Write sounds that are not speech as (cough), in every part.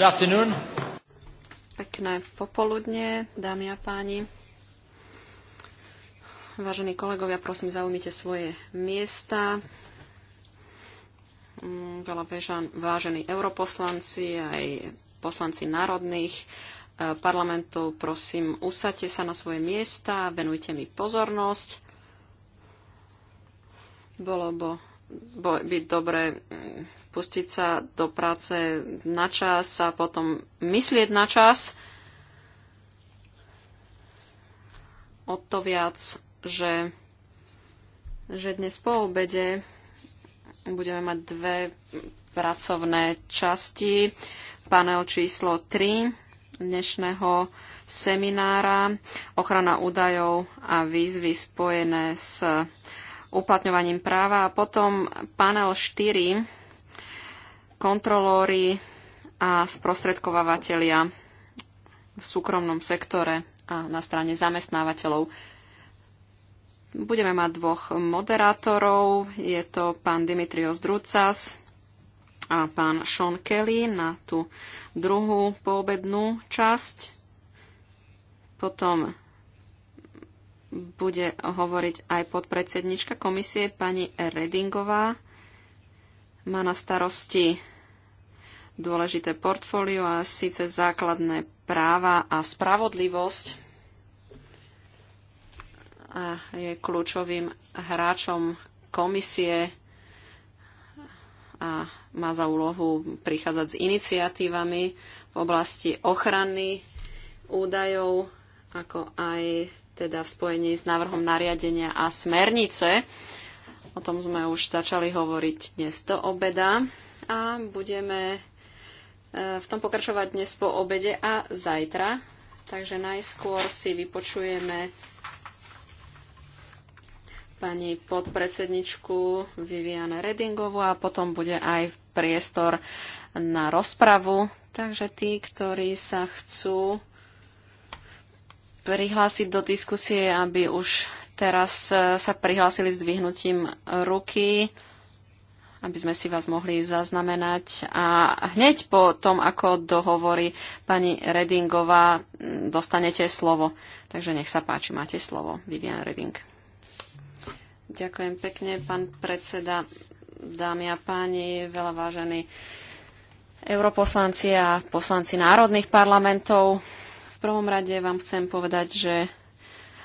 Good afternoon. Pekné popoludne, dámy a páni. Vážení kolegovia, prosím, zaujmite svoje miesta. Mm, veľa bežan, vážení europoslanci, aj poslanci národných eh, parlamentov, prosím, usadte sa na svoje miesta, venujte mi pozornosť. Bolo, bo, byť dobre mm, pustiť sa do práce na čas a potom myslieť na čas. O to viac, že, že dnes po obede budeme mať dve pracovné časti. Panel číslo 3 dnešného seminára Ochrana údajov a výzvy spojené s uplatňovaním práva. A potom panel 4, kontrolóri a sprostredkovávateľia v súkromnom sektore a na strane zamestnávateľov. Budeme mať dvoch moderátorov. Je to pán Dimitrios Drucas a pán Sean Kelly na tú druhú poobednú časť. Potom bude hovoriť aj podpredsednička komisie pani Redingová. Má na starosti dôležité portfólio a síce základné práva a spravodlivosť a je kľúčovým hráčom komisie a má za úlohu prichádzať s iniciatívami v oblasti ochrany údajov, ako aj teda v spojení s návrhom nariadenia a smernice. O tom sme už začali hovoriť dnes do obeda a budeme e, v tom pokračovať dnes po obede a zajtra. Takže najskôr si vypočujeme pani podpredsedničku Viviane Redingovu a potom bude aj priestor na rozpravu. Takže tí, ktorí sa chcú prihlásiť do diskusie, aby už teraz e, sa prihlásili s dvihnutím ruky, aby sme si vás mohli zaznamenať. A hneď po tom, ako dohovorí pani Redingová, dostanete slovo. Takže nech sa páči, máte slovo. Vivian Reding. Ďakujem pekne, pán predseda, dámy a páni, veľa vážení europoslanci a poslanci národných parlamentov prvom rade vám chcem povedať, že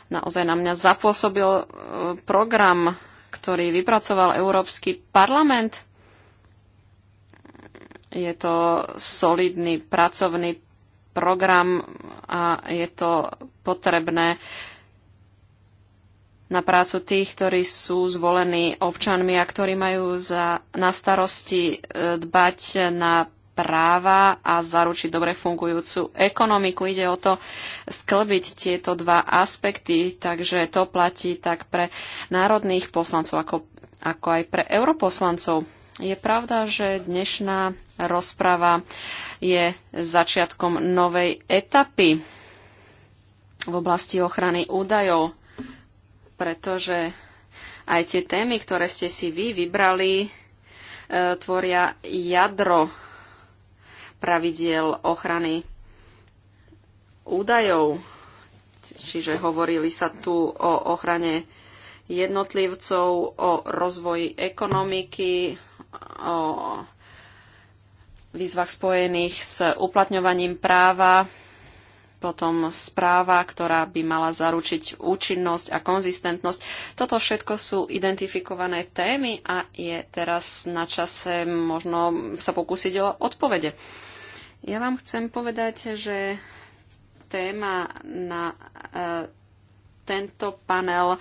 naozaj na mňa zapôsobil e, program, ktorý vypracoval Európsky parlament. Je to solidný pracovný program a je to potrebné na prácu tých, ktorí sú zvolení občanmi a ktorí majú za, na starosti e, dbať na práva a zaručiť dobre fungujúcu ekonomiku. Ide o to sklbiť tieto dva aspekty, takže to platí tak pre národných poslancov ako, ako aj pre europoslancov. Je pravda, že dnešná rozprava je začiatkom novej etapy v oblasti ochrany údajov, pretože aj tie témy, ktoré ste si vy vybrali, e, tvoria jadro pravidiel ochrany údajov. Čiže hovorili sa tu o ochrane jednotlivcov, o rozvoji ekonomiky, o výzvach spojených s uplatňovaním práva, potom správa, ktorá by mala zaručiť účinnosť a konzistentnosť. Toto všetko sú identifikované témy a je teraz na čase možno sa pokúsiť o odpovede. Ja vám chcem povedať, že téma na e, tento panel e,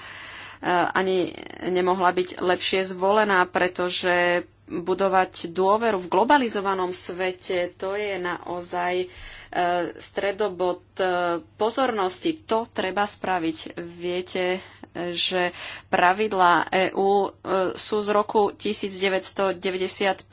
ani nemohla byť lepšie zvolená, pretože budovať dôveru v globalizovanom svete, to je naozaj e, stredobod pozornosti. To treba spraviť. Viete, že pravidlá EÚ sú z roku 1995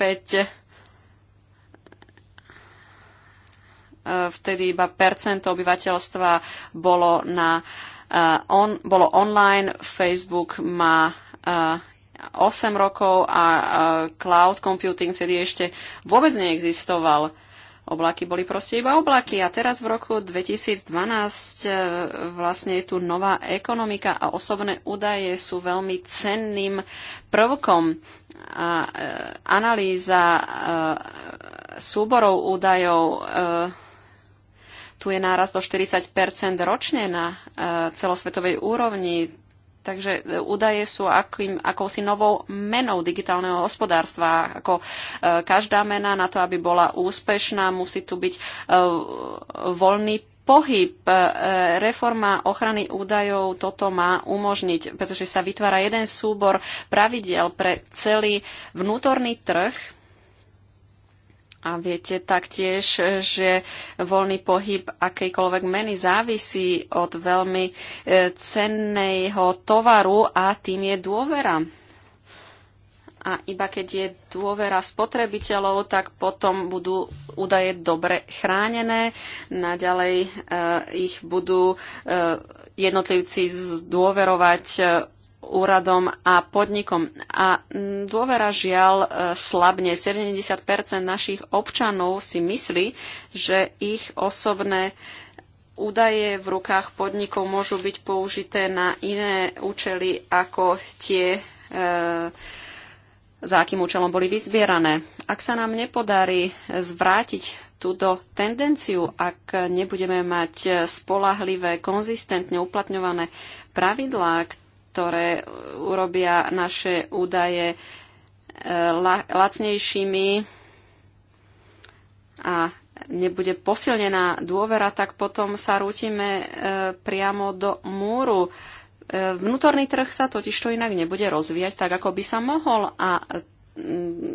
Eh, vtedy iba percento obyvateľstva bolo, na, eh, on, bolo online, Facebook má 8 eh, rokov a cloud computing vtedy ešte vôbec neexistoval. Oblaky boli proste iba oblaky a teraz v roku 2012 vlastne je tu nová ekonomika a osobné údaje sú veľmi cenným prvkom. A analýza súborov údajov tu je náraz do 40 ročne na e, celosvetovej úrovni. Takže e, údaje sú akým, akousi novou menou digitálneho hospodárstva. Ako e, každá mena na to, aby bola úspešná, musí tu byť voľný pohyb, reforma ochrany údajov toto má umožniť, pretože sa vytvára jeden súbor pravidel pre celý vnútorný trh a viete taktiež, že voľný pohyb akejkoľvek meny závisí od veľmi e, cenného tovaru a tým je dôvera. A iba keď je dôvera spotrebiteľov, tak potom budú údaje dobre chránené. Naďalej e, ich budú e, jednotlivci zdôverovať e, úradom a podnikom. A mm, dôvera žiaľ e, slabne. 70 našich občanov si myslí, že ich osobné údaje v rukách podnikov môžu byť použité na iné účely ako tie, e, za akým účelom boli vyzbierané. Ak sa nám nepodarí zvrátiť túto tendenciu, ak nebudeme mať spolahlivé, konzistentne uplatňované pravidlá, ktoré e, urobia naše údaje e, lacnejšími a nebude posilnená dôvera, tak potom sa rútime e, priamo do múru. Vnútorný trh sa totiž to inak nebude rozvíjať tak, ako by sa mohol a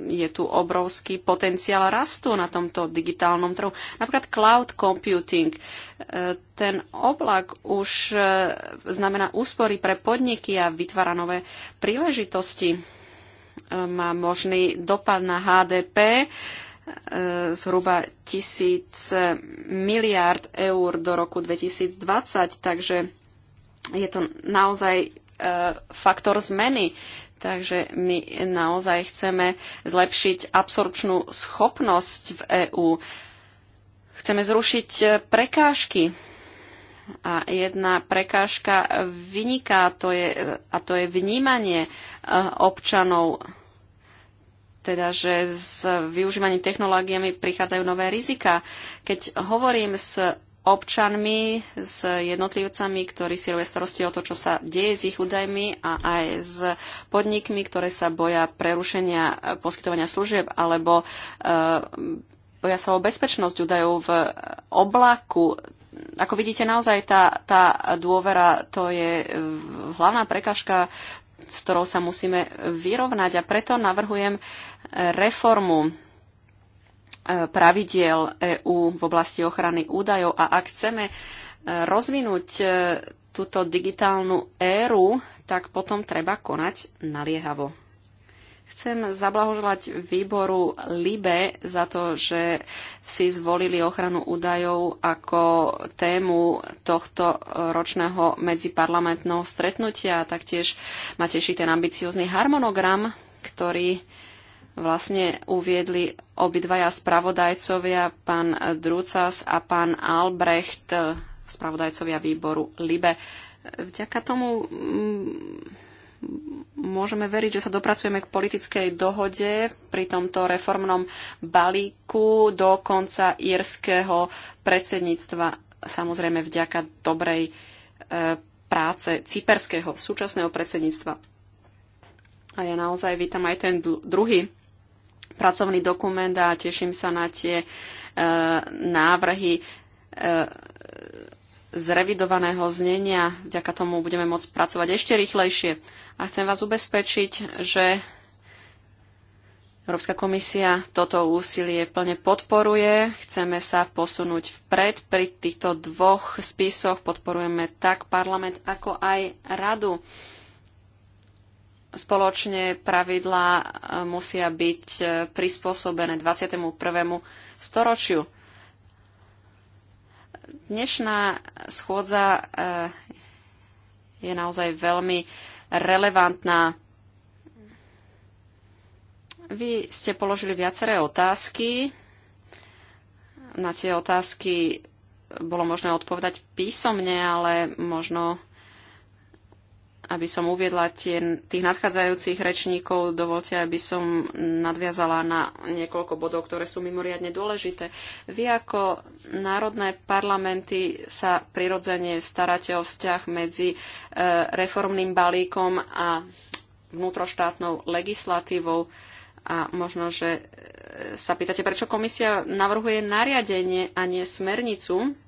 je tu obrovský potenciál rastu na tomto digitálnom trhu. Napríklad cloud computing. E, ten oblak už e, znamená úspory pre podniky a vytvára nové príležitosti. E, má možný dopad na HDP zhruba tisíc miliard eur do roku 2020, takže je to naozaj faktor zmeny Takže my naozaj chceme zlepšiť absorpčnú schopnosť v EÚ. Chceme zrušiť prekážky. A jedna prekážka vyniká, to je, a to je vnímanie e, občanov, teda že s využívaním technológiami prichádzajú nové rizika. Keď hovorím s občanmi, s jednotlivcami, ktorí si robia starosti o to, čo sa deje s ich údajmi a aj s podnikmi, ktoré sa boja prerušenia eh, poskytovania služieb alebo eh, boja sa o bezpečnosť údajov v oblaku. Ako vidíte, naozaj tá, tá dôvera to je eh, hlavná prekažka, s ktorou sa musíme vyrovnať a preto navrhujem reformu pravidiel EÚ v oblasti ochrany údajov a ak chceme e, rozvinúť e, túto digitálnu éru, tak potom treba konať naliehavo. Chcem zablahoželať výboru LIBE za to, že si zvolili ochranu údajov ako tému tohto ročného medziparlamentného stretnutia. Taktiež ma teší ten ambiciózny harmonogram, ktorý vlastne uviedli obidvaja spravodajcovia, pán Drúcas a pán Albrecht, spravodajcovia výboru LIBE. Vďaka tomu mm, môžeme veriť, že sa dopracujeme k politickej dohode pri tomto reformnom balíku do konca írskeho predsedníctva, samozrejme vďaka dobrej e, práce cyperského súčasného predsedníctva. A ja naozaj vítam aj ten druhý pracovný dokument a teším sa na tie e, návrhy e, zrevidovaného znenia. Vďaka tomu budeme môcť pracovať ešte rýchlejšie. A chcem vás ubezpečiť, že Európska komisia toto úsilie plne podporuje. Chceme sa posunúť vpred. Pri týchto dvoch spisoch podporujeme tak parlament, ako aj radu. Spoločne pravidlá e, musia byť e, prispôsobené 21. storočiu. Dnešná schôdza e, je naozaj veľmi relevantná. Vy ste položili viaceré otázky. Na tie otázky bolo možné odpovedať písomne, ale možno aby som uviedla tie, tých nadchádzajúcich rečníkov, dovolte, aby som nadviazala na niekoľko bodov, ktoré sú mimoriadne dôležité. Vy ako národné parlamenty sa prirodzene staráte o vzťah medzi e, reformným balíkom a vnútroštátnou legislatívou a možno, že e, sa pýtate, prečo komisia navrhuje nariadenie a nie smernicu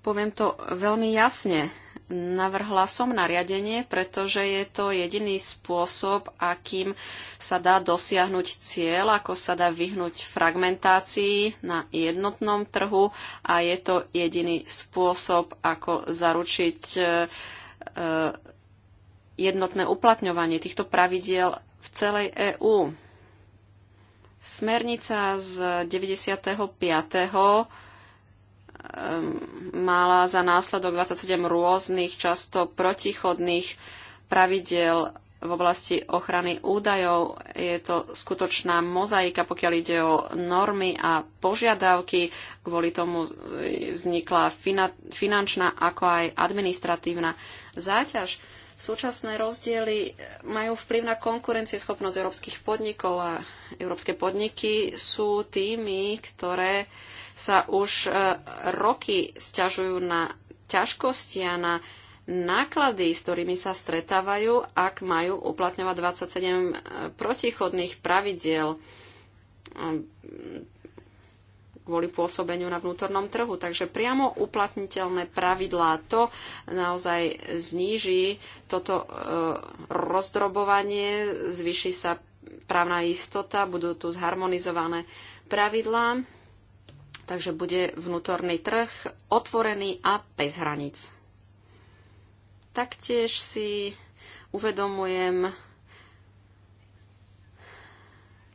Poviem to veľmi jasne. Navrhla som nariadenie, pretože je to jediný spôsob, akým sa dá dosiahnuť cieľ, ako sa dá vyhnúť fragmentácii na jednotnom trhu a je to jediný spôsob, ako zaručiť e, e, jednotné uplatňovanie týchto pravidiel v celej EÚ. Smernica z 95 Ehm, mala za následok 27 rôznych, často protichodných pravidel v oblasti ochrany údajov. Je to skutočná mozaika, pokiaľ ide o normy a požiadavky. Kvôli tomu e, vznikla finančná ako aj administratívna záťaž. Súčasné rozdiely majú vplyv na konkurencieschopnosť európskych podnikov a európske podniky sú tými, ktoré sa už e, roky stiažujú na ťažkosti a na náklady, s ktorými sa stretávajú, ak majú uplatňovať 27 e, protichodných pravidiel e, kvôli pôsobeniu na vnútornom trhu. Takže priamo uplatniteľné pravidlá to naozaj zníži toto rozdrobovanie, zvyši sa právna istota, budú tu zharmonizované pravidlá Takže bude vnútorný trh otvorený a bez hraníc. Taktiež si uvedomujem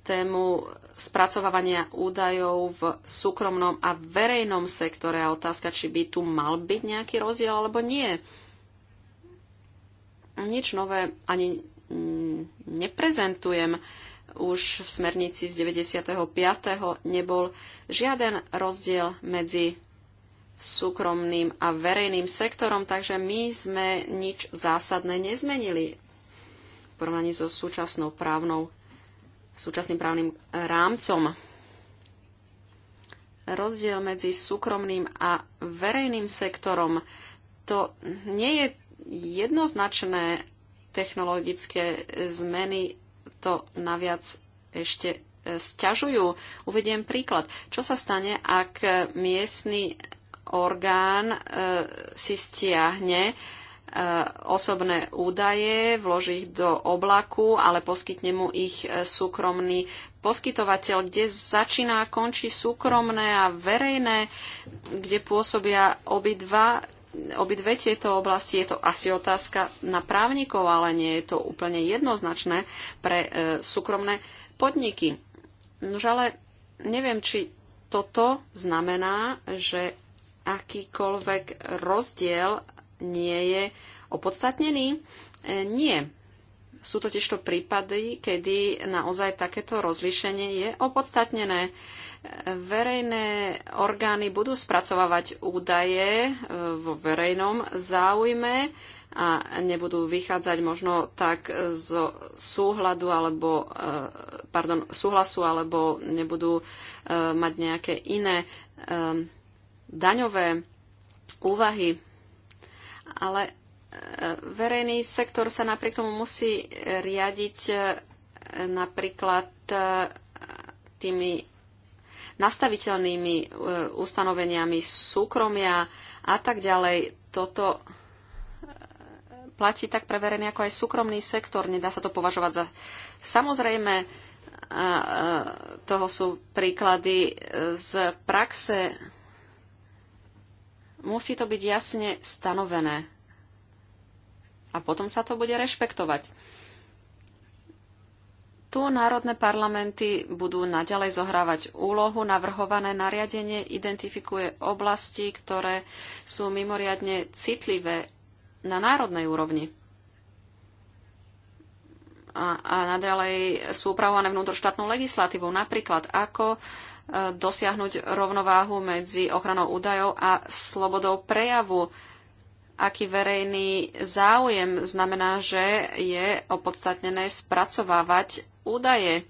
tému spracovávania údajov v súkromnom a verejnom sektore a otázka, či by tu mal byť nejaký rozdiel alebo nie. Nič nové ani neprezentujem už v smernici z 95. nebol žiaden rozdiel medzi súkromným a verejným sektorom, takže my sme nič zásadné nezmenili v porovnaní so súčasnou právnou, súčasným právnym rámcom. Rozdiel medzi súkromným a verejným sektorom to nie je jednoznačné technologické zmeny to naviac ešte e, sťažujú. Uvediem príklad. Čo sa stane, ak miestny orgán e, si stiahne e, osobné údaje, vloží ich do oblaku, ale poskytne mu ich súkromný poskytovateľ, kde začína a končí súkromné a verejné, kde pôsobia obidva obidve tieto oblasti je to asi otázka na právnikov, ale nie je to úplne jednoznačné pre e, súkromné podniky. Nož ale neviem, či toto znamená, že akýkoľvek rozdiel nie je opodstatnený. E, nie. Sú totiž to prípady, kedy naozaj takéto rozlíšenie je opodstatnené. E, Verejné orgány budú spracovávať údaje e, vo verejnom záujme a nebudú vychádzať možno tak z súhľadu alebo e, pardon, súhlasu alebo nebudú e, mať nejaké iné daňové úvahy. Ale verejný sektor sa napriek tomu musí riadiť napríklad tými nastaviteľnými e, ustanoveniami súkromia a tak ďalej. Toto e, platí tak pre verejný ako aj súkromný sektor. Nedá sa to považovať za samozrejme. toho sú príklady z praxe. Musí to byť jasne stanovené. A potom sa to bude rešpektovať. Tu národné parlamenty budú naďalej zohrávať úlohu. Navrhované nariadenie identifikuje oblasti, ktoré sú mimoriadne citlivé na národnej úrovni. A, a naďalej sú upravované vnútroštátnou legislatívou. Napríklad, ako e, dosiahnuť rovnováhu medzi ochranou údajov a slobodou prejavu aký verejný záujem znamená, že je opodstatnené spracovávať údaje.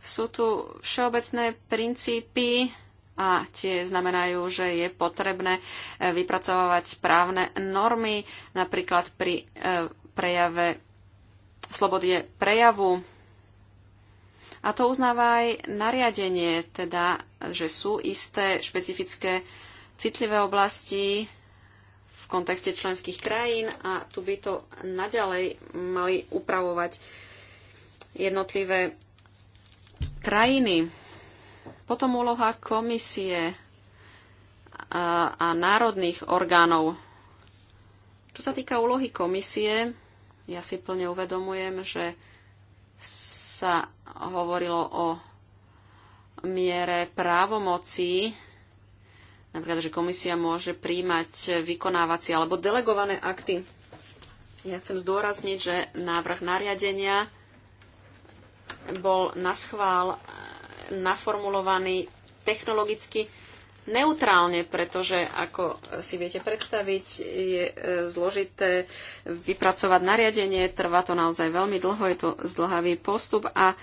Sú tu všeobecné princípy a tie znamenajú, že je potrebné eh, vypracovávať právne normy, napríklad pri eh, prejave slobode prejavu. A to uznáva aj nariadenie, teda, že sú isté špecifické citlivé oblasti, kontexte členských krajín a tu by to naďalej mali upravovať jednotlivé krajiny. Potom úloha komisie a, a národných orgánov. Čo sa týka úlohy komisie, ja si plne uvedomujem, že sa hovorilo o miere právomocí Napríklad, že komisia môže príjmať vykonávacie alebo delegované akty. Ja chcem zdôrazniť, že návrh nariadenia bol na schvál e, naformulovaný technologicky neutrálne, pretože ako si viete predstaviť, je e, zložité vypracovať nariadenie, trvá to naozaj veľmi dlho, je to zdlhavý postup a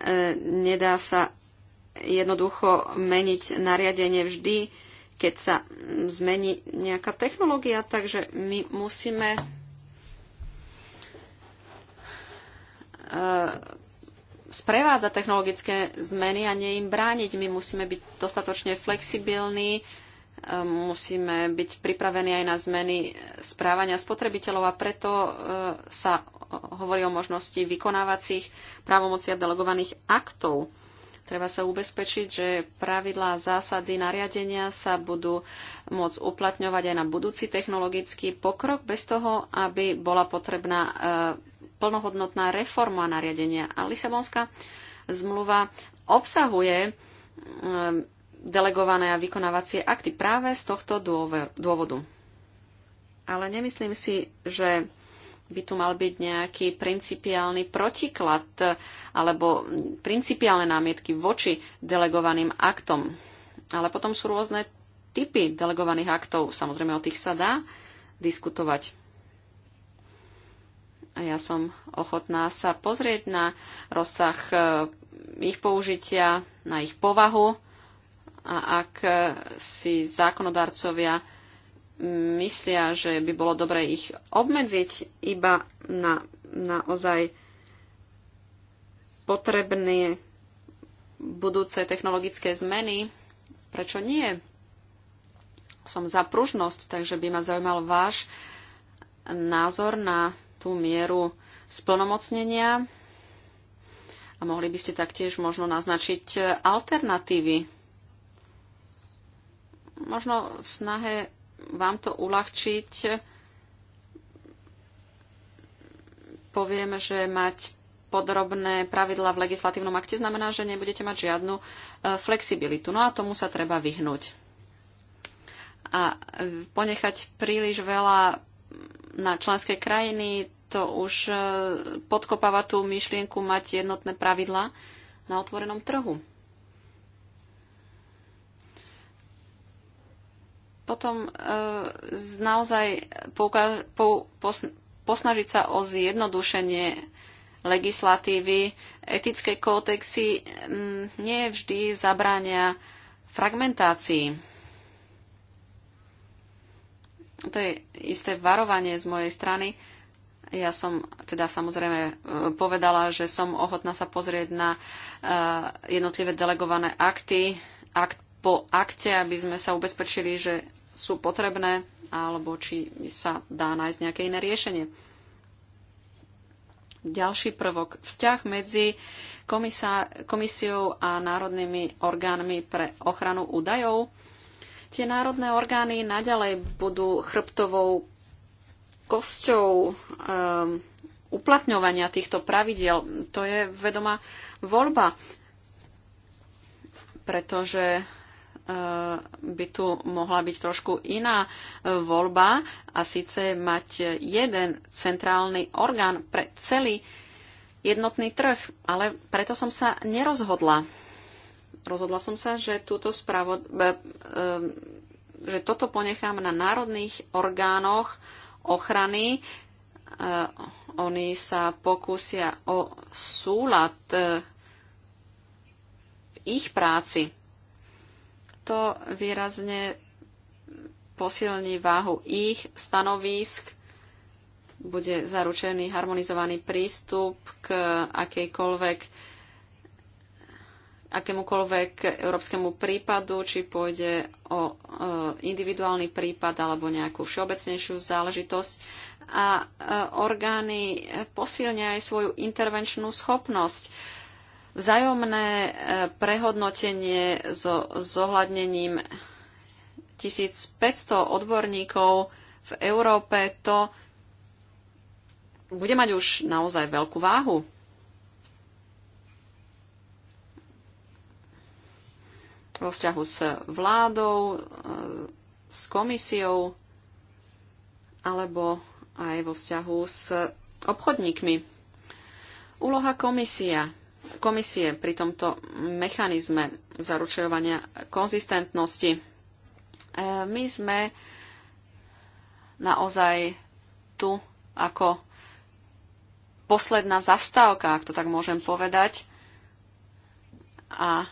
e, nedá sa jednoducho meniť nariadenie vždy keď sa zmení nejaká technológia, takže my musíme eh, sprevádzať technologické zmeny a nie im brániť. My musíme byť dostatočne flexibilní, eh, musíme byť pripravení aj na zmeny správania spotrebiteľov a preto eh, sa hovorí o možnosti vykonávacích právomocí a delegovaných aktov. Treba sa ubezpečiť, že pravidlá zásady nariadenia sa budú môcť uplatňovať aj na budúci technologický pokrok bez toho, aby bola potrebná e, plnohodnotná reforma nariadenia. A Lisabonská zmluva obsahuje e, delegované a vykonávacie akty práve z tohto dôvodu. Ale nemyslím si, že by tu mal byť nejaký principiálny protiklad alebo principiálne námietky voči delegovaným aktom. Ale potom sú rôzne typy delegovaných aktov. Samozrejme, o tých sa dá diskutovať. A ja som ochotná sa pozrieť na rozsah e, ich použitia, na ich povahu a ak e, si zákonodarcovia myslia, že by bolo dobre ich obmedziť iba na naozaj potrebné budúce technologické zmeny. Prečo nie? Som za pružnosť, takže by ma zaujímal váš názor na tú mieru splnomocnenia a mohli by ste taktiež možno naznačiť alternatívy. Možno v snahe vám to uľahčiť, poviem, že mať podrobné pravidla v legislatívnom akte znamená, že nebudete mať žiadnu e, flexibilitu. No a tomu sa treba vyhnúť. A ponechať príliš veľa na členské krajiny, to už e, podkopáva tú myšlienku mať jednotné pravidla na otvorenom trhu. potom e, naozaj posnažiť sa o zjednodušenie legislatívy. Etické kódexy nie vždy zabránia fragmentácii. To je isté varovanie z mojej strany. Ja som teda samozrejme e, povedala, že som ochotná sa pozrieť na e, jednotlivé delegované akty, akt po akte, aby sme sa ubezpečili, že sú potrebné, alebo či sa dá nájsť nejaké iné riešenie. Ďalší prvok. Vzťah medzi komisiou a národnými orgánmi pre ochranu údajov. Tie národné orgány naďalej budú chrbtovou kosťou um, uplatňovania týchto pravidiel. To je vedomá voľba, pretože Eh, by tu mohla byť trošku iná eh, voľba a síce mať jeden centrálny orgán pre celý jednotný trh. Ale preto som sa nerozhodla. Rozhodla som sa, že, túto spravo, eh, že toto ponechám na národných orgánoch ochrany. Oni sa pokúsia o súlad v ich práci to výrazne posilní váhu ich stanovísk, bude zaručený harmonizovaný prístup k akejkoľvek akémukoľvek európskemu prípadu, či pôjde o e, individuálny prípad alebo nejakú všeobecnejšiu záležitosť. A e, orgány posilnia aj svoju intervenčnú schopnosť. E, Vzájomné e, prehodnotenie so zohľadnením 1500 odborníkov v Európe to bude mať už naozaj veľkú váhu. vo vzťahu s vládou, e, s komisiou alebo aj vo vzťahu s obchodníkmi. Úloha komisia komisie pri tomto mechanizme zaručovania konzistentnosti. E, my sme naozaj tu ako posledná zastávka, ak to tak môžem povedať. A e,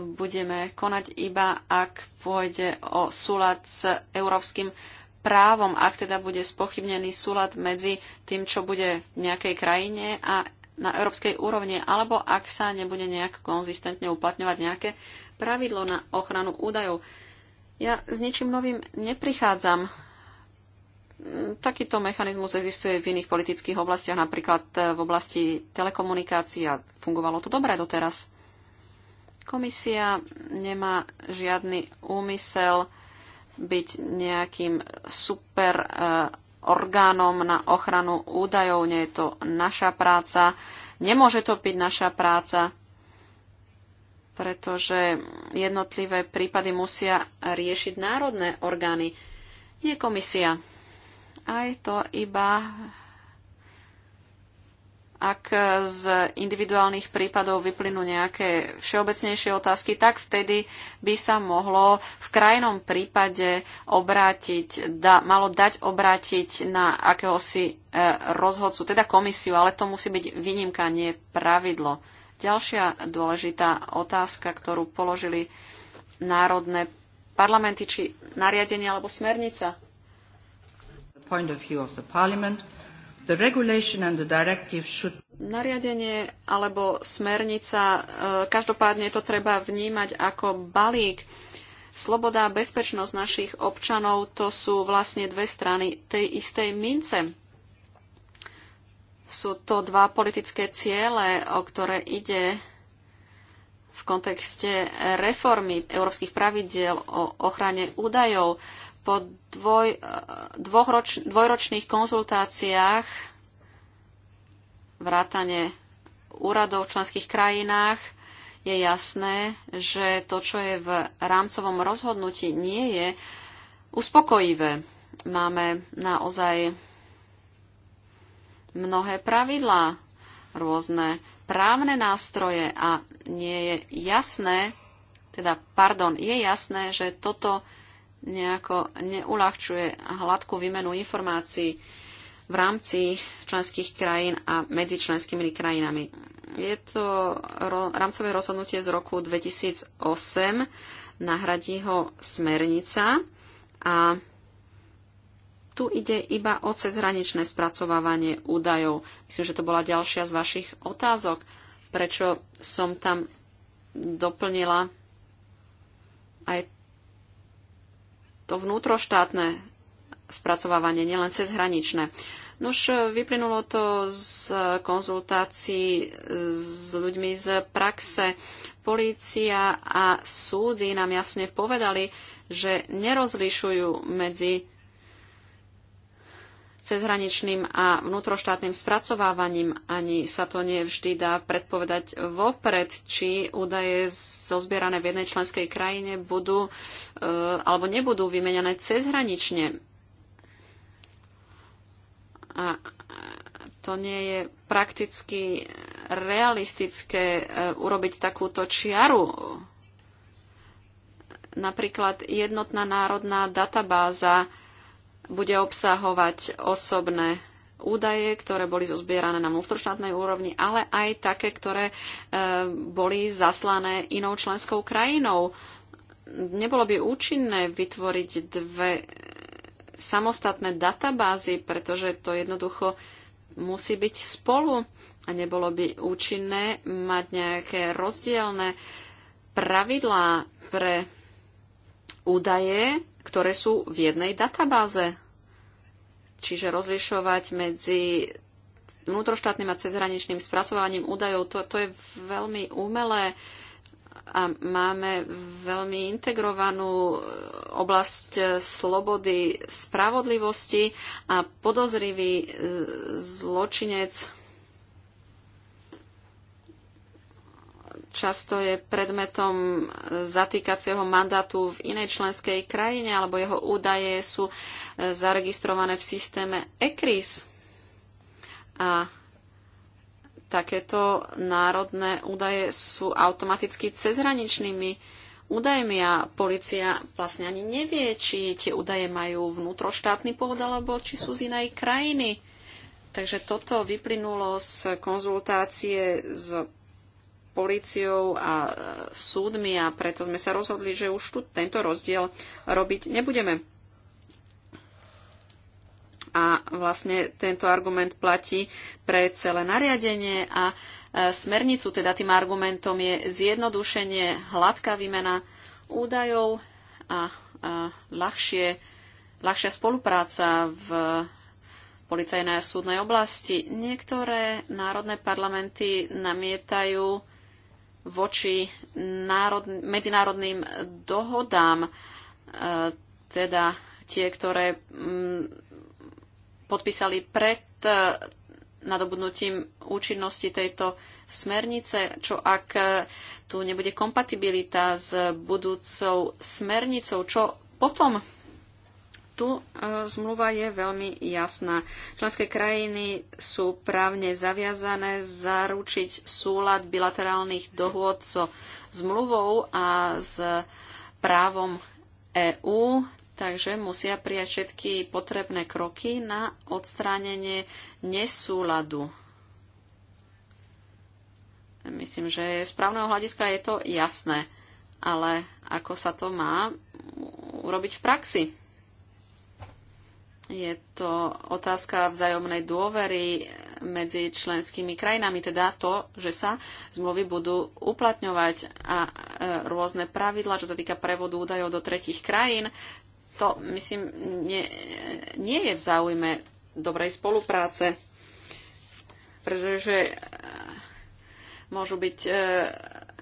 budeme konať iba, ak pôjde o súlad s európskym právom, ak teda bude spochybnený súlad medzi tým, čo bude v nejakej krajine a na európskej úrovni, alebo ak sa nebude nejak konzistentne uplatňovať nejaké pravidlo na ochranu údajov. Ja s ničím novým neprichádzam. Mm, Takýto mechanizmus existuje v iných politických oblastiach, napríklad e, v oblasti telekomunikácií a fungovalo to dobre doteraz. Komisia nemá žiadny úmysel byť nejakým super e, orgánom na ochranu údajov. Nie je to naša práca. Nemôže to byť naša práca, pretože jednotlivé prípady musia riešiť národné orgány, nie komisia. Aj to iba ak z individuálnych prípadov vyplynú nejaké všeobecnejšie otázky, tak vtedy by sa mohlo v krajnom prípade obrátiť, da, malo dať obrátiť na akéhosi e, rozhodcu, teda komisiu, ale to musí byť výnimka, nie pravidlo. Ďalšia dôležitá otázka, ktorú položili národné parlamenty, či nariadenie alebo smernica. point of view of the parliament The regulation and the directive should... Nariadenie alebo smernica, e, každopádne to treba vnímať ako balík. Sloboda a bezpečnosť našich občanov to sú vlastne dve strany tej istej mince. Sú to dva politické ciele, o ktoré ide v kontexte reformy európskych pravidiel o ochrane údajov po dvoj, eh, dvochroč, dvojročných konzultáciách vrátane úradov v členských krajinách je jasné, že to, čo je v rámcovom rozhodnutí, nie je uspokojivé. Máme naozaj mnohé pravidlá, rôzne právne nástroje a nie je jasné, teda, pardon, je jasné, že toto nejako neulahčuje hladkú výmenu informácií v rámci členských krajín a medzi členskými krajinami. Je to rámcové rozhodnutie z roku 2008, nahradí ho smernica a tu ide iba o cezhraničné spracovávanie údajov. Myslím, že to bola ďalšia z vašich otázok. Prečo som tam doplnila aj to vnútroštátne spracovávanie, nielen cezhraničné. Nuž vyplynulo to z konzultácií s ľuďmi z praxe. Polícia a súdy nám jasne povedali, že nerozlišujú medzi cezhraničným a vnútroštátnym spracovávaním. Ani sa to nevždy dá predpovedať vopred, či údaje zozbierané v jednej členskej krajine budú e, alebo nebudú vymenené cezhranične. A to nie je prakticky realistické e, urobiť takúto čiaru napríklad jednotná národná databáza bude obsahovať osobné údaje, ktoré boli zozbierané na vnútroštátnej úrovni, ale aj také, ktoré e, boli zaslané inou členskou krajinou. Nebolo by účinné vytvoriť dve samostatné databázy, pretože to jednoducho musí byť spolu a nebolo by účinné mať nejaké rozdielne pravidlá pre údaje, ktoré sú v jednej databáze. Čiže rozlišovať medzi vnútroštátnym a cezhraničným spracovaním údajov, to, to je veľmi umelé a máme veľmi integrovanú eh, oblasť eh, slobody, spravodlivosti a podozrivý eh, zločinec často je predmetom zatýkacieho mandátu v inej členskej krajine alebo jeho údaje sú e, zaregistrované v systéme ECRIS. A takéto národné údaje sú automaticky cezhraničnými údajmi a policia vlastne ani nevie, či tie údaje majú vnútroštátny pôvod alebo či sú z inej krajiny. Takže toto vyplynulo z konzultácie s políciou a e, súdmi a preto sme sa rozhodli, že už tu tento rozdiel robiť nebudeme. A vlastne tento argument platí pre celé nariadenie a e, smernicu, teda tým argumentom je zjednodušenie, hladká výmena údajov a, a ľahšie, ľahšia spolupráca v policajnej a súdnej oblasti. Niektoré národné parlamenty namietajú voči národ, medzinárodným dohodám, e, teda tie, ktoré mm, podpísali pred e, nadobudnutím účinnosti tejto smernice, čo ak e, tu nebude kompatibilita s budúcou smernicou, čo potom tu e, zmluva je veľmi jasná. Členské krajiny sú právne zaviazané zaručiť súlad bilaterálnych dohôd so zmluvou a s právom EÚ, takže musia prijať všetky potrebné kroky na odstránenie nesúladu. Myslím, že z právneho hľadiska je to jasné, ale ako sa to má urobiť v praxi? Je to otázka vzájomnej dôvery medzi členskými krajinami, teda to, že sa zmluvy budú uplatňovať a e, rôzne pravidla, čo sa týka prevodu údajov do tretich krajín. To, myslím, nie, nie je v záujme dobrej spolupráce, pretože e, môžu byť e,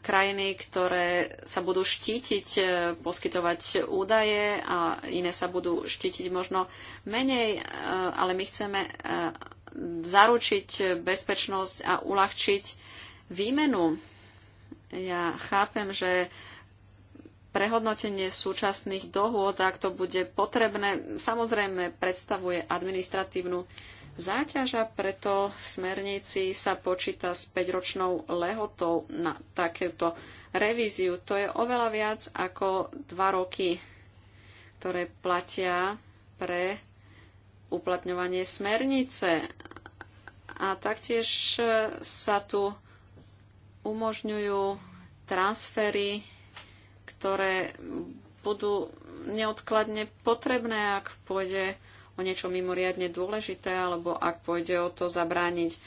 krajiny, ktoré sa budú štítiť, e, poskytovať údaje a iné sa budú štítiť možno menej, e, ale my chceme e, zaručiť bezpečnosť a uľahčiť výmenu. Ja chápem, že prehodnotenie súčasných dohôd, ak to bude potrebné, samozrejme predstavuje administratívnu Záťaža preto v smernici sa počíta s 5-ročnou lehotou na takéto revíziu. To je oveľa viac ako 2 roky, ktoré platia pre uplatňovanie smernice. A taktiež sa tu umožňujú transfery, ktoré budú neodkladne potrebné, ak pôjde o niečo mimoriadne dôležité, alebo ak pôjde o to zabrániť e,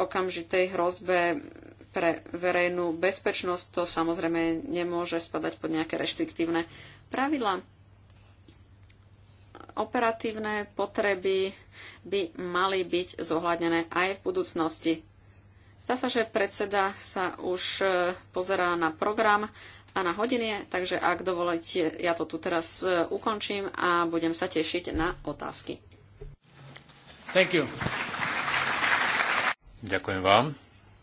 okamžitej hrozbe pre verejnú bezpečnosť, to samozrejme nemôže spadať pod nejaké reštriktívne pravidla. Operatívne potreby by mali byť zohľadnené aj v budúcnosti. Zdá sa, že predseda sa už e, pozerá na program a na hodiny, takže ak dovolíte, ja to tu teraz e, ukončím a budem sa tešiť na otázky. Thank you. Ďakujem vám.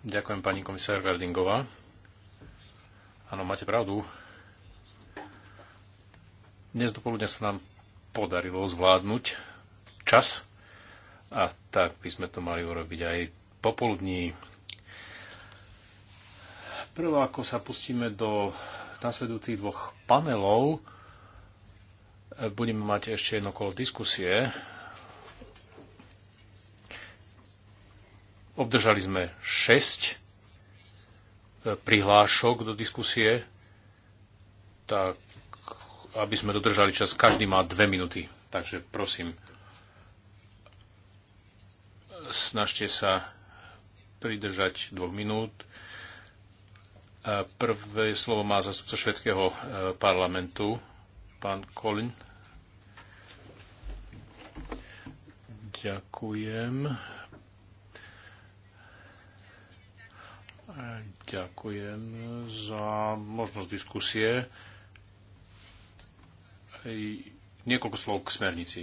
Ďakujem pani komisár Gardingová. Áno, máte pravdu. Dnes dopoludne sa nám podarilo zvládnuť čas a tak by sme to mali urobiť aj popoludní. Prvo, ako sa pustíme do nasledujúcich dvoch panelov, e, budeme mať ešte jedno kolo diskusie. Obdržali sme 6 e, prihlášok do diskusie, tak aby sme dodržali čas, každý má dve minúty. Takže prosím, snažte sa pridržať dvoch minút Prvé slovo má zastupca švedského e, parlamentu, pán Kolin. Ďakujem. Ďakujem za možnosť diskusie. Niekoľko slov k smernici.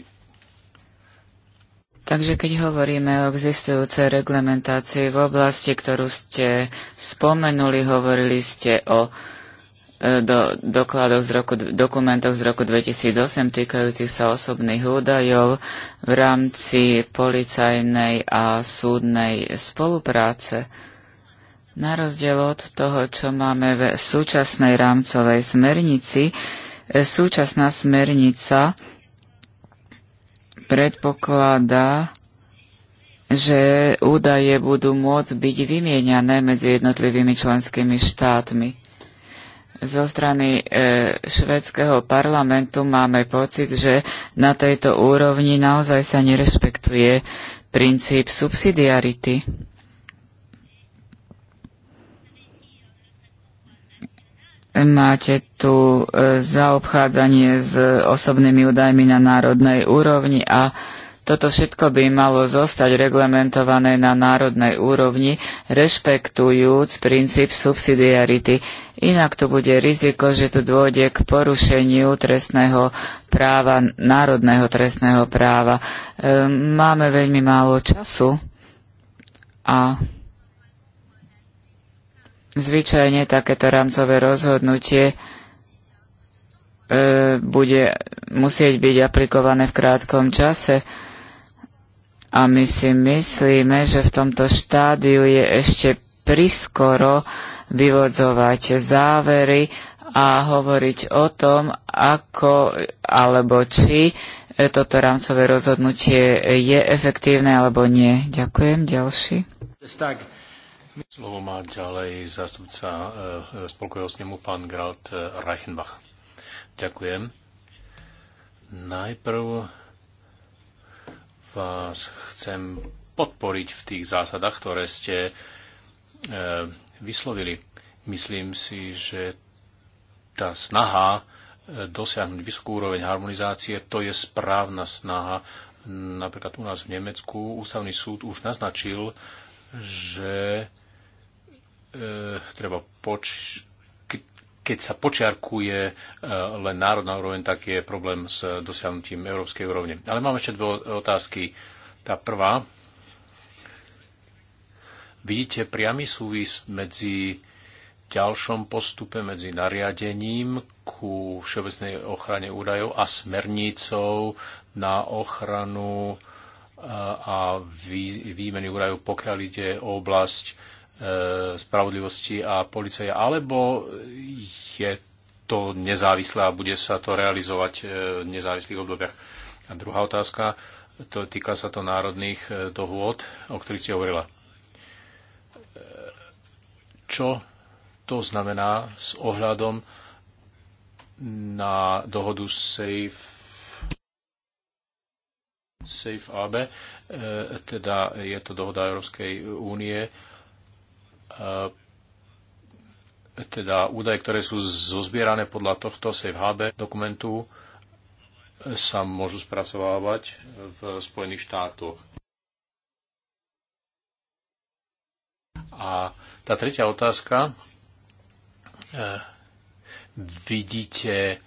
Takže keď hovoríme o existujúcej reglementácii v oblasti, ktorú ste spomenuli, hovorili ste o e, do, dokladoch z roku, dokumentoch z roku 2008 týkajúcich sa osobných údajov v rámci policajnej a súdnej spolupráce. Na rozdiel od toho, čo máme v súčasnej rámcovej smernici, e, súčasná smernica predpokladá, že údaje budú môcť byť vymieňané medzi jednotlivými členskými štátmi. Zo strany e, švedského parlamentu máme pocit, že na tejto úrovni naozaj sa nerespektuje princíp subsidiarity. Máte tu e, zaobchádzanie s osobnými údajmi na národnej úrovni a toto všetko by malo zostať reglementované na národnej úrovni, rešpektujúc princíp subsidiarity. Inak tu bude riziko, že tu dôjde k porušeniu trestného práva, národného trestného práva. E, máme veľmi málo času a Zvyčajne takéto rámcové rozhodnutie e, bude musieť byť aplikované v krátkom čase a my si myslíme, že v tomto štádiu je ešte priskoro vyvodzovať závery a hovoriť o tom, ako alebo či toto rámcové rozhodnutie je efektívne alebo nie. Ďakujem. Ďalší. Stag. Slovo má ďalej zástupca eh, spolkového snemu pán Gralt eh, Reichenbach. Ďakujem. Najprv vás chcem podporiť v tých zásadách, ktoré ste eh, vyslovili. Myslím si, že tá snaha dosiahnuť vysokú úroveň harmonizácie, to je správna snaha. Napríklad u nás v Nemecku ústavný súd už naznačil, že E, treba poč- keď sa počiarkuje e, len národná úroveň, tak je problém s dosiahnutím európskej úrovne. Ale mám ešte dve otázky. Tá prvá. Vidíte priamy súvis medzi ďalšom postupe medzi nariadením ku všeobecnej ochrane údajov a smernicou na ochranu e, a výmeny údajov, pokiaľ ide o oblasť E, spravodlivosti a policie, alebo je to nezávislé a bude sa to realizovať e, v nezávislých obdobiach. A druhá otázka, to týka sa to národných e, dohôd, o ktorých ste hovorila. Čo to znamená s ohľadom na dohodu SAFE Safe AB, teda je to dohoda Európskej únie E, teda údaje, ktoré sú zozbierané podľa tohto Safe HB dokumentu, e, sa môžu spracovávať v Spojených štátoch. A tá tretia otázka. E, vidíte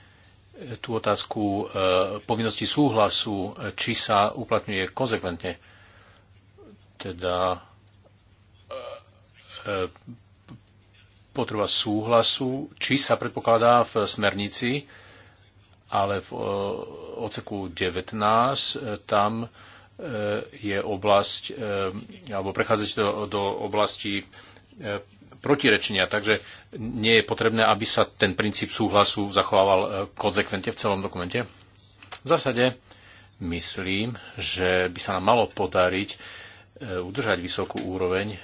tú otázku povinnosti súhlasu, či sa uplatňuje konzekventne. Teda E, potreba súhlasu, či sa predpokladá v smernici, ale v e, oceku 19 e, tam je oblasť, alebo prechádzate do, do oblasti protirečenia, takže nie je potrebné, aby sa ten princíp súhlasu zachovával konzekventne v celom dokumente. V zásade myslím, že by sa nám malo podariť udržať vysokú úroveň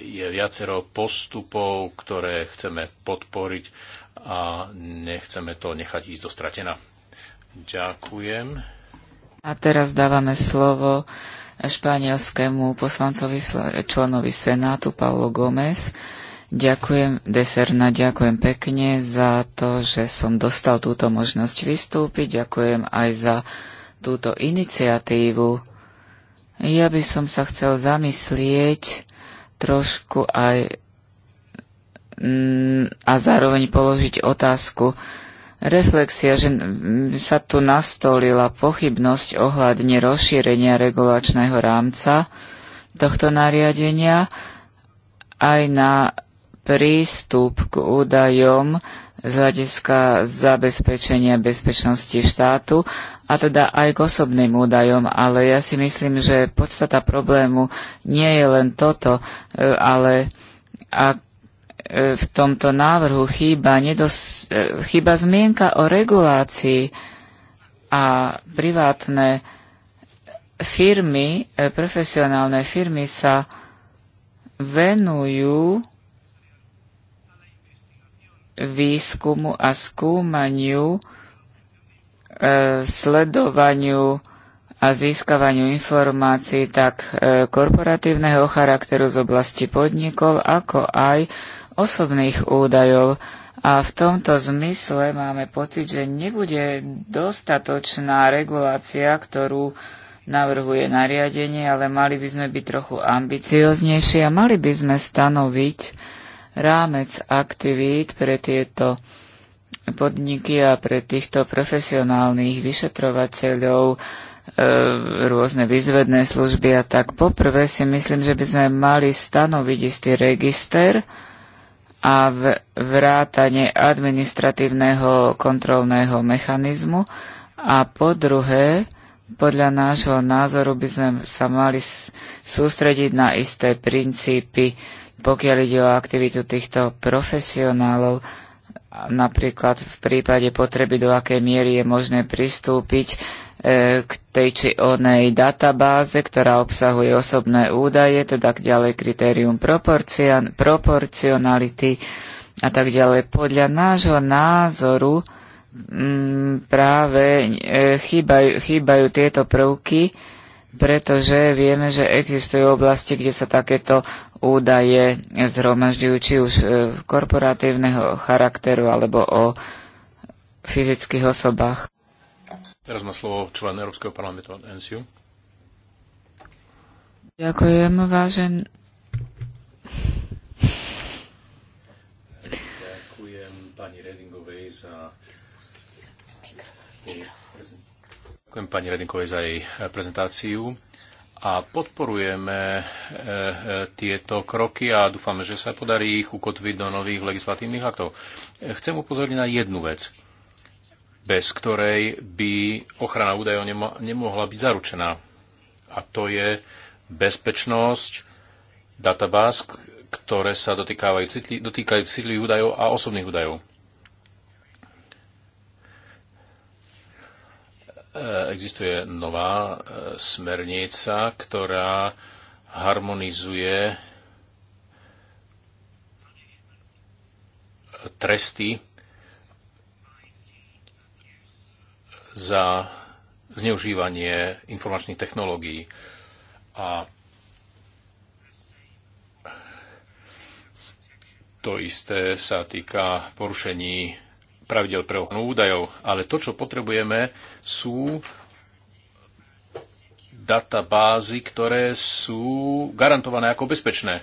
je viacero postupov, ktoré chceme podporiť a nechceme to nechať ísť do stratena. Ďakujem. A teraz dávame slovo španielskému poslancovi, členovi Senátu, Paulo Gómez. Ďakujem, Deserna, ďakujem pekne za to, že som dostal túto možnosť vystúpiť. Ďakujem aj za túto iniciatívu ja by som sa chcel zamyslieť trošku aj mm, a zároveň položiť otázku. Reflexia, že sa tu nastolila pochybnosť ohľadne rozšírenia regulačného rámca tohto nariadenia aj na prístup k údajom, z hľadiska zabezpečenia bezpečnosti štátu a teda aj k osobným údajom, ale ja si myslím, že podstata problému nie je len toto, e, ale ak e, v tomto návrhu chýba, nedos- e, chýba zmienka o regulácii a privátne firmy, profesionálne firmy sa venujú výskumu a skúmaniu, e, sledovaniu a získavaniu informácií tak e, korporatívneho charakteru z oblasti podnikov, ako aj osobných údajov. A v tomto zmysle máme pocit, že nebude dostatočná regulácia, ktorú navrhuje nariadenie, ale mali by sme byť trochu ambicioznejší a mali by sme stanoviť rámec aktivít pre tieto podniky a pre týchto profesionálnych vyšetrovateľov, e, rôzne výzvedné služby a tak. Poprvé si myslím, že by sme mali stanoviť istý register a v, vrátanie administratívneho kontrolného mechanizmu a po druhé, podľa nášho názoru by sme sa mali sústrediť na isté princípy pokiaľ ide o aktivitu týchto profesionálov, napríklad v prípade potreby, do akej miery je možné pristúpiť e, k tej či onej databáze, ktorá obsahuje osobné údaje, teda k ďalej kritérium proporcionality a tak ďalej. Podľa nášho názoru m, mm, práve e, chýbajú, chýbajú tieto prvky, pretože vieme, že existujú oblasti, kde sa takéto údaje zhromažďujú či už e, korporatívneho charakteru alebo o fyzických osobách. Teraz má slovo člen Európskeho parlamentu Enciu. Ďakujem, vážen... Ďakujem pani Redingovej za... Ďakujem pani Redingovej za jej prezentáciu a podporujeme e, e, tieto kroky a dúfame, že sa podarí ich ukotviť do nových legislatívnych aktov. E, chcem upozorniť na jednu vec, bez ktorej by ochrana údajov nemohla byť zaručená. A to je bezpečnosť databáz, ktoré sa dotýkajú citlivých údajov a osobných údajov E, existuje nová e, smernica, ktorá harmonizuje tresty za zneužívanie informačných technológií. A to isté sa týka porušení pravidel pre ochranu údajov, ale to, čo potrebujeme, sú databázy, ktoré sú garantované ako bezpečné.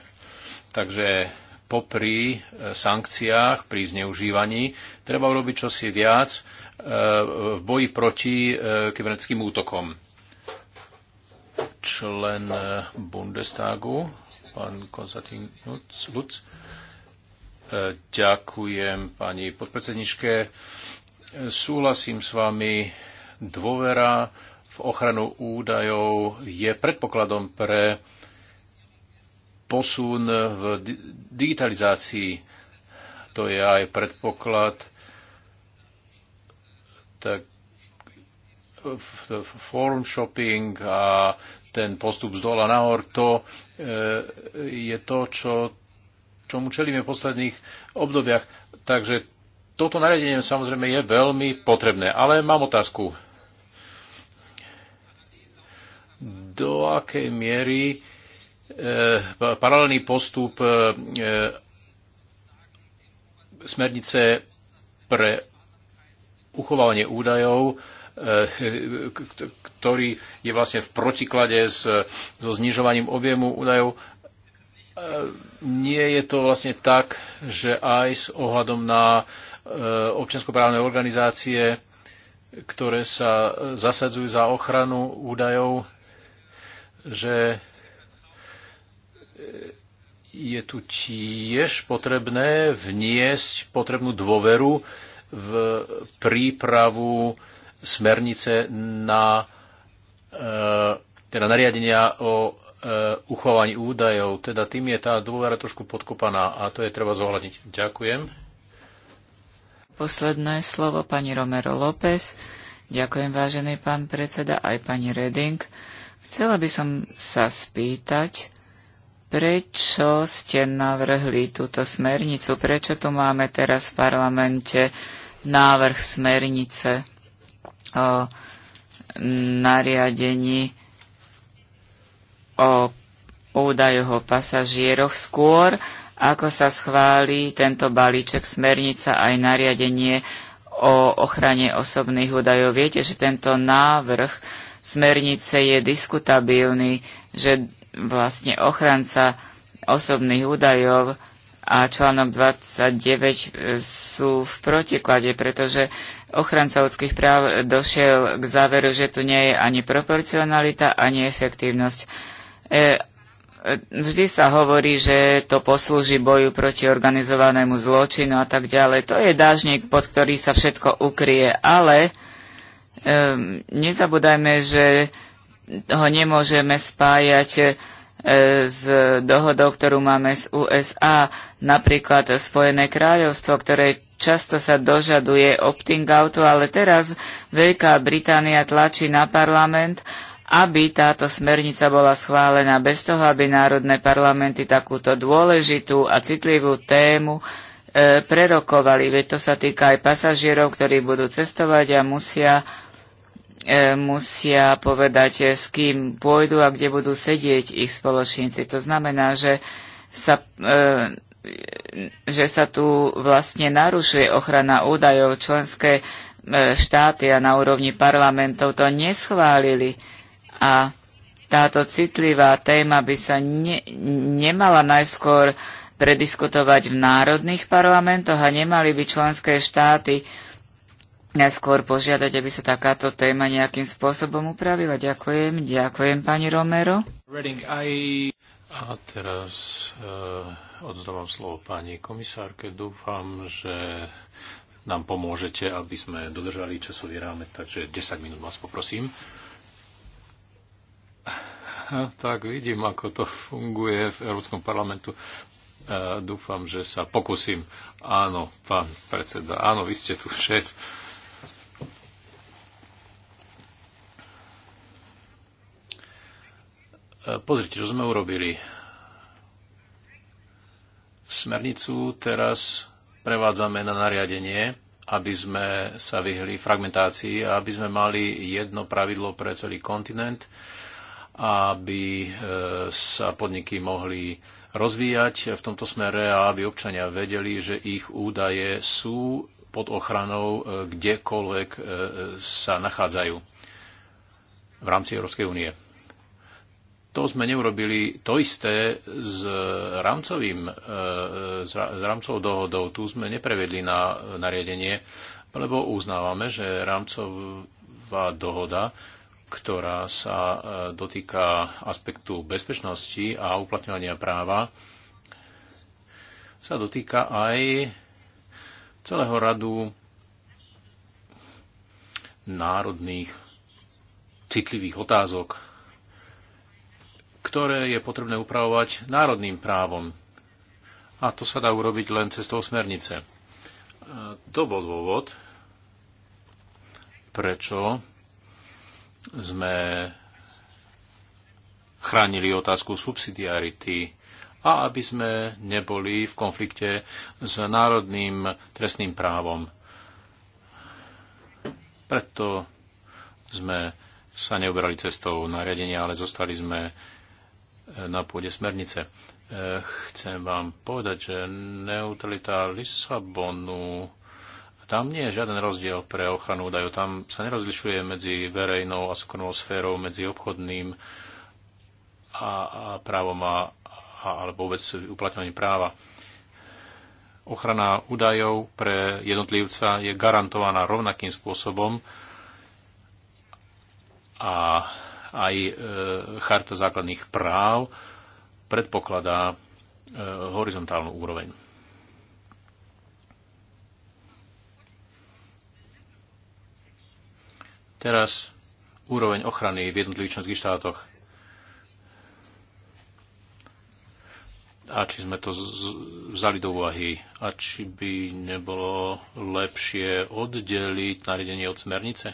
Takže popri eh, sankciách, pri zneužívaní, treba urobiť čosi viac eh, v boji proti eh, kybernetickým útokom. Člen Bundestagu, pán Konstantin Lutz, Ďakujem pani podpredsedničke. Súhlasím s vami, dôvera v ochranu údajov je predpokladom pre posun v digitalizácii. To je aj predpoklad tak form shopping a ten postup z dola nahor, to e, je to, čo čomu čelíme v posledných obdobiach. Takže toto nariadenie samozrejme je veľmi potrebné. Ale mám otázku. Do akej miery e, paralelný postup e, smernice pre uchovávanie údajov, ktorý je vlastne v protiklade so znižovaním objemu údajov, nie je to vlastne tak, že aj s ohľadom na e, občianskoprávne organizácie, ktoré sa e, zasadzujú za ochranu údajov, že e, je tu tiež potrebné vniesť potrebnú dôveru v prípravu smernice na teda nariadenia o E, uchovaní údajov. Teda tým je tá dôvera trošku podkopaná a to je treba zohľadniť. Ďakujem. Posledné slovo pani Romero López. Ďakujem, vážený pán predseda, aj pani Reding. Chcela by som sa spýtať, prečo ste navrhli túto smernicu? Prečo tu máme teraz v parlamente návrh smernice o nariadení o údajoch o pasažieroch skôr, ako sa schváli tento balíček smernica aj nariadenie o ochrane osobných údajov. Viete, že tento návrh smernice je diskutabilný, že vlastne ochranca osobných údajov a článok 29 e, sú v protiklade, pretože ochranca ľudských práv došiel k záveru, že tu nie je ani proporcionalita, ani efektívnosť. E, e, vždy sa hovorí, že to poslúži boju proti organizovanému zločinu a tak ďalej. To je dážnik, pod ktorý sa všetko ukrie, ale e, nezabúdajme, že ho nemôžeme spájať s dohodou, ktorú máme z USA, napríklad Spojené kráľovstvo, ktoré často sa dožaduje opting-outu, ale teraz Veľká Británia tlačí na parlament, aby táto smernica bola schválená bez toho, aby národné parlamenty takúto dôležitú a citlivú tému e, prerokovali. Veď to sa týka aj pasažierov, ktorí budú cestovať a musia, e, musia povedať, e, s kým pôjdu a kde budú sedieť ich spoločníci. To znamená, že sa. E, že sa tu vlastne narušuje ochrana údajov. Členské e, štáty a na úrovni parlamentov to neschválili. A táto citlivá téma by sa ne, nemala najskôr prediskutovať v národných parlamentoch a nemali by členské štáty najskôr požiadať, aby sa takáto téma nejakým spôsobom upravila. Ďakujem, ďakujem pani Romero. A teraz uh, eh, odzdávam slovo pani komisárke. Dúfam, že nám pomôžete, aby sme dodržali časový rámec, takže 10 minút vás poprosím tak vidím, ako to funguje v Európskom parlamentu. E, dúfam, že sa pokusím, Áno, pán predseda, áno, vy ste tu šéf. E, pozrite, čo sme urobili. Smernicu teraz prevádzame na nariadenie, aby sme sa vyhli fragmentácii a aby sme mali jedno pravidlo pre celý kontinent aby e, sa podniky mohli rozvíjať v tomto smere a aby občania vedeli, že ich údaje sú pod ochranou e, kdekoľvek e, sa nachádzajú v rámci Európskej únie. To sme neurobili to isté s, rámcovým, s rámcovou dohodou. Tu sme neprevedli na nariadenie, lebo uznávame, že rámcová dohoda ktorá sa e, dotýka aspektu bezpečnosti a uplatňovania práva, sa dotýka aj celého radu národných citlivých otázok, ktoré je potrebné upravovať národným právom. A to sa dá urobiť len toho smernice. E, to bol dôvod, prečo sme chránili otázku subsidiarity a aby sme neboli v konflikte s národným trestným právom. Preto sme sa neobrali cestou nariadenia, ale zostali sme na pôde smernice. E, chcem vám povedať, že neutralita Lisabonu tam nie je žiaden rozdiel pre ochranu údajov. Tam sa nerozlišuje medzi verejnou a súkromnou sférou, medzi obchodným a, a právom a, a, alebo vôbec uplatňovaním práva. Ochrana údajov pre jednotlivca je garantovaná rovnakým spôsobom a aj e, Charta základných práv predpokladá e, horizontálnu úroveň. Teraz úroveň ochrany v jednotlivých členských štátoch. A či sme to vzali do úvahy. A či by nebolo lepšie oddeliť nariadenie od smernice.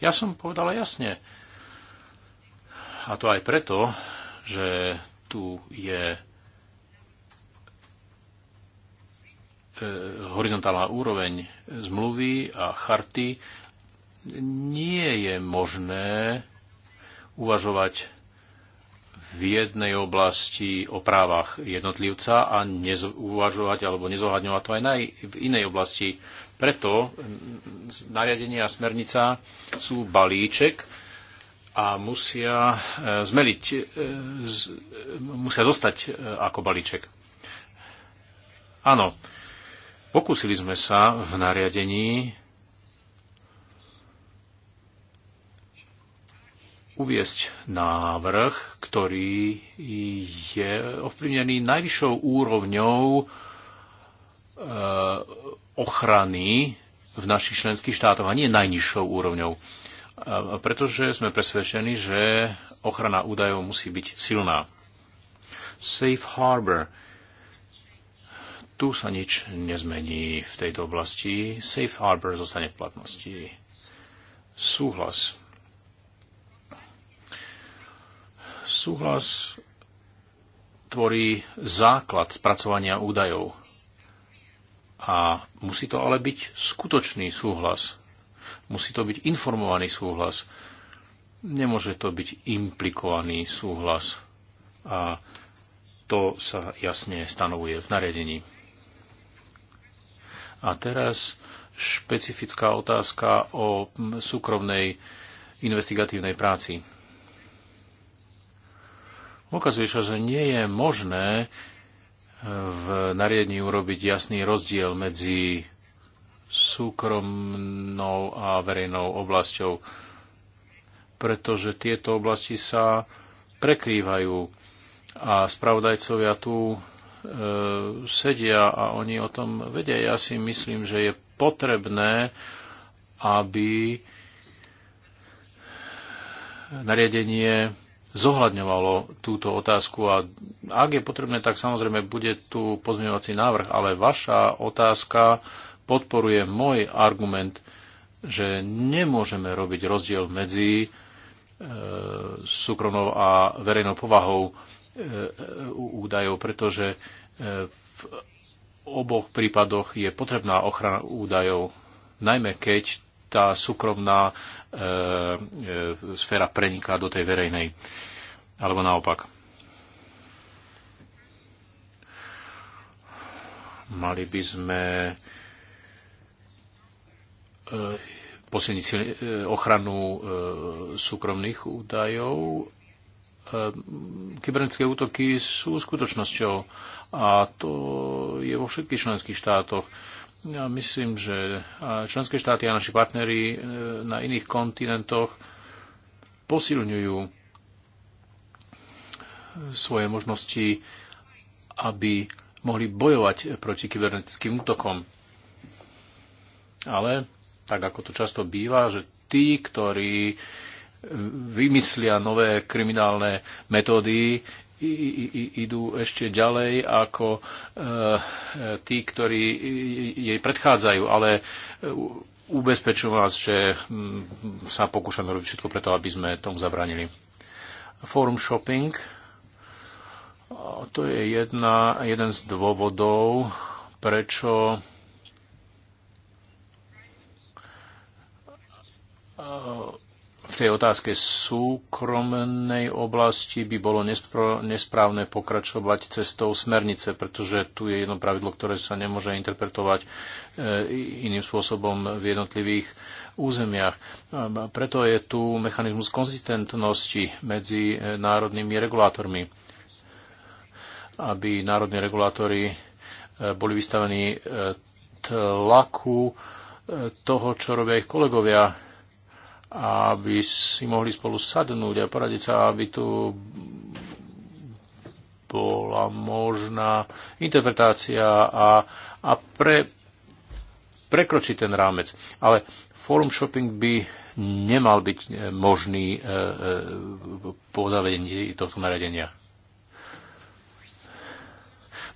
Ja som povedala jasne. A to aj preto, že tu je e, horizontálna úroveň zmluvy a charty nie je možné uvažovať v jednej oblasti o právach jednotlivca a uvažovať alebo nezohľadňovať to aj na, v inej oblasti. Preto nariadenie a smernica sú balíček a musia e, zmeliť, e, e, musia zostať ako balíček. Áno, pokúsili sme sa v nariadení uviesť návrh, ktorý je ovplyvnený najvyššou úrovňou eh, ochrany v našich členských štátoch a nie najnižšou úrovňou. Eh, pretože sme presvedčení, že ochrana údajov musí byť silná. Safe Harbor. Tu sa nič nezmení v tejto oblasti. Safe Harbor zostane v platnosti. Súhlas Súhlas tvorí základ spracovania údajov. A musí to ale byť skutočný súhlas. Musí to byť informovaný súhlas. Nemôže to byť implikovaný súhlas. A to sa jasne stanovuje v nariadení. A teraz špecifická otázka o mm, súkromnej investigatívnej práci ukazuje sa, že nie je možné e, v nariadení urobiť jasný rozdiel medzi súkromnou a verejnou oblasťou, pretože tieto oblasti sa prekrývajú a spravodajcovia tu e, sedia a oni o tom vedia. Ja si myslím, že je potrebné, aby nariadenie zohľadňovalo túto otázku a ak je potrebné, tak samozrejme bude tu pozmeňovací návrh, ale vaša otázka podporuje môj argument, že nemôžeme robiť rozdiel medzi e, súkromnou a verejnou povahou e, e údajov, pretože e, v oboch prípadoch je potrebná ochrana údajov, najmä keď tá súkromná e, e, sféra preniká do tej verejnej. Alebo naopak. Mali by sme e, posilniť e, ochranu e, súkromných údajov. E, kybernetické útoky sú skutočnosťou a to je vo všetkých členských štátoch. Ja myslím, že členské štáty a naši partneri e, na iných kontinentoch posilňujú e, svoje možnosti, aby mohli bojovať proti kybernetickým útokom. Ale, tak ako to často býva, že tí, ktorí vymyslia nové kriminálne metódy, i, i, i, idú ešte ďalej ako e, tí, ktorí jej predchádzajú, ale eh, ubezpečujem vás, že hm, sa pokúšame robiť všetko preto, aby sme tomu zabranili. Forum shopping, to je jedna, jeden z dôvodov, prečo uh, v tej otázke súkromnej oblasti by bolo nesprávne pokračovať cestou smernice, pretože tu je jedno pravidlo, ktoré sa nemôže interpretovať e, iným spôsobom v jednotlivých územiach. A preto je tu mechanizmus konzistentnosti medzi e, národnými regulátormi, aby národní regulátori e, boli vystavení tlaku toho, čo robia ich kolegovia aby si mohli spolu sadnúť a poradiť sa, aby tu bola možná interpretácia a, a pre, prekročiť ten rámec. Ale forum shopping by nemal byť e, možný e, e, po zavedení tohto naredenia.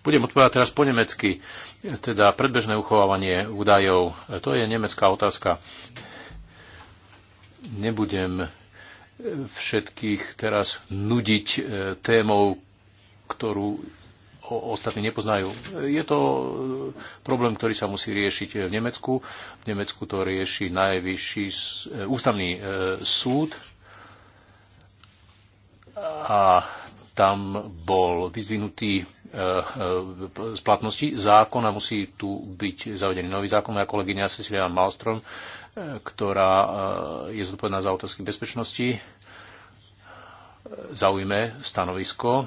Budem odpovedať teraz po nemecky, teda predbežné uchovávanie údajov. E, to je nemecká otázka nebudem všetkých teraz nudiť e, témou, ktorú ostatní nepoznajú. E, je to e, problém, ktorý sa musí riešiť v Nemecku. V Nemecku to rieši najvyšší ústavný súd a tam bol vyzvinutý z platnosti zákon a musí tu byť zavedený nový zákon. Moja kolegyňa Cecilia Malstrom ktorá eh, je zodpovedná za otázky bezpečnosti, zaujme stanovisko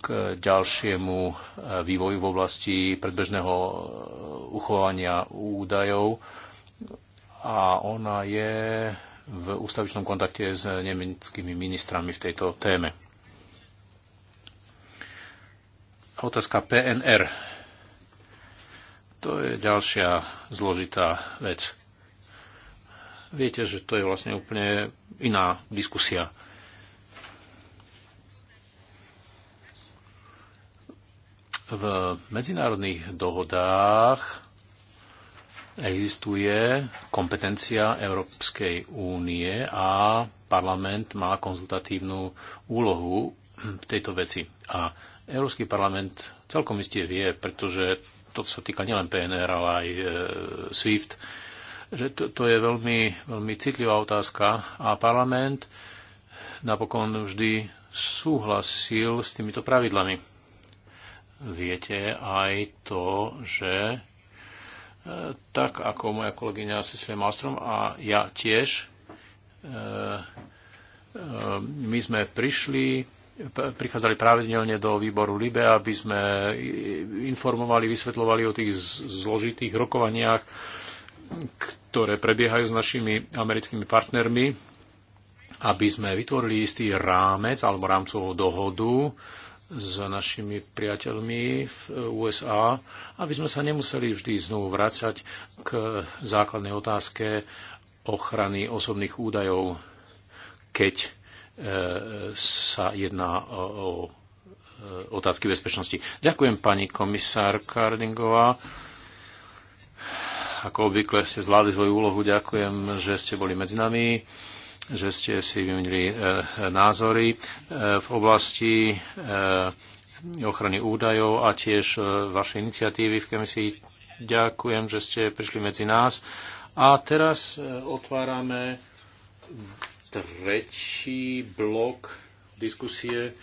k ďalšiemu eh, vývoju v oblasti predbežného eh, uchovania údajov a ona je v ústavičnom kontakte s nemeckými ministrami v tejto téme. Otázka PNR. To je ďalšia zložitá vec. Viete, že to je vlastne úplne iná diskusia. V medzinárodných dohodách existuje kompetencia Európskej únie a parlament má konzultatívnu úlohu v tejto veci. A Európsky parlament celkom istie vie, pretože to sa týka nielen PNR, ale aj e, SWIFT, že to, to je veľmi, veľmi citlivá otázka a parlament napokon vždy súhlasil s týmito pravidlami. Viete aj to, že e, tak ako moja kolegyňa Cecilia Malstrom a ja tiež, e, e, my sme prišli, prichádzali pravidelne do výboru LIBE, aby sme informovali, vysvetľovali o tých zložitých rokovaniach, ktoré prebiehajú s našimi americkými partnermi, aby sme vytvorili istý rámec alebo rámcovú dohodu s našimi priateľmi v USA, aby sme sa nemuseli vždy znovu vrácať k základnej otázke ochrany osobných údajov, keď e, sa jedná o e, otázky bezpečnosti. Ďakujem pani komisárka Redingová. Ako obvykle ste zvládli svoju úlohu. Ďakujem, že ste boli medzi nami že ste si vymenili e, názory e, v oblasti e, ochrany údajov a tiež e, vaše iniciatívy v komisii. Ďakujem, že ste prišli medzi nás. A teraz e, otvárame tretí blok diskusie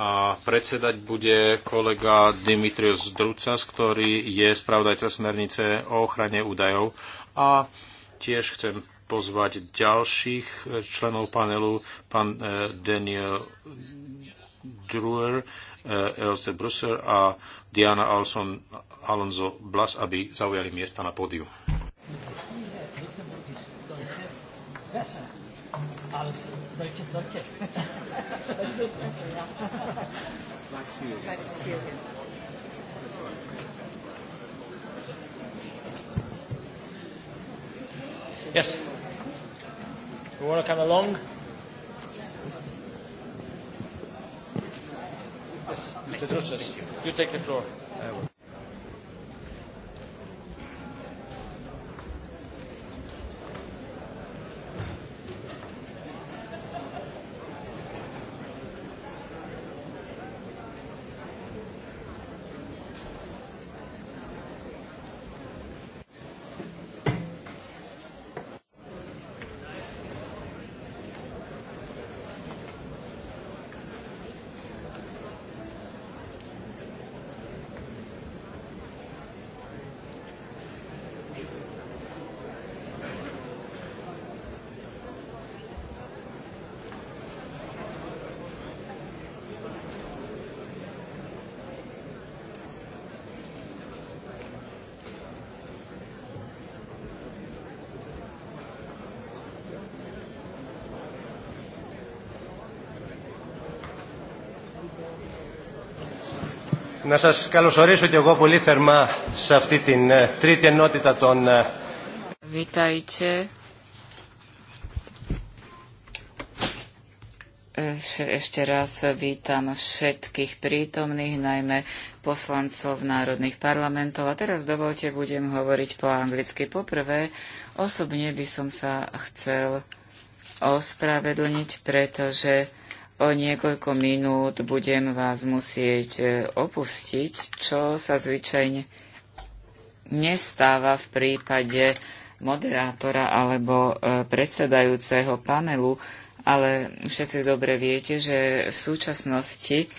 a predsedať bude kolega Dimitrios Drucas, ktorý je spravodajca smernice o ochrane údajov a tiež chcem pozvať ďalších členov panelu, pán eh, Daniel Druer, eh, Elze Brusser a Diana Alson, Alonso Blas, aby zaujali miesta na pódiu. Yes, ale Deutsche dajte. to Yes. You want to come along? Mr. Drutzes, you take the floor. Να σας καλωσορίσω και εγώ πολύ θερμά σε αυτή την τρίτη ενότητα των... Vítajte. Ešte raz vítam všetkých prítomných, najmä poslancov národných parlamentov. A teraz dovolte, budem hovoriť po anglicky. Poprvé, osobne by som sa chcel ospravedlniť, pretože O niekoľko minút budem vás musieť e, opustiť, čo sa zvyčajne nestáva v prípade moderátora alebo e, predsedajúceho panelu, ale všetci dobre viete, že v súčasnosti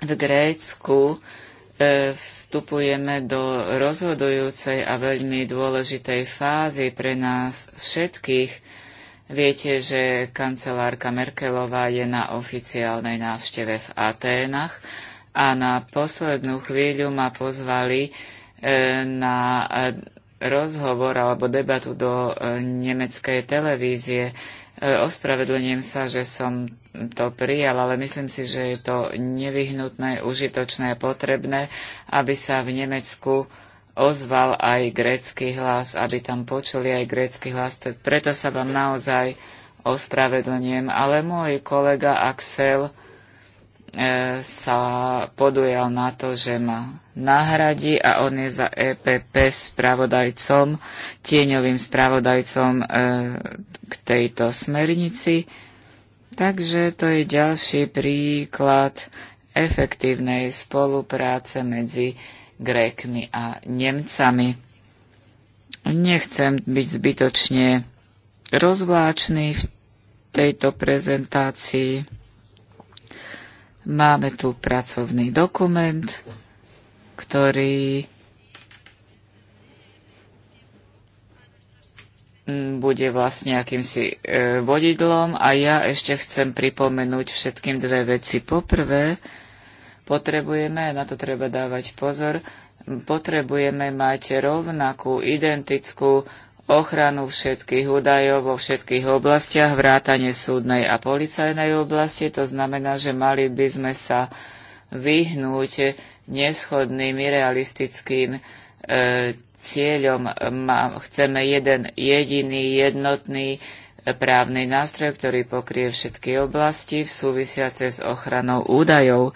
v Grécku e, vstupujeme do rozhodujúcej a veľmi dôležitej fázy pre nás všetkých, Viete, že kancelárka Merkelová je na oficiálnej návšteve v Aténach a na poslednú chvíľu ma pozvali e, na e, rozhovor alebo debatu do e, nemeckej televízie. Ospravedlňujem sa, že som to prijal, ale myslím si, že je to nevyhnutné, užitočné, a potrebné, aby sa v Nemecku ozval aj grécky hlas, aby tam počuli aj grécky hlas. Preto sa vám naozaj ospravedlňujem, ale môj kolega Axel e, sa podujal na to, že ma nahradí a on je za EPP spravodajcom, tieňovým spravodajcom e, k tejto smernici. Takže to je ďalší príklad efektívnej spolupráce medzi Grékmi a Nemcami. Nechcem byť zbytočne rozvláčný v tejto prezentácii. Máme tu pracovný dokument, ktorý bude vlastne akýmsi e, vodidlom a ja ešte chcem pripomenúť všetkým dve veci. Poprvé, potrebujeme, na to treba dávať pozor, potrebujeme mať rovnakú, identickú ochranu všetkých údajov vo všetkých oblastiach, vrátane súdnej a policajnej oblasti. To znamená, že mali by sme sa vyhnúť neschodným, realistickým e, cieľom. Má, chceme jeden jediný, jednotný e, právny nástroj, ktorý pokrie všetky oblasti v súvisiace s ochranou údajov.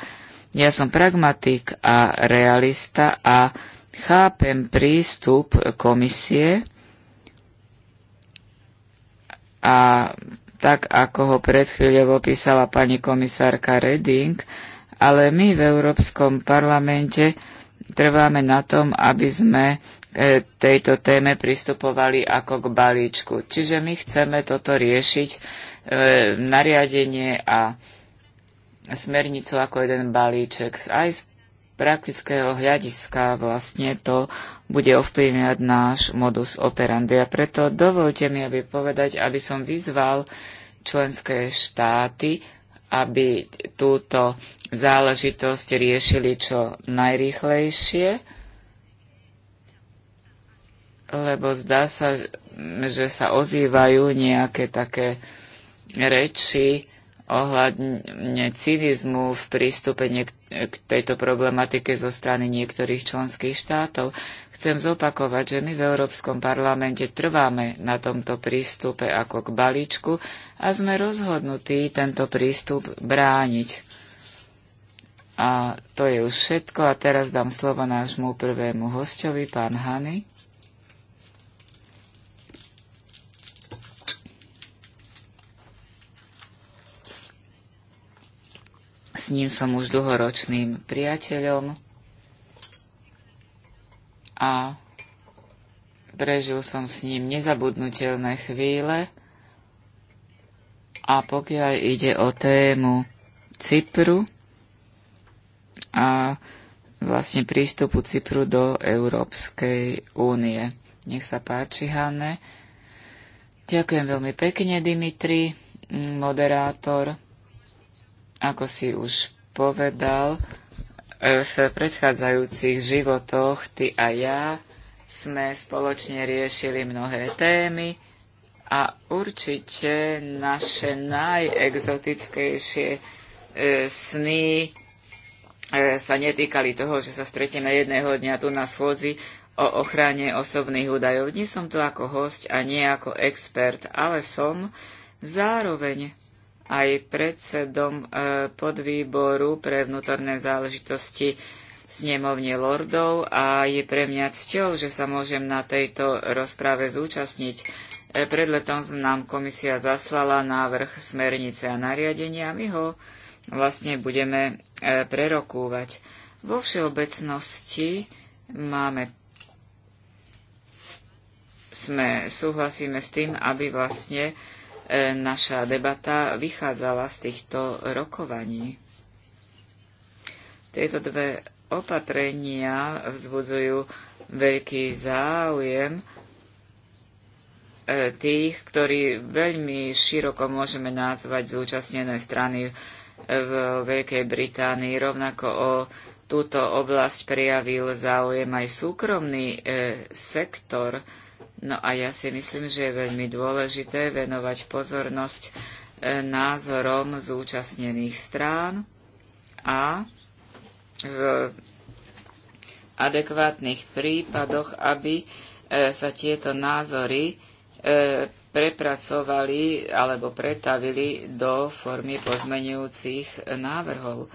Ja som pragmatik a realista a chápem prístup komisie a tak, ako ho pred chvíľou opísala pani komisárka Reding, ale my v Európskom parlamente trváme na tom, aby sme e, tejto téme pristupovali ako k balíčku. Čiže my chceme toto riešiť e, nariadenie a smernicou ako jeden balíček. Aj z praktického hľadiska vlastne to bude ovplyvňovať náš modus operandi. A preto dovolte mi, aby povedať, aby som vyzval členské štáty, aby túto záležitosť riešili čo najrýchlejšie, lebo zdá sa, že sa ozývajú nejaké také reči, ohľadne cynizmu v prístupe k tejto problematike zo strany niektorých členských štátov. Chcem zopakovať, že my v Európskom parlamente trváme na tomto prístupe ako k balíčku a sme rozhodnutí tento prístup brániť. A to je už všetko a teraz dám slovo nášmu prvému hostovi, pán Hany. S ním som už dlhoročným priateľom a prežil som s ním nezabudnutelné chvíle. A pokiaľ ide o tému Cypru a vlastne prístupu Cypru do Európskej únie. Nech sa páči, Hanne. Ďakujem veľmi pekne, Dimitri, moderátor. Ako si už povedal, eh, v predchádzajúcich životoch ty a ja sme spoločne riešili mnohé témy a určite naše najexotickejšie e, sny e, sa netýkali toho, že sa stretieme jedného dňa tu na schôdzi o ochrane osobných údajov. Nie som tu ako host a nie ako expert, ale som zároveň aj predsedom e, podvýboru pre vnútorné záležitosti snemovne lordov a je pre mňa cťou, že sa môžem na tejto rozprave zúčastniť. E, pred letom nám komisia zaslala návrh smernice a nariadenia a my ho vlastne budeme e, prerokúvať. Vo všeobecnosti máme sme, súhlasíme s tým, aby vlastne E, naša debata vychádzala z týchto rokovaní. Tieto dve opatrenia vzbudzujú veľký záujem e, tých, ktorí veľmi široko môžeme nazvať zúčastnené strany v Veľkej Británii. Rovnako o túto oblasť prejavil záujem aj súkromný e, sektor, No a ja si myslím, že je veľmi dôležité venovať pozornosť e, názorom zúčastnených strán a v adekvátnych prípadoch, aby e, sa tieto názory e, prepracovali alebo pretavili do formy pozmenujúcich návrhov.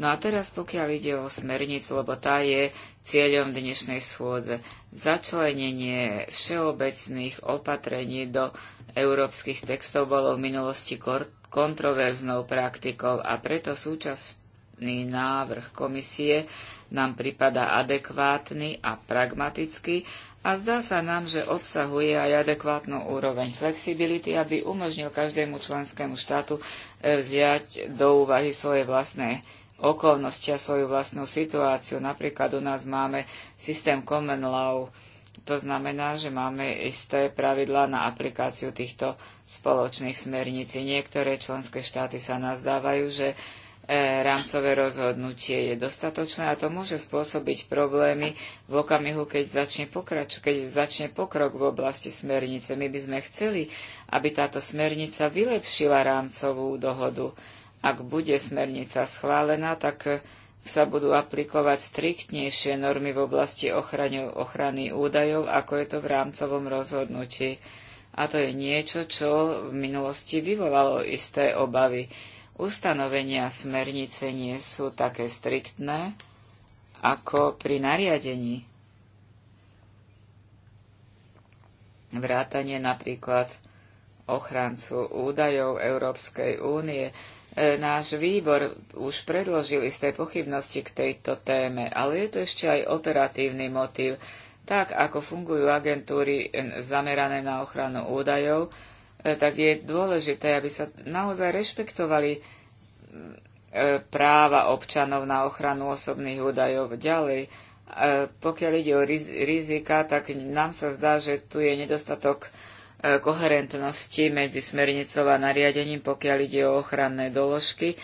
No a teraz pokiaľ ide o smernicu, lebo tá je cieľom dnešnej schôdze, začlenenie všeobecných opatrení do európskych textov bolo v minulosti kontroverznou praktikou a preto súčasný návrh komisie nám pripada adekvátny a pragmatický a zdá sa nám, že obsahuje aj adekvátnu úroveň flexibility, aby umožnil každému členskému štátu eh, vziať do úvahy svoje vlastné okolnosti a svoju vlastnú situáciu. Napríklad u nás máme systém common law, to znamená, že máme isté pravidlá na aplikáciu týchto spoločných smerníc. Niektoré členské štáty sa nazdávajú, že e, rámcové rozhodnutie je dostatočné a to môže spôsobiť problémy v okamihu, keď začne, pokrač, keď začne pokrok v oblasti smernice. My by sme chceli, aby táto smernica vylepšila rámcovú dohodu. Ak bude smernica schválená, tak eh, sa budú aplikovať striktnejšie normy v oblasti ochrany, ochrany údajov, ako je to v rámcovom rozhodnutí. A to je niečo, čo v minulosti vyvolalo isté obavy. Ustanovenia smernice nie sú také striktné ako pri nariadení. Vrátanie napríklad ochrancu údajov Európskej únie E, náš výbor už predložil isté pochybnosti k tejto téme, ale je to ešte aj operatívny motív. Tak ako fungujú agentúry zamerané na ochranu údajov, e, tak je dôležité, aby sa naozaj rešpektovali e, práva občanov na ochranu osobných údajov ďalej. Pokiaľ ide o rizika, tak nám sa zdá, že tu je nedostatok E, koherentnosti medzi smernicou a nariadením, pokiaľ ide o ochranné doložky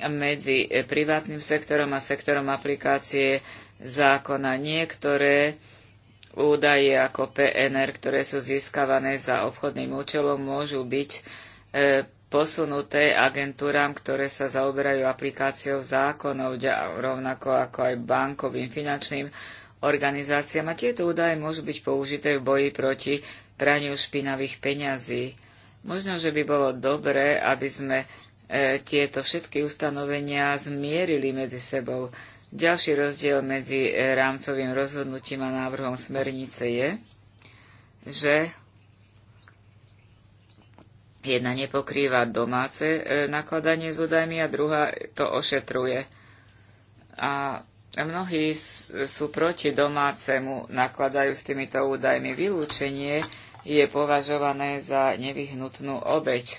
medzi e, privátnym sektorom a sektorom aplikácie zákona. Niektoré údaje ako PNR, ktoré sú získavané za obchodným účelom, môžu byť e, posunuté agentúram, ktoré sa zaoberajú aplikáciou zákonov, rovnako ako aj bankovým finančným organizáciám. A tieto údaje môžu byť použité v boji proti praniu špinavých peňazí. Možno, že by bolo dobré, aby sme e, tieto všetky ustanovenia zmierili medzi sebou. Ďalší rozdiel medzi e, rámcovým rozhodnutím a návrhom smernice je, že jedna nepokrýva domáce e, nakladanie s údajmi a druhá to ošetruje. A mnohí sú proti domácemu, nakladajú s týmito údajmi vylúčenie je považované za nevyhnutnú obeď,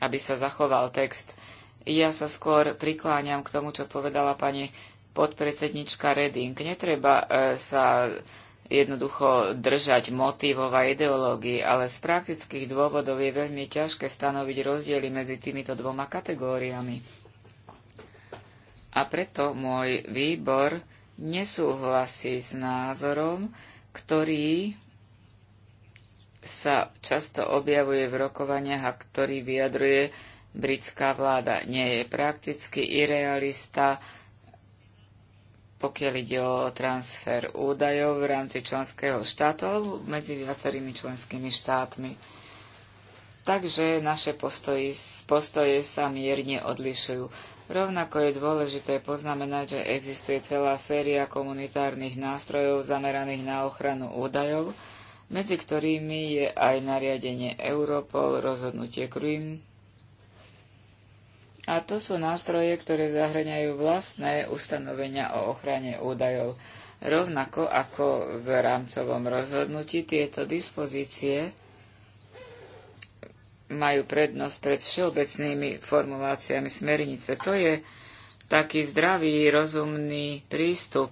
aby sa zachoval text. Ja sa skôr prikláňam k tomu, čo povedala pani podpredsednička Reding. Netreba e, sa jednoducho držať motivov a ideológií, ale z praktických dôvodov je veľmi ťažké stanoviť rozdiely medzi týmito dvoma kategóriami. A preto môj výbor nesúhlasí s názorom, ktorý sa často objavuje v rokovaniach a ktorý vyjadruje britská vláda. Nie je prakticky irealista, pokiaľ ide o transfer údajov v rámci členského štátu alebo medzi viacerými členskými štátmi. Takže naše postoji, postoje sa mierne odlišujú. Rovnako je dôležité poznamenať, že existuje celá séria komunitárnych nástrojov zameraných na ochranu údajov, medzi ktorými je aj nariadenie Europol, rozhodnutie Krym. A to sú nástroje, ktoré zahraňajú vlastné ustanovenia o ochrane údajov. Rovnako ako v rámcovom rozhodnutí tieto dispozície majú prednosť pred všeobecnými formuláciami smernice. To je taký zdravý, rozumný prístup,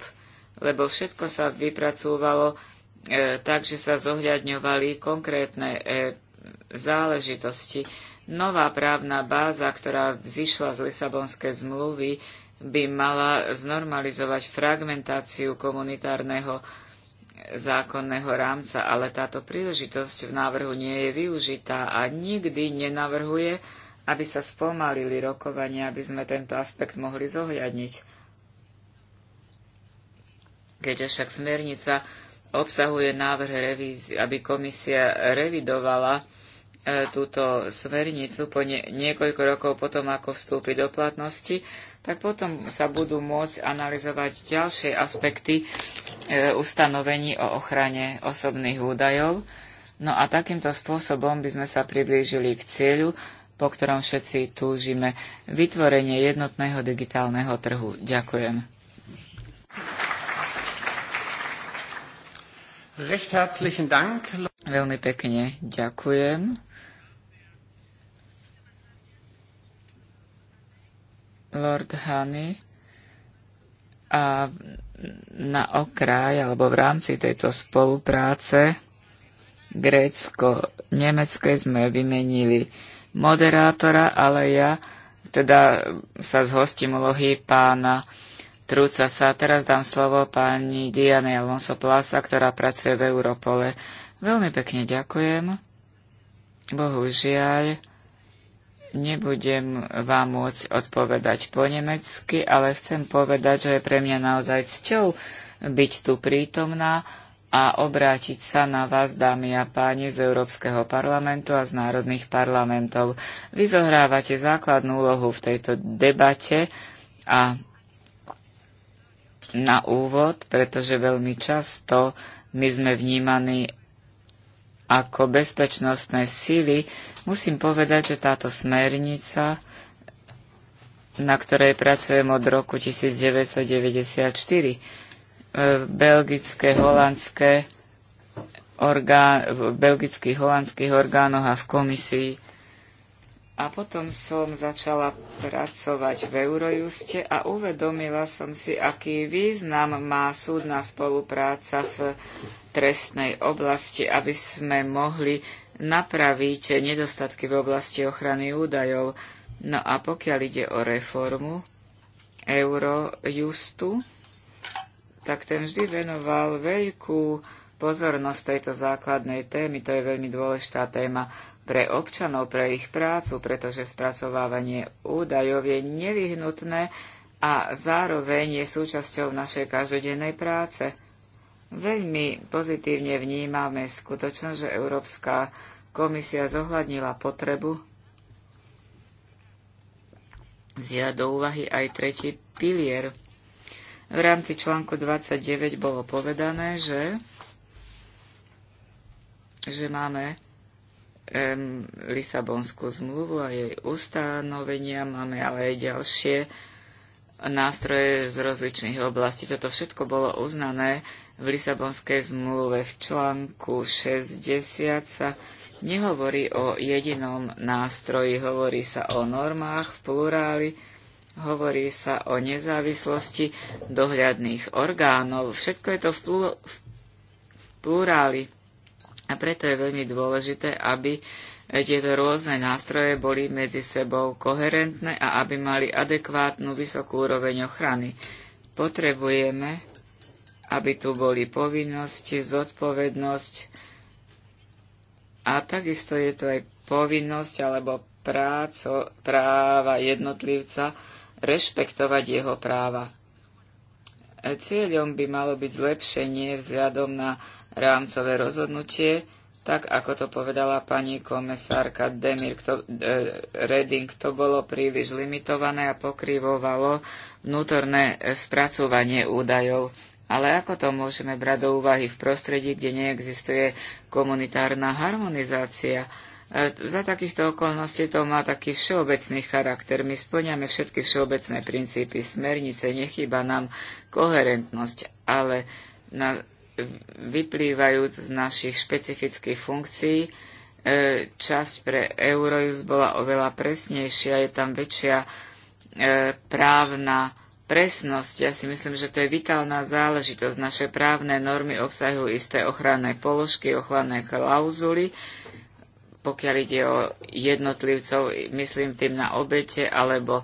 lebo všetko sa vypracúvalo E, takže sa zohľadňovali konkrétne e, záležitosti. Nová právna báza, ktorá vzýšla z Lisabonskej zmluvy, by mala znormalizovať fragmentáciu komunitárneho zákonného rámca, ale táto príležitosť v návrhu nie je využitá a nikdy nenavrhuje, aby sa spomalili rokovania, aby sme tento aspekt mohli zohľadniť. Keďže však smernica obsahuje návrh revízie, aby komisia revidovala e, túto smernicu po niekoľko rokov potom, ako vstúpi do platnosti, tak potom sa budú môcť analyzovať ďalšie aspekty e, ustanovení o ochrane osobných údajov. No a takýmto spôsobom by sme sa priblížili k cieľu, po ktorom všetci túžime vytvorenie jednotného digitálneho trhu. Ďakujem. Veľmi pekne ďakujem. Lord Hany. A na okraj alebo v rámci tejto spolupráce grécko-nemeckej sme vymenili moderátora, ale ja teda sa zhostím úlohy pána Trúca sa, teraz dám slovo pani Diane Alonso Plasa, ktorá pracuje v Europole. Veľmi pekne ďakujem. Bohužiaľ, nebudem vám môcť odpovedať po nemecky, ale chcem povedať, že je pre mňa naozaj cťou byť tu prítomná a obrátiť sa na vás, dámy a páni, z Európskeho parlamentu a z národných parlamentov. Vy zohrávate základnú úlohu v tejto debate a na úvod, pretože veľmi často my sme vnímaní ako bezpečnostné sily. Musím povedať, že táto smernica, na ktorej pracujem od roku 1994, e, belgické, holandské orgán, v belgických, holandských orgánoch a v komisii a potom som začala pracovať v Eurojuste a uvedomila som si, aký význam má súdna spolupráca v trestnej oblasti, aby sme mohli napraviť nedostatky v oblasti ochrany údajov. No a pokiaľ ide o reformu Eurojustu, tak ten vždy venoval veľkú pozornosť tejto základnej témy. To je veľmi dôležitá téma pre občanov, pre ich prácu, pretože spracovávanie údajov je nevyhnutné a zároveň je súčasťou našej každodennej práce. Veľmi pozitívne vnímame skutočnosť, že Európska komisia zohľadnila potrebu vziať do úvahy aj tretí pilier. V rámci článku 29 bolo povedané, že, že máme Lisabonskú zmluvu a jej ustanovenia, máme ale aj ďalšie nástroje z rozličných oblastí. Toto všetko bolo uznané v Lisabonskej zmluve v článku 60 sa nehovorí o jedinom nástroji, hovorí sa o normách v pluráli, hovorí sa o nezávislosti dohľadných orgánov. Všetko je to v, v pluráli. A preto je veľmi dôležité, aby tieto rôzne nástroje boli medzi sebou koherentné a aby mali adekvátnu vysokú úroveň ochrany. Potrebujeme, aby tu boli povinnosti, zodpovednosť a takisto je to aj povinnosť alebo práco, práva jednotlivca rešpektovať jeho práva. Cieľom by malo byť zlepšenie vzhľadom na rámcové rozhodnutie, tak ako to povedala pani komisárka Demir, to, e, Reding, to bolo príliš limitované a pokrývovalo vnútorné spracovanie údajov. Ale ako to môžeme brať do úvahy v prostredí, kde neexistuje komunitárna harmonizácia? E, za takýchto okolností to má taký všeobecný charakter. My splňame všetky všeobecné princípy smernice, nechýba nám koherentnosť, ale na, vyplývajúc z našich špecifických funkcií, e, časť pre Eurojus bola oveľa presnejšia, je tam väčšia e, právna presnosť. Ja si myslím, že to je vitálna záležitosť. Naše právne normy obsahujú isté ochranné položky, ochranné klauzuly, pokiaľ ide o jednotlivcov, myslím tým na obete alebo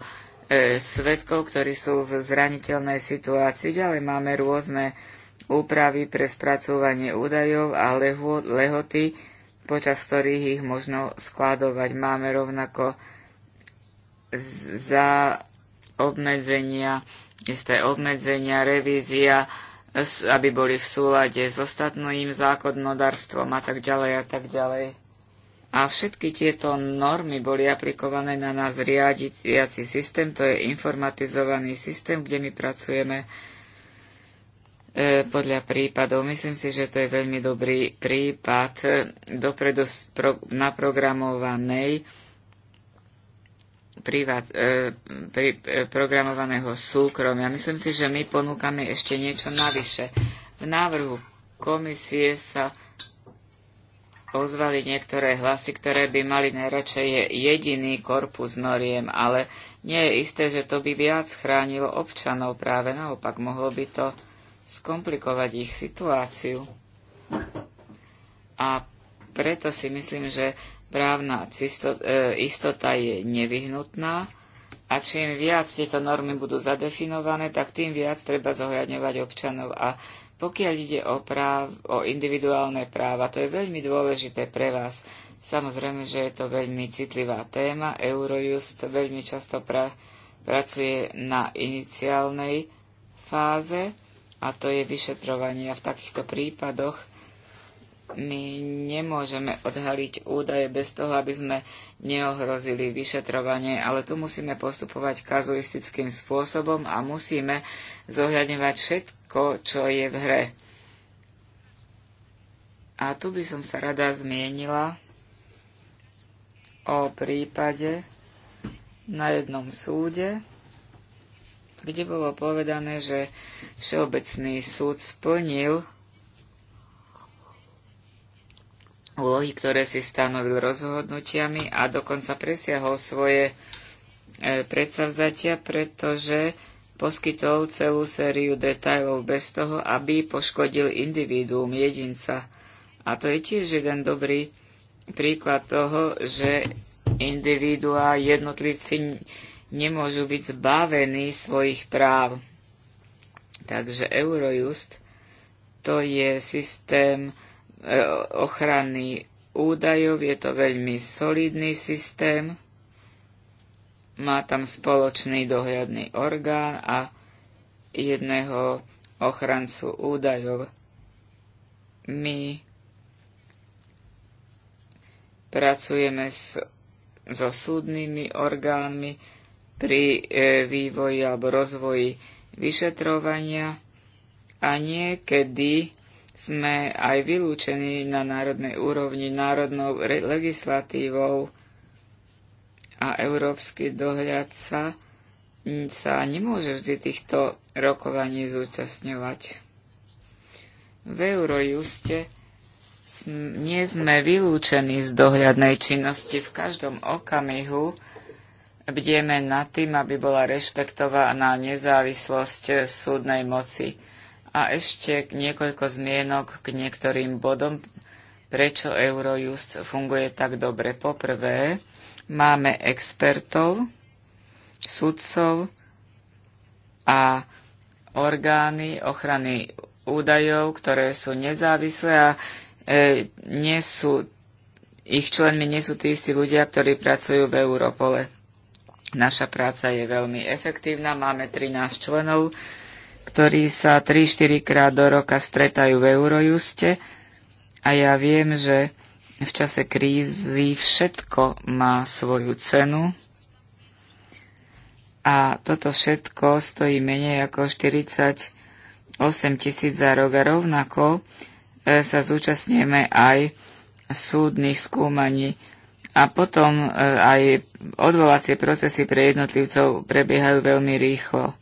e, svetkov, ktorí sú v zraniteľnej situácii. Ďalej máme rôzne úpravy pre spracúvanie údajov a leho, lehoty, počas ktorých ich možno skladovať. Máme rovnako za obmedzenia, isté obmedzenia, revízia, aby boli v súlade s ostatným zákonodárstvom a tak ďalej a tak ďalej a všetky tieto normy boli aplikované na nás riadiaci systém, to je informatizovaný systém, kde my pracujeme e, podľa prípadov. Myslím si, že to je veľmi dobrý prípad dopredu pro, naprogramovanej privát, e, pri, e, programovaného súkromia. Myslím si, že my ponúkame ešte niečo navyše. V návrhu komisie sa ozvali niektoré hlasy, ktoré by mali najradšej jediný korpus noriem, ale nie je isté, že to by viac chránilo občanov, práve naopak mohlo by to skomplikovať ich situáciu. A preto si myslím, že právna e, istota je nevyhnutná a čím viac tieto normy budú zadefinované, tak tým viac treba zohľadňovať občanov a občanov pokiaľ ide o, práv, o individuálne práva, to je veľmi dôležité pre vás. Samozrejme, že je to veľmi citlivá téma. Eurojust veľmi často pra, pracuje na iniciálnej fáze a to je vyšetrovanie. A v takýchto prípadoch my nemôžeme odhaliť údaje bez toho, aby sme neohrozili vyšetrovanie, ale tu musíme postupovať kazuistickým spôsobom a musíme zohľadňovať všetky všetko, čo je v hre. A tu by som sa rada zmienila o prípade na jednom súde, kde bolo povedané, že Všeobecný súd splnil úlohy, ktoré si stanovil rozhodnutiami a dokonca presiahol svoje e, predsavzatia, pretože poskytol celú sériu detajlov bez toho, aby poškodil individuum jedinca. A to je tiež jeden dobrý príklad toho, že individuá jednotlivci nemôžu byť zbavení svojich práv. Takže Eurojust to je systém e, ochrany údajov, je to veľmi solidný systém má tam spoločný dohľadný orgán a jedného ochrancu údajov. My pracujeme s, so súdnymi orgánmi pri e, vývoji alebo rozvoji vyšetrovania a niekedy sme aj vylúčení na národnej úrovni národnou legislatívou a európsky dohľad sa, mm, sa nemôže vždy týchto rokovaní zúčastňovať. V Eurojuste nie sme vylúčení z dohľadnej činnosti. V každom okamihu bdieme nad tým, aby bola rešpektovaná nezávislosť súdnej moci. A ešte niekoľko zmienok k niektorým bodom, prečo Eurojust funguje tak dobre. Poprvé, Máme expertov, sudcov a orgány ochrany údajov, ktoré sú nezávislé a e, nie sú, ich členmi nie sú tí istí ľudia, ktorí pracujú v Europole. Naša práca je veľmi efektívna, máme 13 členov, ktorí sa 3-4 krát do roka stretajú v Eurojuste a ja viem, že v čase krízy všetko má svoju cenu a toto všetko stojí menej ako 48 tisíc za rok a rovnako e, sa zúčastníme aj súdnych skúmaní a potom e, aj odvolacie procesy pre jednotlivcov prebiehajú veľmi rýchlo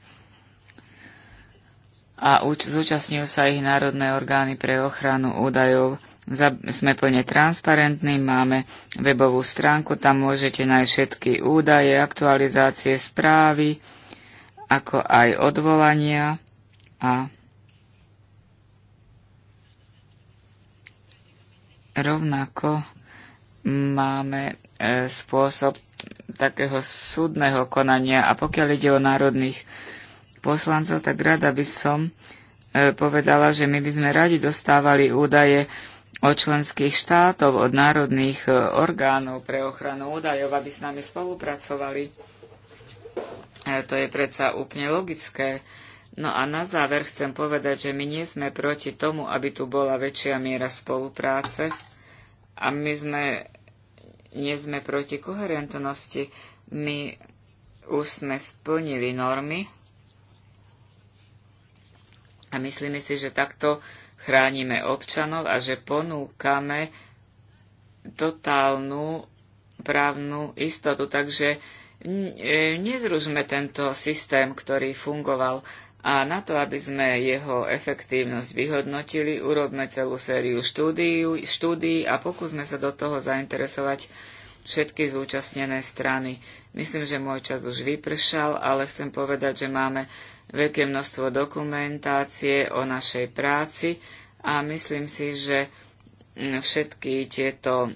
a zúčastňujú sa ich národné orgány pre ochranu údajov sme plne transparentní, máme webovú stránku, tam môžete nájsť všetky údaje, aktualizácie správy, ako aj odvolania a rovnako máme e, spôsob takého súdneho konania a pokiaľ ide o národných poslancov, tak rada by som e, povedala, že my by sme radi dostávali údaje, od členských štátov, od národných e, orgánov pre ochranu údajov, aby s nami spolupracovali. E, to je predsa úplne logické. No a na záver chcem povedať, že my nie sme proti tomu, aby tu bola väčšia miera spolupráce a my sme, nie sme proti koherentnosti. My už sme splnili normy a myslíme si, že takto chránime občanov a že ponúkame totálnu právnu istotu. Takže e, nezružme tento systém, ktorý fungoval a na to, aby sme jeho efektívnosť vyhodnotili, urobme celú sériu štúdií, štúdií a pokúsme sa do toho zainteresovať všetky zúčastnené strany. Myslím, že môj čas už vypršal, ale chcem povedať, že máme veľké množstvo dokumentácie o našej práci a myslím si, že mm, všetky tieto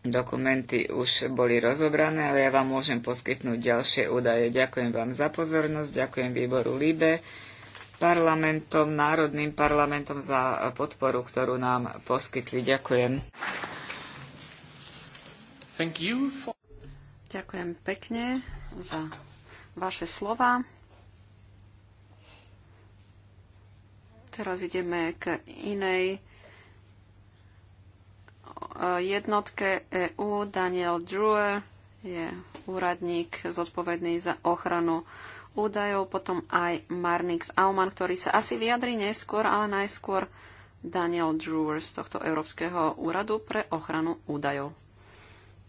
Dokumenty už boli rozobrané, ale ja vám môžem poskytnúť ďalšie údaje. Ďakujem vám za pozornosť, ďakujem výboru LIBE, parlamentom, národným parlamentom za podporu, ktorú nám poskytli. Ďakujem. For... Ďakujem pekne za vaše slova. Teraz ideme k inej jednotke EU. Daniel Drewer je úradník zodpovedný za ochranu údajov, potom aj Marnix Auman, ktorý sa asi vyjadri neskôr, ale najskôr Daniel Drewer z tohto Európskeho úradu pre ochranu údajov.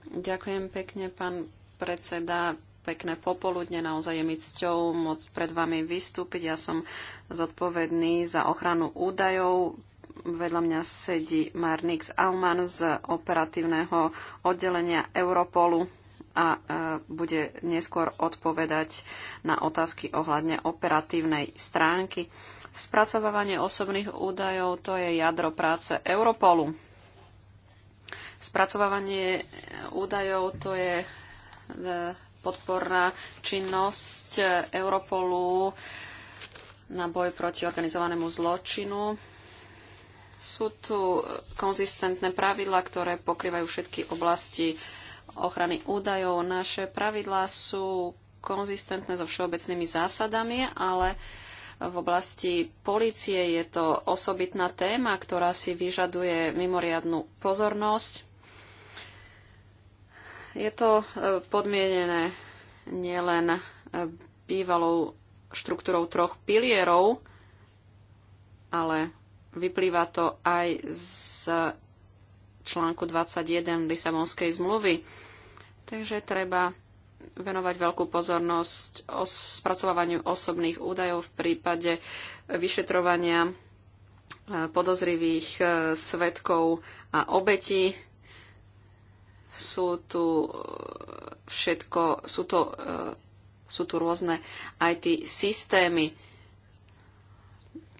Ďakujem pekne, pán predseda pekné popoludne. Naozaj je mi cťou môcť pred vami vystúpiť. Ja som zodpovedný za ochranu údajov. Vedľa mňa sedí Marnix Auman z operatívneho oddelenia Europolu a e, bude neskôr odpovedať na otázky ohľadne operatívnej stránky. Spracovávanie osobných údajov to je jadro práce Europolu. Spracovávanie údajov to je e, podporná činnosť Europolu na boj proti organizovanému zločinu. Sú tu konzistentné pravidlá, ktoré pokrývajú všetky oblasti ochrany údajov. Naše pravidlá sú konzistentné so všeobecnými zásadami, ale v oblasti policie je to osobitná téma, ktorá si vyžaduje mimoriadnú pozornosť je to e, podmienené nielen e, bývalou štruktúrou troch pilierov, ale vyplýva to aj z článku 21 Lisabonskej zmluvy. Takže treba venovať veľkú pozornosť o spracovávaniu osobných údajov v prípade vyšetrovania e, podozrivých svetkov a obetí sú tu e, všetko, sú, to, e, sú tu rôzne IT systémy.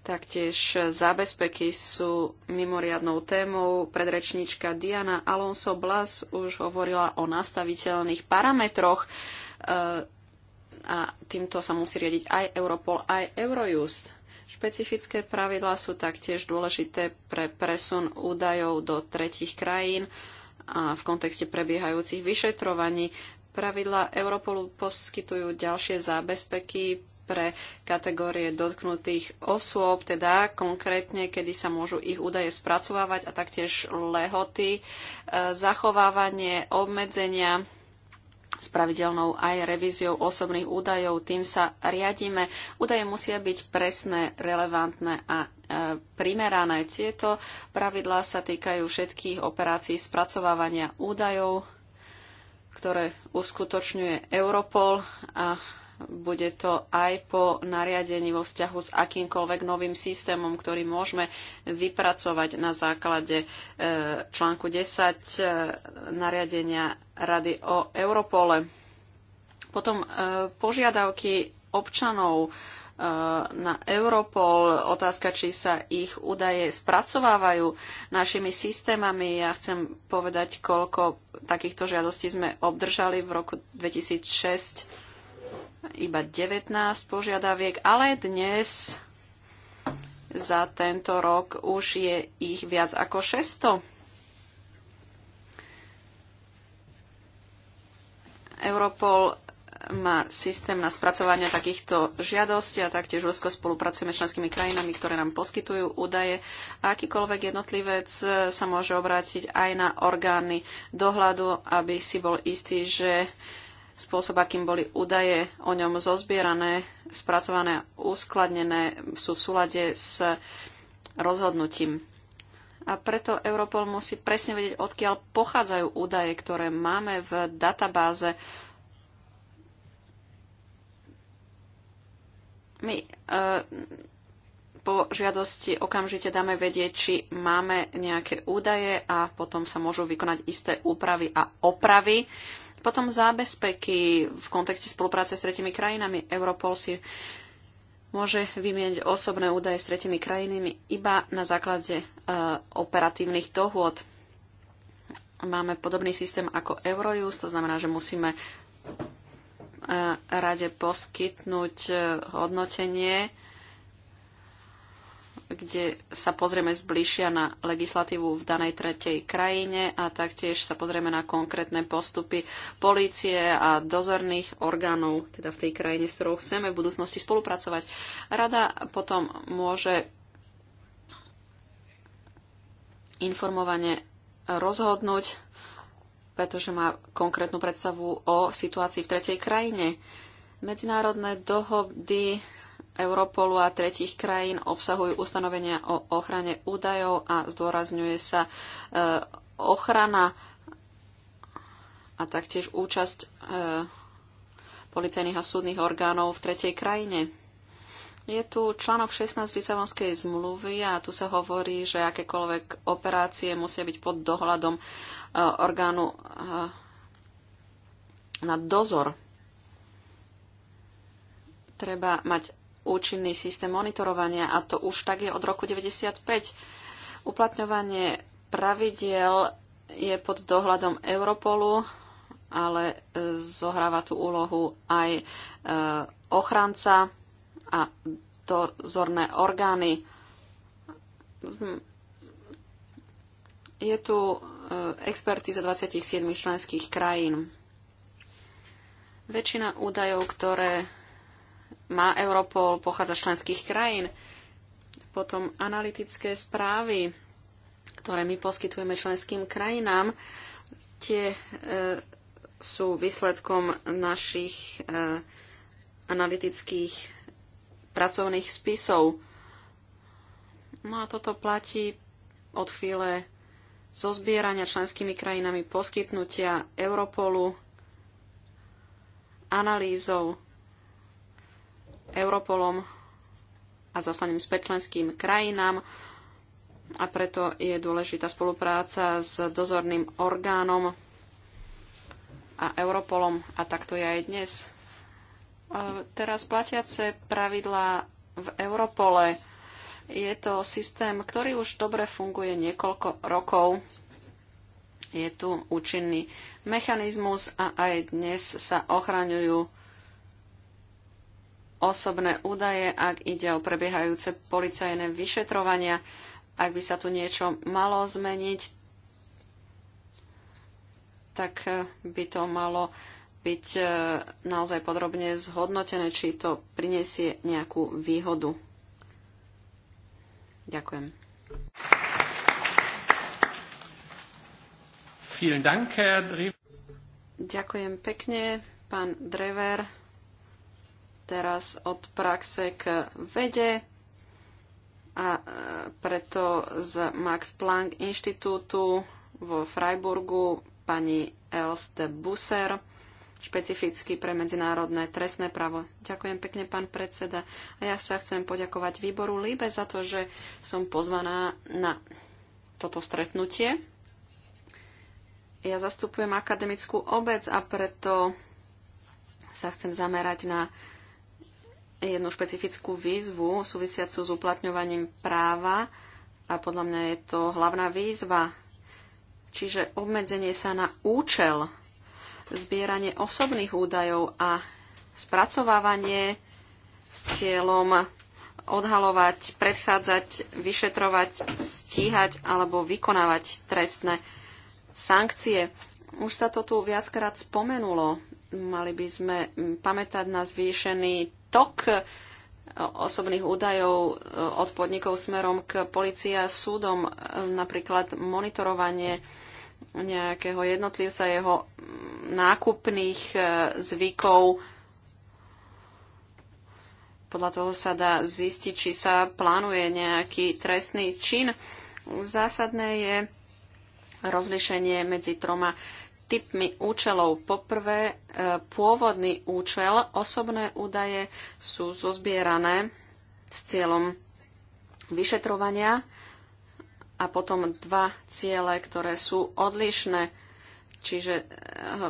Taktiež zábezpeky sú mimoriadnou témou. Predrečníčka Diana Alonso Blas už hovorila o nastaviteľných parametroch e, a týmto sa musí riadiť aj Europol, aj Eurojust. Špecifické pravidlá sú taktiež dôležité pre presun údajov do tretich krajín a v kontexte prebiehajúcich vyšetrovaní. Pravidla Europolu poskytujú ďalšie zábezpeky pre kategórie dotknutých osôb, teda konkrétne, kedy sa môžu ich údaje spracovávať a taktiež lehoty, e, zachovávanie, obmedzenia s pravidelnou aj revíziou osobných údajov. Tým sa riadíme. Údaje musia byť presné, relevantné a E, primerané. Tieto pravidlá sa týkajú všetkých operácií spracovávania údajov, ktoré uskutočňuje Europol a bude to aj po nariadení vo vzťahu s akýmkoľvek novým systémom, ktorý môžeme vypracovať na základe e, článku 10 e, nariadenia Rady o Europole. Potom požiadavky občanov na Europol. Otázka, či sa ich údaje spracovávajú našimi systémami. Ja chcem povedať, koľko takýchto žiadostí sme obdržali v roku 2006 iba 19 požiadaviek, ale dnes za tento rok už je ich viac ako 600. Europol má systém na spracovanie takýchto žiadostí a taktiež úzko spolupracujeme s členskými krajinami, ktoré nám poskytujú údaje. A akýkoľvek jednotlivec e, sa môže obrátiť aj na orgány dohľadu, aby si bol istý, že spôsob, akým boli údaje o ňom zozbierané, spracované a uskladnené, sú v súlade s rozhodnutím a preto Europol musí presne vedieť, odkiaľ pochádzajú údaje, ktoré máme v databáze My uh, po žiadosti okamžite dáme vedieť, či máme nejaké údaje a potom sa môžu vykonať isté úpravy a opravy. Potom zábezpeky v kontexte spolupráce s tretimi krajinami. Europol si môže vymieňať osobné údaje s tretimi krajinami iba na základe uh, operatívnych dohôd. Máme podobný systém ako Eurojust, to znamená, že musíme rade poskytnúť e, hodnotenie, kde sa pozrieme zbližšia na legislatívu v danej tretej krajine a taktiež sa pozrieme na konkrétne postupy polície a dozorných orgánov, teda v tej krajine, s ktorou chceme v budúcnosti spolupracovať. Rada potom môže informovane rozhodnúť pretože má konkrétnu predstavu o situácii v tretej krajine. Medzinárodné dohody Europolu a tretich krajín obsahujú ustanovenia o ochrane údajov a zdôrazňuje sa e, ochrana a taktiež účasť e, policajných a súdnych orgánov v tretej krajine. Je tu článok 16 Lisabonskej zmluvy a tu sa hovorí, že akékoľvek operácie musia byť pod dohľadom Eh, orgánu eh, na dozor. Treba mať účinný systém monitorovania a to už tak je od roku 1995. Uplatňovanie pravidiel je pod dohľadom Europolu, ale eh, zohráva tú úlohu aj ochranca a dozorné orgány. Je tu E, za 27 členských krajín. Väčšina údajov, ktoré má Europol, pochádza z členských krajín. Potom analytické správy, ktoré my poskytujeme členským krajinám, tie e, sú výsledkom našich e, analytických pracovných spisov. No a toto platí od chvíle zozbierania členskými krajinami, poskytnutia Europolu, analýzou, Europolom a zaslaním späť členským krajinám a preto je dôležitá spolupráca s dozorným orgánom a Europolom a takto je aj dnes. Teraz platiace pravidlá v Europole je to systém, ktorý už dobre funguje niekoľko rokov. Je tu účinný mechanizmus a aj dnes sa ochraňujú osobné údaje, ak ide o prebiehajúce policajné vyšetrovania. Ak by sa tu niečo malo zmeniť, tak eh, by to malo byť eh, naozaj podrobne zhodnotené, či to prinesie nejakú výhodu. Ďakujem. Ďakujem pekne, pán Drever. Teraz od praxe k vede a e, preto z Max Planck inštitútu vo Freiburgu pani Elste Busser špecificky pre medzinárodné trestné právo. Ďakujem pekne, pán predseda. A ja sa chcem poďakovať výboru Líbe za to, že som pozvaná na toto stretnutie. Ja zastupujem akademickú obec a preto sa chcem zamerať na jednu špecifickú výzvu súvisiacu s uplatňovaním práva a podľa mňa je to hlavná výzva, čiže obmedzenie sa na účel zbieranie osobných údajov a spracovávanie s cieľom odhalovať, predchádzať, vyšetrovať, stíhať alebo vykonávať trestné sankcie. Už sa to tu viackrát spomenulo. Mali by sme pamätať na zvýšený tok e, osobných údajov e, od podnikov smerom k policii a súdom, e, napríklad monitorovanie nejakého jednotlivca, jeho nákupných e, zvykov. Podľa toho sa dá zistiť, či sa plánuje nejaký trestný čin. Zásadné je rozlišenie medzi troma typmi účelov. Poprvé, e, pôvodný účel, osobné údaje sú zozbierané s cieľom vyšetrovania a potom dva ciele, ktoré sú odlišné. Čiže eh,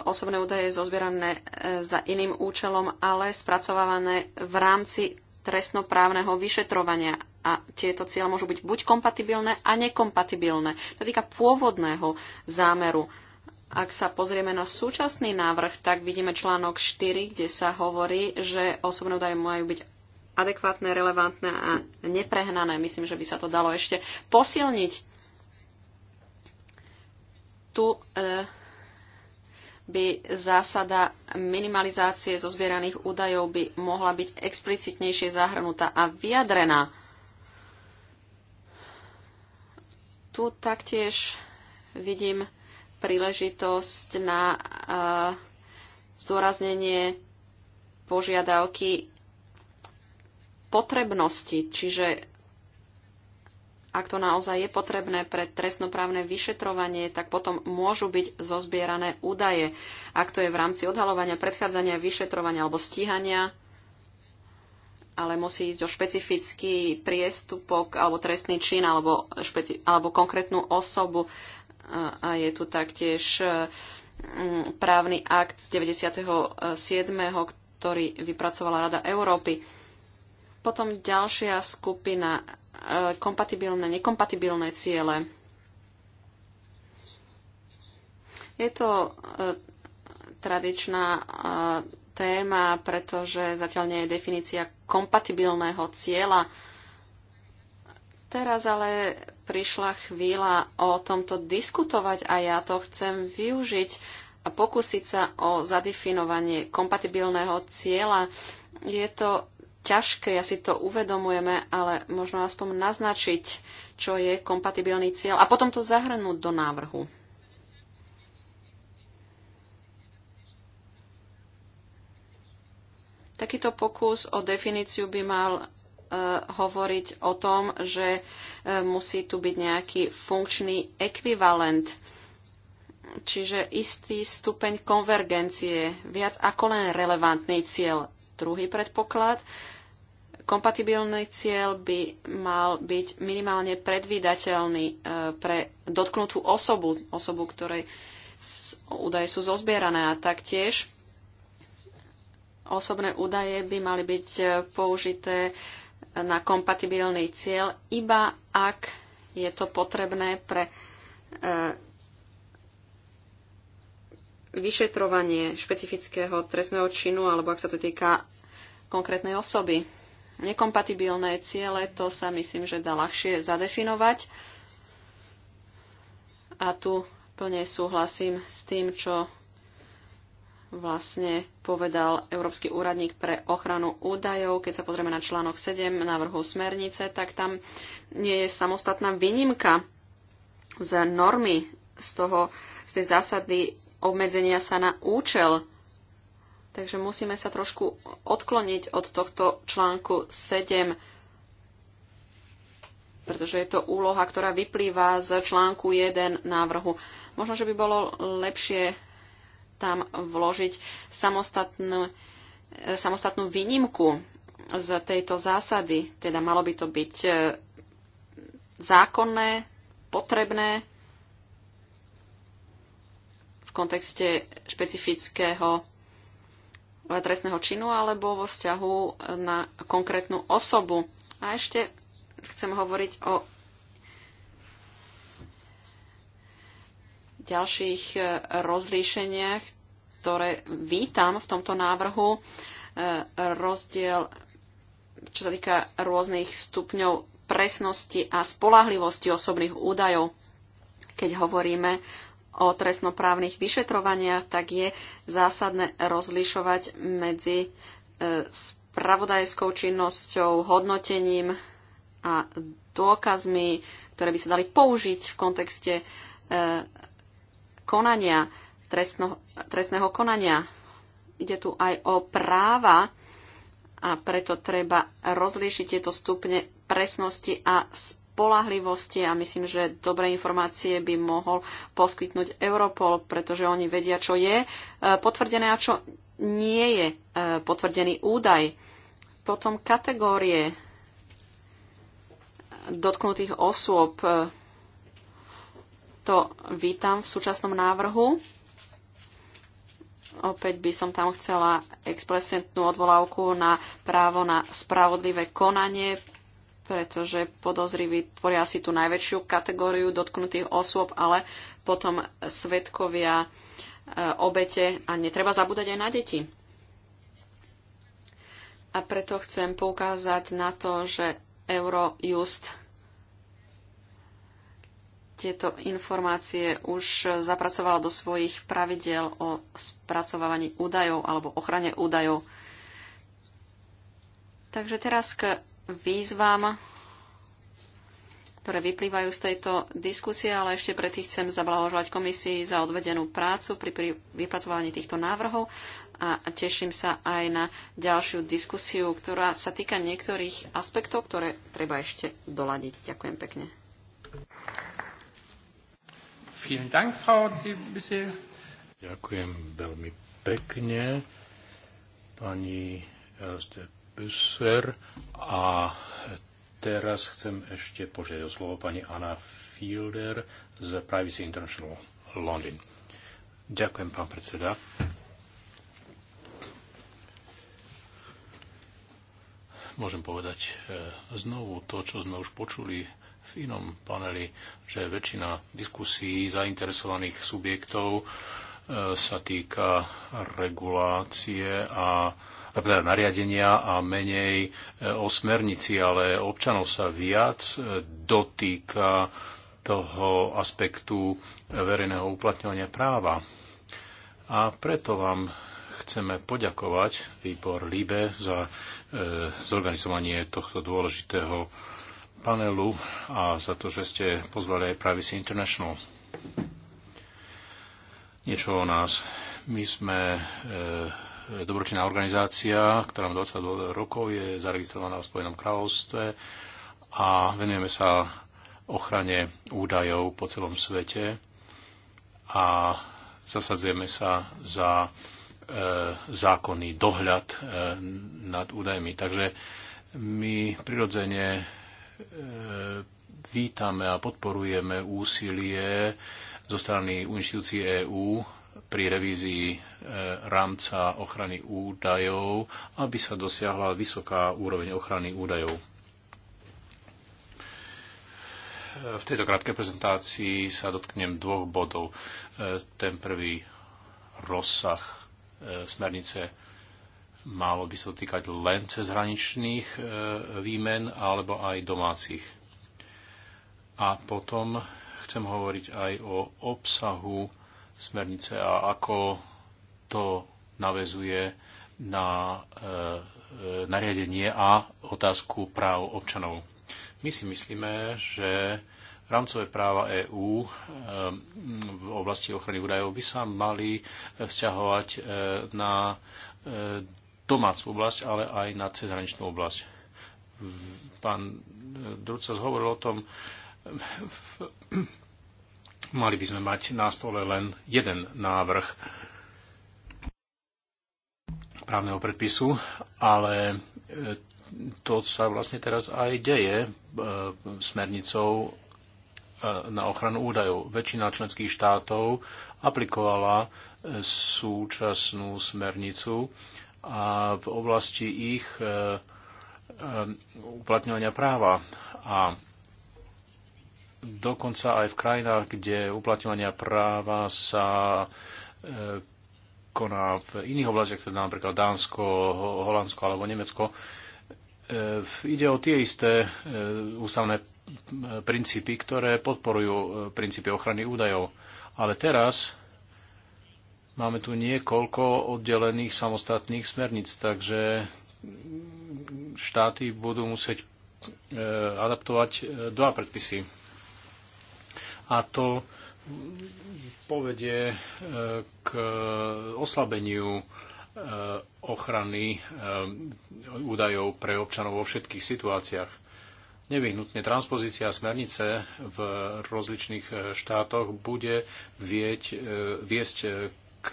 osobné údaje zozbierané eh, za iným účelom, ale spracovávané v rámci trestnoprávneho vyšetrovania. A tieto ciele môžu byť buď kompatibilné a nekompatibilné. To týka pôvodného zámeru. Ak sa pozrieme na súčasný návrh, tak vidíme článok 4, kde sa hovorí, že osobné údaje majú byť adekvátne, relevantné a neprehnané. Myslím, že by sa to dalo ešte posilniť. Tu e, by zásada minimalizácie zo zbieraných údajov by mohla byť explicitnejšie zahrnutá a vyjadrená. Tu taktiež vidím príležitosť na e, zdôraznenie požiadavky potrebnosti, čiže ak to naozaj je potrebné pre trestnoprávne vyšetrovanie, tak potom môžu byť zozbierané údaje. Ak to je v rámci odhalovania, predchádzania, vyšetrovania alebo stíhania, ale musí ísť o špecifický priestupok alebo trestný čin alebo, špeci- alebo konkrétnu osobu. A je tu taktiež mm, právny akt z 97., ktorý vypracovala Rada Európy. Potom ďalšia skupina, e, kompatibilné, nekompatibilné ciele. Je to e, tradičná e, téma, pretože zatiaľ nie je definícia kompatibilného cieľa. Teraz ale prišla chvíľa o tomto diskutovať a ja to chcem využiť a pokúsiť sa o zadefinovanie kompatibilného cieľa. Je to ťažké, ja si to uvedomujeme, ale možno aspoň naznačiť, čo je kompatibilný cieľ a potom to zahrnúť do návrhu. Takýto pokus o definíciu by mal e, hovoriť o tom, že e, musí tu byť nejaký funkčný ekvivalent, čiže istý stupeň konvergencie, viac ako len relevantný cieľ druhý predpoklad. Kompatibilný cieľ by mal byť minimálne predvídateľný e, pre dotknutú osobu, osobu, ktorej údaje sú zozbierané a taktiež osobné údaje by mali byť e, použité na kompatibilný cieľ, iba ak je to potrebné pre e, vyšetrovanie špecifického trestného činu alebo ak sa to týka konkrétnej osoby. Nekompatibilné ciele, to sa myslím, že dá ľahšie zadefinovať. A tu plne súhlasím s tým, čo vlastne povedal Európsky úradník pre ochranu údajov. Keď sa pozrieme na článok 7 návrhu smernice, tak tam nie je samostatná výnimka z normy z, toho, z tej zásady obmedzenia sa na účel. Takže musíme sa trošku odkloniť od tohto článku 7, pretože je to úloha, ktorá vyplýva z článku 1 návrhu. Možno, že by bolo lepšie tam vložiť samostatnú, samostatnú výnimku z tejto zásady. Teda malo by to byť e, zákonné, potrebné v kontexte špecifického trestného činu alebo vo vzťahu na konkrétnu osobu. A ešte chcem hovoriť o ďalších e, rozlíšeniach, ktoré vítam v tomto návrhu. E, rozdiel, čo sa týka rôznych stupňov presnosti a spolahlivosti osobných údajov. Keď hovoríme o trestnoprávnych vyšetrovaniach, tak je zásadné rozlišovať medzi e, spravodajskou činnosťou, hodnotením a dôkazmi, ktoré by sa dali použiť v kontexte e, konania, trestno, trestného konania. Ide tu aj o práva a preto treba rozlíšiť tieto stupne presnosti a spravodlivosti spolahlivosti a myslím, že dobré informácie by mohol poskytnúť Europol, pretože oni vedia, čo je e, potvrdené a čo nie je e, potvrdený údaj. Potom kategórie e, dotknutých osôb. To vítam v súčasnom návrhu. Opäť by som tam chcela explicitnú odvolávku na právo na spravodlivé konanie pretože podozriví tvoria si tú najväčšiu kategóriu dotknutých osôb, ale potom svetkovia, e, obete a netreba zabúdať aj na deti. A preto chcem poukázať na to, že Eurojust tieto informácie už zapracovala do svojich pravidel o spracovávaní údajov alebo ochrane údajov. Takže teraz k výzvam, ktoré vyplývajú z tejto diskusie, ale ešte tých chcem zablahožovať komisii za odvedenú prácu pri vypracovaní týchto návrhov a teším sa aj na ďalšiu diskusiu, ktorá sa týka niektorých aspektov, ktoré treba ešte doladiť. Ďakujem pekne. Ďakujem veľmi pekne pani Elstep Büsser a teraz chcem ešte požiadať o slovo pani Anna Fielder z Privacy International London. Ďakujem, pán predseda. Môžem povedať e, znovu to, čo sme už počuli v inom paneli, že väčšina diskusí zainteresovaných subjektov e, sa týka regulácie a teda nariadenia a menej e, o smernici, ale občanov sa viac e, dotýka toho aspektu verejného uplatňovania práva. A preto vám chceme poďakovať výbor LIBE za e, zorganizovanie tohto dôležitého panelu a za to, že ste pozvali aj Privacy International. Niečo o nás. My sme e, dobročinná organizácia, ktorá má 22 rokov, je zaregistrovaná v Spojenom kráľovstve a venujeme sa ochrane údajov po celom svete a zasadzujeme sa za e, zákonný dohľad e, nad údajmi. Takže my prirodzene e, vítame a podporujeme úsilie zo strany inštitúcií EÚ pri revízii Eh, rámca ochrany údajov, aby sa dosiahla vysoká úroveň ochrany údajov. Eh, v tejto krátkej prezentácii sa dotknem dvoch bodov. Eh, ten prvý rozsah smernice malo by sa dotýkať len cezhraničných výmen alebo aj domácich. A potom chcem hovoriť aj o obsahu smernice a ako to navezuje na e, e, nariadenie a otázku práv občanov. My si myslíme, že rámcové práva EÚ e, v oblasti ochrany údajov by sa mali vzťahovať na domácu oblasť, ale aj na cezhraničnú oblasť. Pán Druca hovoril o tom, mali by sme mať na stole len jeden návrh právneho predpisu, ale e, to sa vlastne teraz aj deje e, smernicou e, na ochranu údajov. Väčšina členských štátov aplikovala súčasnú smernicu a v oblasti ich uplatňovania práva. A dokonca aj v krajinách, kde uplatňovania práva sa koná v iných oblastiach, teda napríklad Dánsko, Holandsko alebo Nemecko, e, ide o tie isté e, ústavné e, princípy, ktoré podporujú princípy ochrany údajov. Ale teraz máme tu niekoľko oddelených samostatných smerníc, takže štáty budú musieť adaptovať dva predpisy. A to povedie e, k oslabeniu e, ochrany e, údajov pre občanov vo všetkých situáciách. Nevyhnutne transpozícia smernice v rozličných štátoch bude vieť, viesť k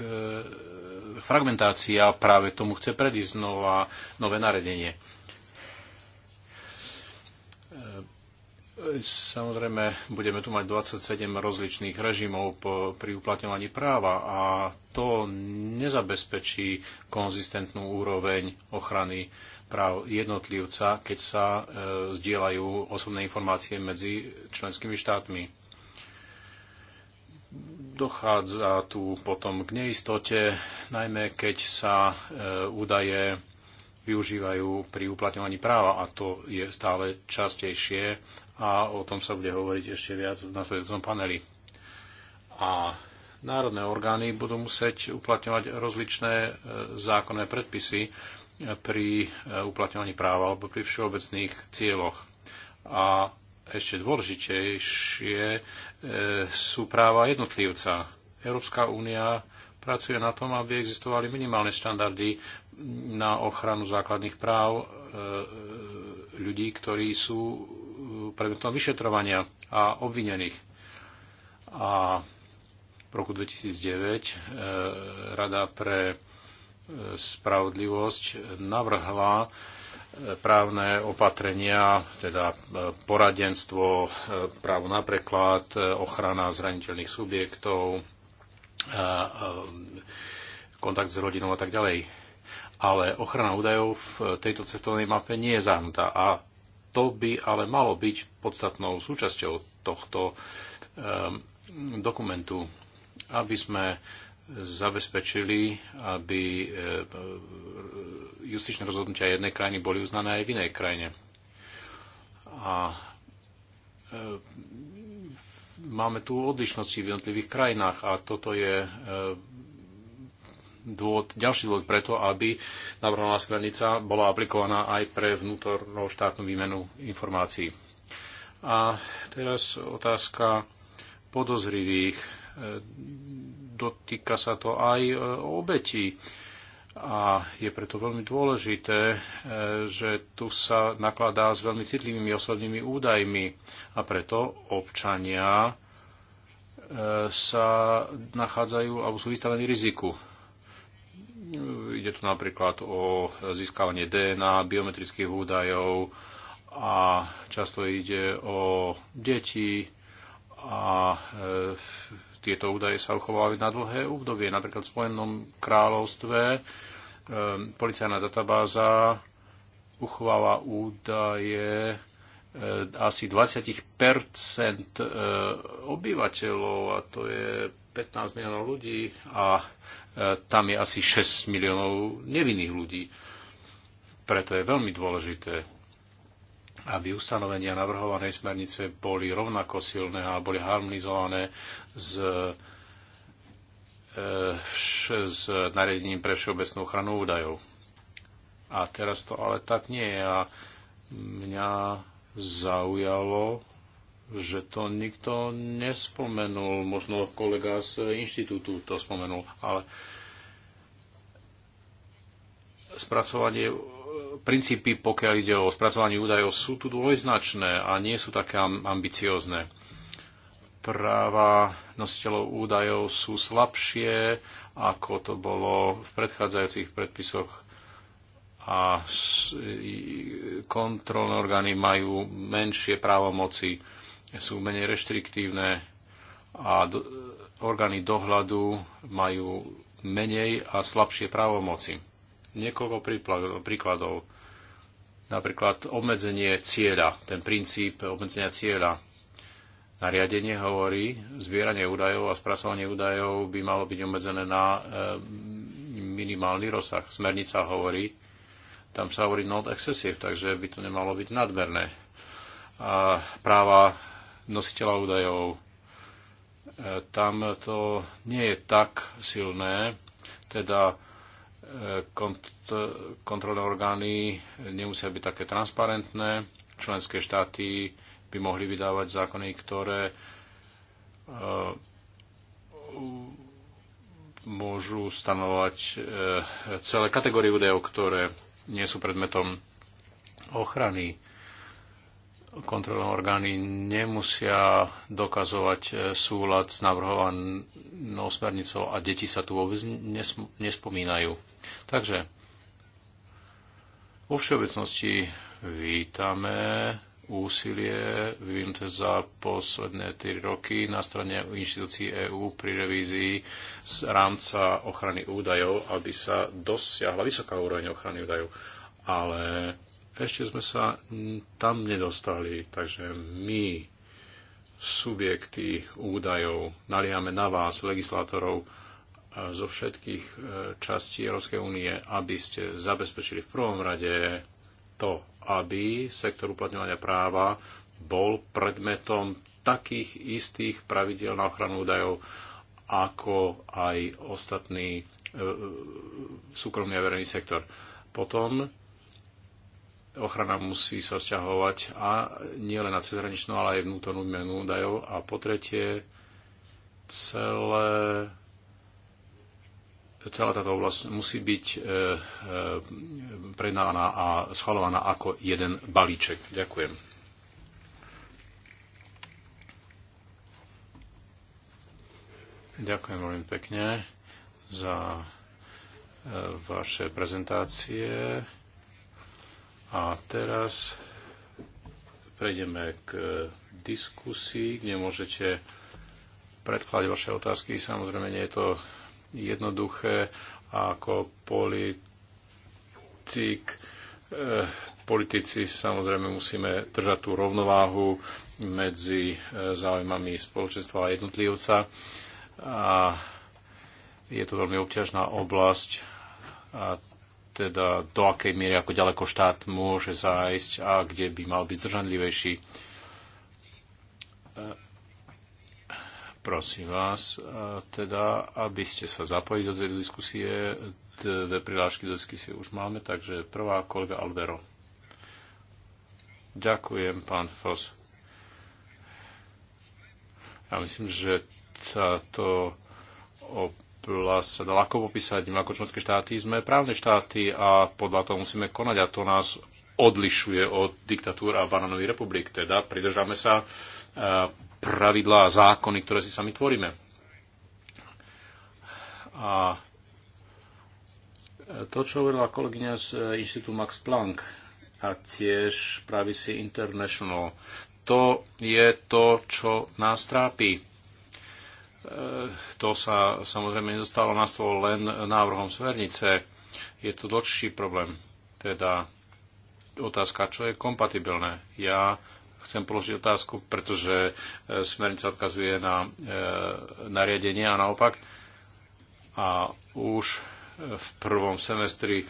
fragmentácii a práve tomu chce predísť nová, nové naredenie. Samozrejme, budeme tu mať 27 rozličných režimov pri uplatňovaní práva a to nezabezpečí konzistentnú úroveň ochrany práv jednotlivca, keď sa e, zdieľajú osobné informácie medzi členskými štátmi. Dochádza tu potom k neistote, najmä keď sa e, údaje využívajú pri uplatňovaní práva a to je stále častejšie a o tom sa bude hovoriť ešte viac v nasledujúcom paneli. A národné orgány budú musieť uplatňovať rozličné e, zákonné predpisy e, pri e, uplatňovaní práva alebo pri všeobecných cieľoch. A ešte dôležitejšie sú práva jednotlivca. Európska únia pracuje na tom, aby existovali minimálne štandardy na ochranu základných práv ľudí, ktorí sú predmetom vyšetrovania a obvinených. A v roku 2009 e, Rada pre e, spravodlivosť navrhla e, právne opatrenia, teda poradenstvo, právo na preklad, ochrana zraniteľných subjektov, kontakt s rodinou a tak ďalej. Ale ochrana údajov v tejto cestovnej mape nie je zahrnutá. A to by ale malo byť podstatnou súčasťou tohto ehm, dokumentu, aby sme zabezpečili, aby ehm, justičné rozhodnutia jednej krajiny boli uznané aj v inej krajine. A ehm, máme tu odlišnosti v jednotlivých krajinách a toto je dôvod, ďalší dôvod preto, aby navrhovaná smernica bola aplikovaná aj pre vnútornú štátnu výmenu informácií. A teraz otázka podozrivých. E, dotýka sa to aj e, obetí a je preto veľmi dôležité, e, že tu sa nakladá s veľmi citlivými osobnými údajmi a preto občania sa nachádzajú alebo sú vystavení riziku. Ide tu napríklad o získavanie DNA, biometrických údajov a často ide o deti a e, tieto údaje sa uchovávajú na dlhé obdobie. Napríklad v Spojenom kráľovstve e, policajná databáza uchováva údaje e, asi 20 obyvateľov a to je 15 miliónov ľudí a E, tam je asi 6 miliónov nevinných ľudí. Preto je veľmi dôležité, aby ustanovenia navrhovanej smernice boli rovnako silné a boli harmonizované s, e, s nariadením pre všeobecnú ochranu údajov. A teraz to ale tak nie je. A mňa zaujalo, že to nikto nespomenul. Možno kolega z inštitútu to spomenul, ale spracovanie e, princípy, pokiaľ ide o spracovanie údajov, sú tu dvojznačné a nie sú také ambiciózne. Práva nositeľov údajov sú slabšie, ako to bolo v predchádzajúcich predpisoch a kontrolné orgány majú menšie právomoci sú menej reštriktívne a do, orgány dohľadu majú menej a slabšie právomoci. Niekoľko príkladov. Napríklad obmedzenie cieľa, ten princíp obmedzenia cieľa. Nariadenie hovorí, zbieranie údajov a spracovanie údajov by malo byť obmedzené na e, minimálny rozsah. Smernica hovorí, tam sa hovorí not excessive, takže by to nemalo byť nadmerné. A práva nositeľa údajov. E, tam to nie je tak silné, teda e, kont- kontrolné orgány nemusia byť také transparentné. Členské štáty by mohli vydávať zákony, ktoré e, môžu stanovať celé kategórie údajov, ktoré nie sú predmetom ochrany kontrolné orgány nemusia dokazovať e, súlad s navrhovanou smernicou a deti sa tu vôbec nespomínajú. Takže vo všeobecnosti vítame úsilie vyvinuté za posledné 3 roky na strane inštitúcií EÚ pri revízii z rámca ochrany údajov, aby sa dosiahla vysoká úroveň ochrany údajov. Ale ešte sme sa tam nedostali, takže my, subjekty údajov, naliame na vás, legislátorov e, zo všetkých e, častí Európskej únie, aby ste zabezpečili v prvom rade to, aby sektor uplatňovania práva bol predmetom takých istých pravidel na ochranu údajov, ako aj ostatný e, súkromný a verejný sektor. Potom ochrana musí sa vzťahovať a nie len na cezhraničnú, ale aj vnútornú menu údajov. A po tretie, celé, celá táto oblasť musí byť e, e, prednávaná a schvalovaná ako jeden balíček. Ďakujem. Ďakujem veľmi pekne za e, vaše prezentácie. A teraz prejdeme k diskusii, kde môžete predkladať vaše otázky. Samozrejme, nie je to jednoduché. ako politik, eh, politici samozrejme musíme držať tú rovnováhu medzi eh, záujmami spoločenstva a jednotlivca. A je to veľmi obťažná oblasť a teda do akej miery, ako ďaleko štát môže zájsť a kde by mal byť zdržanlivejší. E, prosím vás, e, teda, aby ste sa zapojili do tej diskusie, dve prihlášky do diskusie už máme, takže prvá kolega Alvero. Ďakujem, pán Fos. Ja myslím, že táto plus sa dá ľahko popísať, my ako členské štáty sme právne štáty a podľa toho musíme konať a to nás odlišuje od diktatúr a bananových republik. Teda pridržáme sa eh, pravidlá a zákony, ktoré si sami tvoríme. A eh, to, čo hovorila kolegyňa z eh, Inštitútu Max Planck a tiež Privacy International, to je to, čo nás trápi. E, to sa samozrejme nedostalo na stôl len návrhom smernice. Je to dlhší problém. Teda otázka, čo je kompatibilné. Ja chcem položiť otázku, pretože e, smernica odkazuje na e, nariadenie a naopak. A už v prvom semestri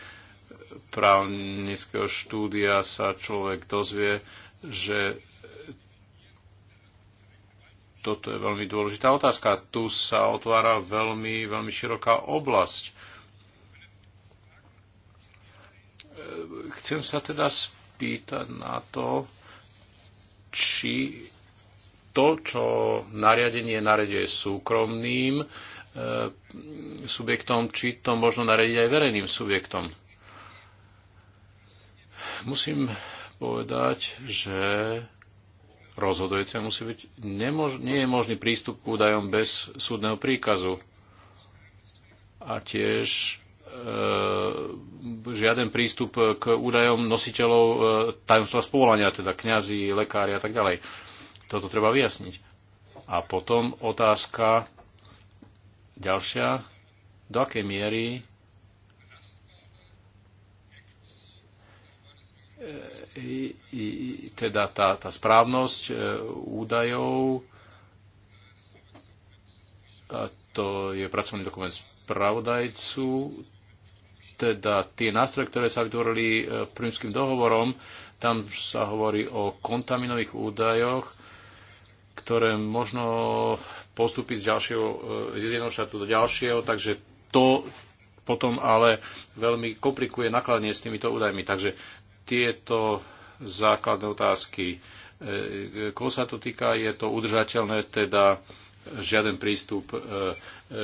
právnického štúdia sa človek dozvie, že toto je veľmi dôležitá otázka. Tu sa otvára veľmi, veľmi široká oblasť. E, chcem sa teda spýtať na to, či to, čo nariadenie nariaduje súkromným e, subjektom, či to možno nariadiť aj verejným subjektom. Musím povedať, že rozhodujúce musí byť, nemož, nie je možný prístup k údajom bez súdneho príkazu. A tiež e, žiaden prístup k údajom nositeľov e, tajomstva spolania, teda kňazi, lekári a tak ďalej. Toto treba vyjasniť. A potom otázka ďalšia, do akej miery e, i, i, teda tá, tá správnosť e, údajov, a to je pracovný dokument spravodajcu, teda tie nástroje, ktoré sa vytvorili e, prímským dohovorom, tam sa hovorí o kontaminových údajoch, ktoré možno postúpiť z, ďalšieho, e, z jedného štátu do ďalšieho, takže to potom ale veľmi komplikuje nakladanie s týmito údajmi. Takže tieto základné otázky. E, koho sa to týka, je to udržateľné, teda žiaden prístup e, e,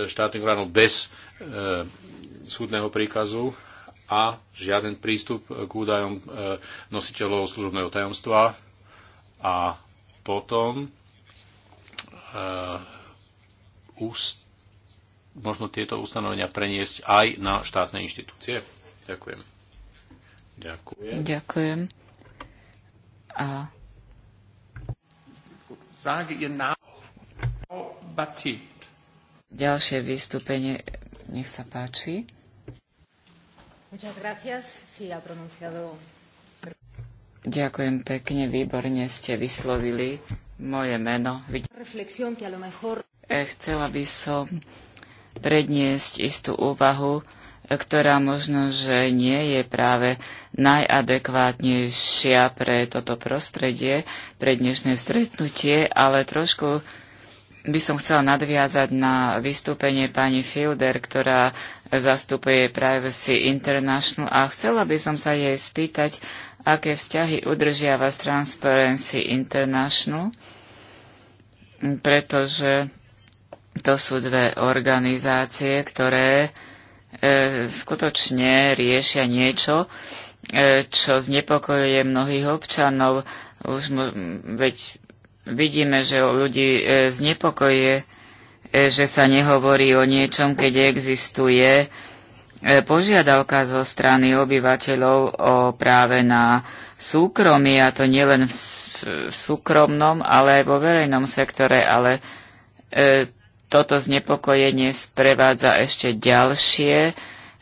štátnych orgánov bez súdneho príkazu a žiaden prístup k údajom nositeľov služobného tajomstva a potom možno tieto ustanovenia preniesť aj na štátne inštitúcie. Ďakujem. Ďakujem. Ďakujem. A Ďalšie vystúpenie, nech sa páči. Ďakujem pekne, výborne ste vyslovili moje meno. Eh, chcela by som predniesť istú úvahu, ktorá možno, že nie je práve najadekvátnejšia pre toto prostredie, pre dnešné stretnutie, ale trošku by som chcela nadviazať na vystúpenie pani Fielder, ktorá zastupuje Privacy International a chcela by som sa jej spýtať, aké vzťahy udržiava s Transparency International, pretože to sú dve organizácie, ktoré E, skutočne riešia niečo, e, čo znepokojuje mnohých občanov. Už mu, veď vidíme, že o ľudí e, znepokojuje, že sa nehovorí o niečom, keď existuje požiadavka zo strany obyvateľov o práve na súkromie, a to nielen v, súkromnom, ale aj vo verejnom sektore, ale toto znepokojenie sprevádza ešte ďalšie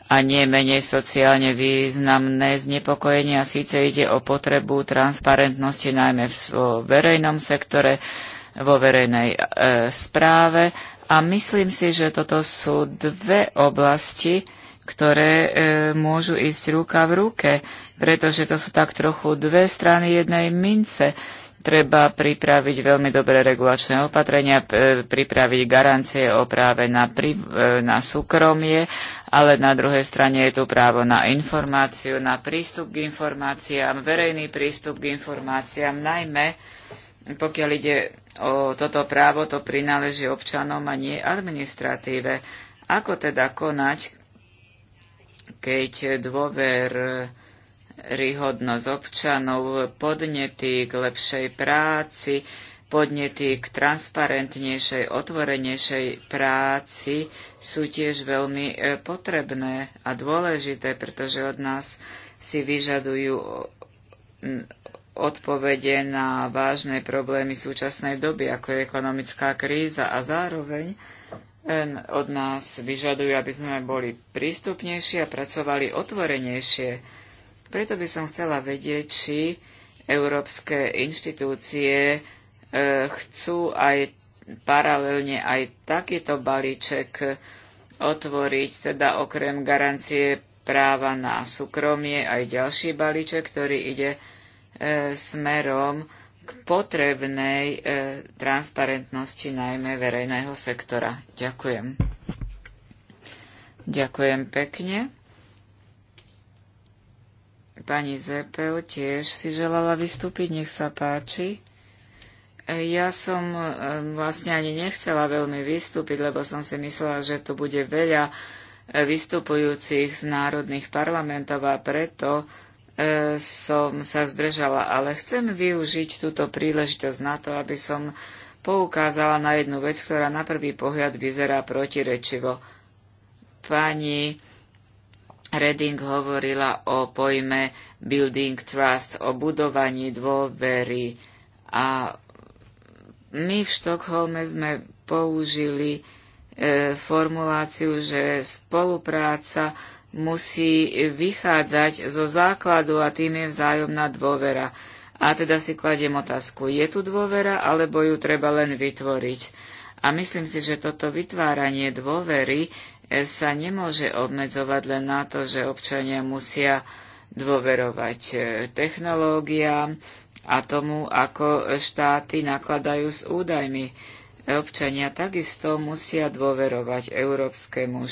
a nie menej sociálne významné znepokojenie a síce ide o potrebu transparentnosti najmä v verejnom sektore, vo verejnej e, správe a myslím si, že toto sú dve oblasti, ktoré e, môžu ísť ruka v ruke, pretože to sú tak trochu dve strany jednej mince treba pripraviť veľmi dobré regulačné opatrenia, e, pripraviť garancie o práve na, pri, e, na súkromie, ale na druhej strane je tu právo na informáciu, na prístup k informáciám, verejný prístup k informáciám, najmä pokiaľ ide o toto právo, to prináleží občanom a nie administratíve. Ako teda konať, keď dôver ryhodnosť občanov, podnety k lepšej práci, podnety k transparentnejšej, otvorenejšej práci sú tiež veľmi e, potrebné a dôležité, pretože od nás si vyžadujú odpovede na vážne problémy súčasnej doby, ako je ekonomická kríza a zároveň e, od nás vyžadujú, aby sme boli prístupnejší a pracovali otvorenejšie preto by som chcela vedieť, či európske inštitúcie e, chcú aj paralelne aj takýto balíček otvoriť, teda okrem garancie práva na súkromie aj ďalší balíček, ktorý ide e, smerom k potrebnej e, transparentnosti najmä verejného sektora. Ďakujem. Ďakujem pekne. Pani Zepel tiež si želala vystúpiť, nech sa páči. E, ja som e, vlastne ani nechcela veľmi vystúpiť, lebo som si myslela, že tu bude veľa e, vystupujúcich z národných parlamentov a preto som sa zdržala. Ale chcem využiť túto príležitosť na to, aby som poukázala na jednu vec, ktorá na prvý pohľad vyzerá protirečivo. Pani Redding hovorila o pojme building trust, o budovaní dôvery a my v Štokholme sme použili e, formuláciu, že spolupráca musí vychádzať zo základu a tým je vzájomná dôvera. A teda si kladiem otázku, je tu dôvera alebo ju treba len vytvoriť? A myslím si, že toto vytváranie dôvery sa nemôže obmedzovať len na to, že občania musia dôverovať e, technológiám a tomu, ako štáty nakladajú s údajmi. Občania takisto musia dôverovať európskemu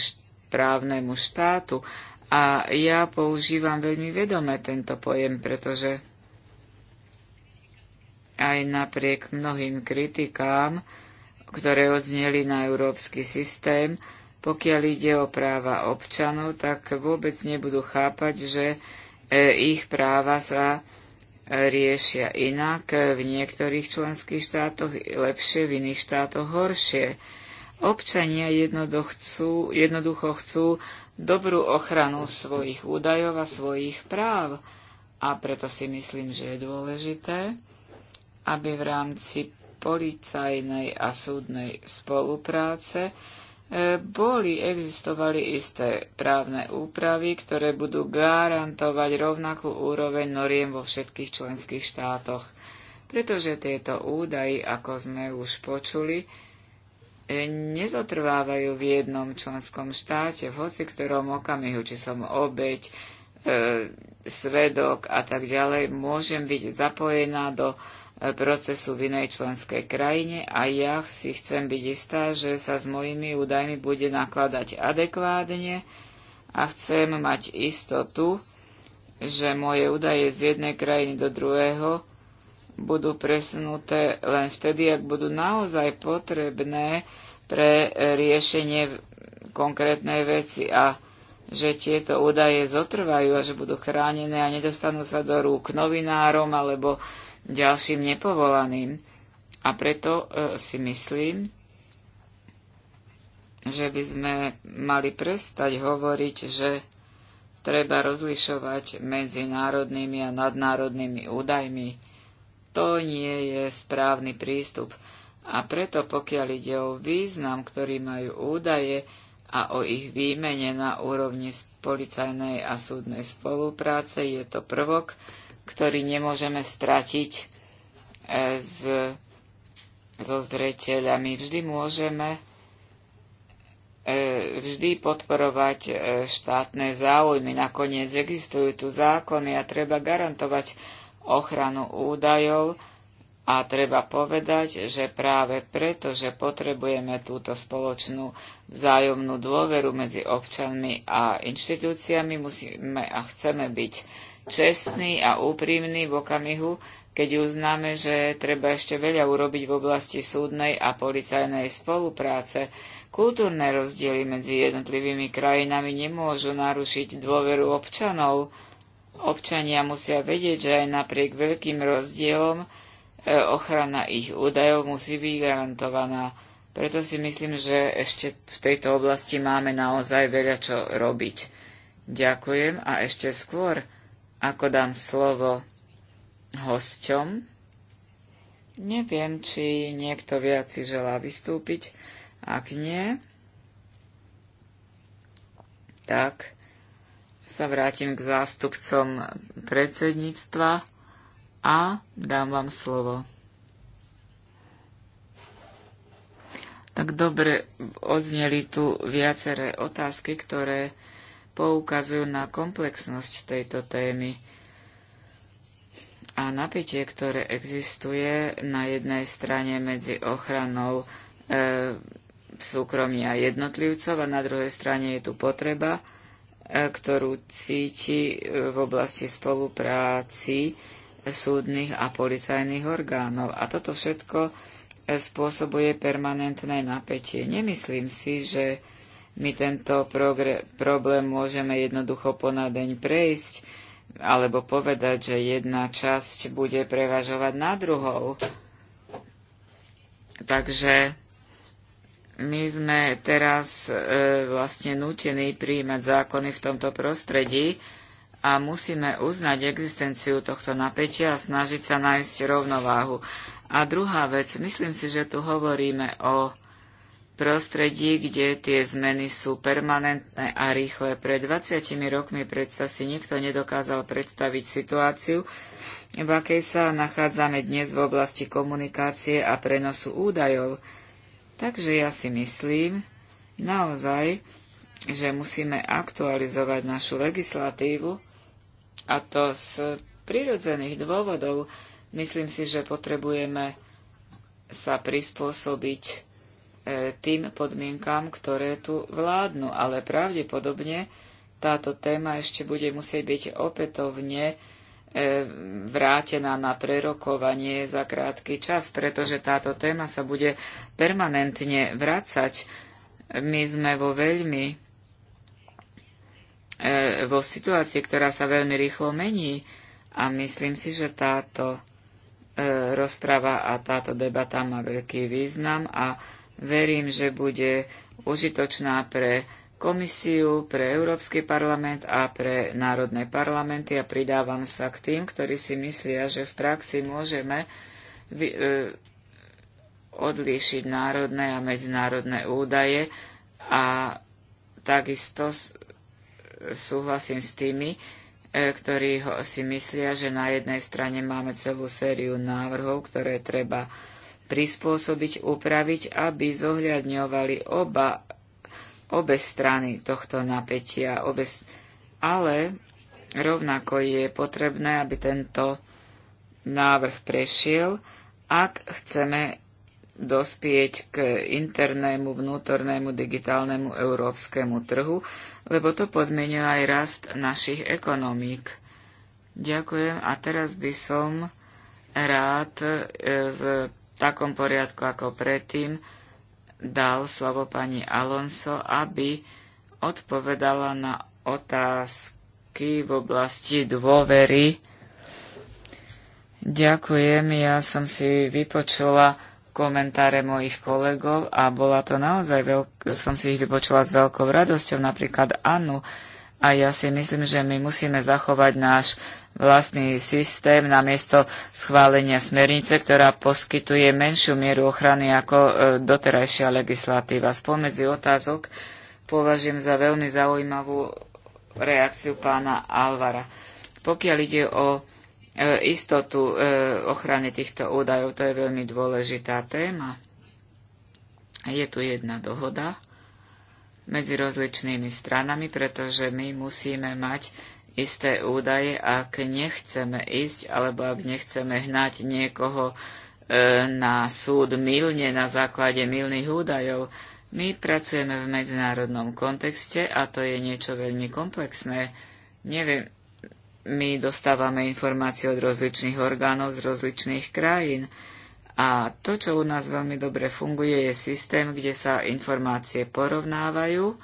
právnemu štátu a ja používam veľmi vedome tento pojem, pretože aj napriek mnohým kritikám, ktoré odzneli na európsky systém, pokiaľ ide o práva občanov, tak vôbec nebudú chápať, že e, ich práva sa e, riešia inak, v niektorých členských štátoch lepšie, v iných štátoch horšie. Občania chcú, jednoducho chcú dobrú ochranu svojich údajov a svojich práv. A preto si myslím, že je dôležité, aby v rámci policajnej a súdnej spolupráce boli, existovali isté právne úpravy, ktoré budú garantovať rovnakú úroveň noriem vo všetkých členských štátoch. Pretože tieto údaje, ako sme už počuli, nezotrvávajú v jednom členskom štáte, v hoci ktorom okamihu, či som obeď, e, svedok a tak ďalej, môžem byť zapojená do procesu v inej členskej krajine a ja si chcem byť istá, že sa s mojimi údajmi bude nakladať adekvádne a chcem mať istotu, že moje údaje z jednej krajiny do druhého budú presunuté len vtedy, ak budú naozaj potrebné pre riešenie konkrétnej veci a že tieto údaje zotrvajú a že budú chránené a nedostanú sa do rúk novinárom alebo ďalším nepovolaným. A preto e, si myslím, že by sme mali prestať hovoriť, že treba rozlišovať medzi národnými a nadnárodnými údajmi. To nie je správny prístup. A preto pokiaľ ide o význam, ktorý majú údaje a o ich výmene na úrovni policajnej a súdnej spolupráce, je to prvok, ktorý nemôžeme stratiť e, z, zo zreteľa. My vždy môžeme e, vždy podporovať e, štátne záujmy. Nakoniec existujú tu zákony a treba garantovať ochranu údajov a treba povedať, že práve preto, že potrebujeme túto spoločnú vzájomnú dôveru medzi občanmi a inštitúciami, musíme a chceme byť čestný a úprimný v okamihu, keď uznáme, že treba ešte veľa urobiť v oblasti súdnej a policajnej spolupráce. Kultúrne rozdiely medzi jednotlivými krajinami nemôžu narušiť dôveru občanov. Občania musia vedieť, že aj napriek veľkým rozdielom e, ochrana ich údajov musí byť garantovaná. Preto si myslím, že ešte v tejto oblasti máme naozaj veľa čo robiť. Ďakujem a ešte skôr, ako dám slovo hosťom. Neviem, či niekto viac si želá vystúpiť. Ak nie, tak sa vrátim k zástupcom predsedníctva a dám vám slovo. Tak dobre, odzneli tu viaceré otázky, ktoré poukazujú na komplexnosť tejto témy a napätie, ktoré existuje na jednej strane medzi ochranou e, súkromia jednotlivcov a na druhej strane je tu potreba, e, ktorú cíti e, v oblasti spolupráci súdnych a policajných orgánov. A toto všetko e, spôsobuje permanentné napätie. Nemyslím si, že my tento problém môžeme jednoducho ponadeň prejsť alebo povedať, že jedna časť bude prevažovať na druhou. Takže my sme teraz e, vlastne nutení prijímať zákony v tomto prostredí a musíme uznať existenciu tohto napätia a snažiť sa nájsť rovnováhu. A druhá vec, myslím si, že tu hovoríme o prostredí, kde tie zmeny sú permanentné a rýchle. Pred 20 rokmi predsa si nikto nedokázal predstaviť situáciu, v akej sa nachádzame dnes v oblasti komunikácie a prenosu údajov. Takže ja si myslím naozaj, že musíme aktualizovať našu legislatívu a to z prirodzených dôvodov. Myslím si, že potrebujeme sa prispôsobiť E, tým podmienkám, ktoré tu vládnu. Ale pravdepodobne táto téma ešte bude musieť byť opätovne e, vrátená na prerokovanie za krátky čas, pretože táto téma sa bude permanentne vracať. My sme vo veľmi e, vo situácii, ktorá sa veľmi rýchlo mení a myslím si, že táto rozprava a táto debata má veľký význam a Verím, že bude užitočná pre komisiu, pre Európsky parlament a pre národné parlamenty a pridávam sa k tým, ktorí si myslia, že v praxi môžeme vy, e, odlíšiť národné a medzinárodné údaje a takisto súhlasím s tými, e, ktorí si myslia, že na jednej strane máme celú sériu návrhov, ktoré treba prispôsobiť, upraviť, aby zohľadňovali oba, obe strany tohto napätia. Obe, ale rovnako je potrebné, aby tento návrh prešiel, ak chceme dospieť k internému, vnútornému, digitálnemu európskemu trhu, lebo to podmienuje aj rast našich ekonomík. Ďakujem a teraz by som rád e, v takom poriadku ako predtým, dal slovo pani Alonso, aby odpovedala na otázky v oblasti dôvery. Ďakujem, ja som si vypočula komentáre mojich kolegov a bola to naozaj veľk- som si ich vypočula s veľkou radosťou, napríklad Anu, a ja si myslím, že my musíme zachovať náš vlastný systém namiesto schválenia smernice, ktorá poskytuje menšiu mieru ochrany ako e, doterajšia legislatíva. Spomedzi otázok považujem za veľmi zaujímavú reakciu pána Alvara. Pokiaľ ide o e, istotu e, ochrany týchto údajov, to je veľmi dôležitá téma. Je tu jedna dohoda medzi rozličnými stranami, pretože my musíme mať isté údaje, ak nechceme ísť alebo ak nechceme hnať niekoho e, na súd milne na základe milných údajov. My pracujeme v medzinárodnom kontexte a to je niečo veľmi komplexné. Neviem, my dostávame informácie od rozličných orgánov z rozličných krajín a to, čo u nás veľmi dobre funguje, je systém, kde sa informácie porovnávajú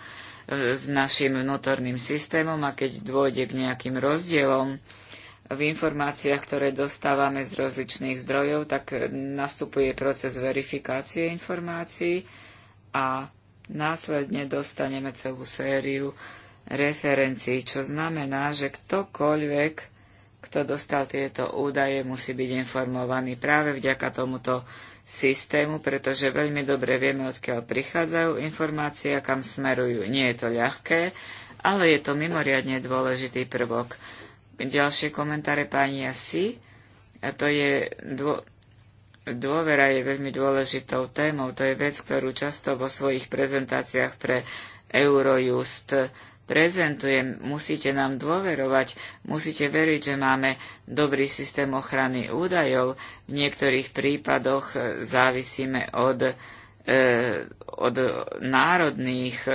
s našim vnútorným systémom a keď dôjde k nejakým rozdielom v informáciách, ktoré dostávame z rozličných zdrojov, tak nastupuje proces verifikácie informácií a následne dostaneme celú sériu referencií, čo znamená, že ktokoľvek, kto dostal tieto údaje, musí byť informovaný práve vďaka tomuto systému, pretože veľmi dobre vieme, odkiaľ prichádzajú informácie a kam smerujú. Nie je to ľahké, ale je to mimoriadne dôležitý prvok. Ďalšie komentáre pani Asi. A to je dô... dôvera je veľmi dôležitou témou. To je vec, ktorú často vo svojich prezentáciách pre Eurojust prezentujem. Musíte nám dôverovať, musíte veriť, že máme dobrý systém ochrany údajov. V niektorých prípadoch e, závisíme od, e, od národných e,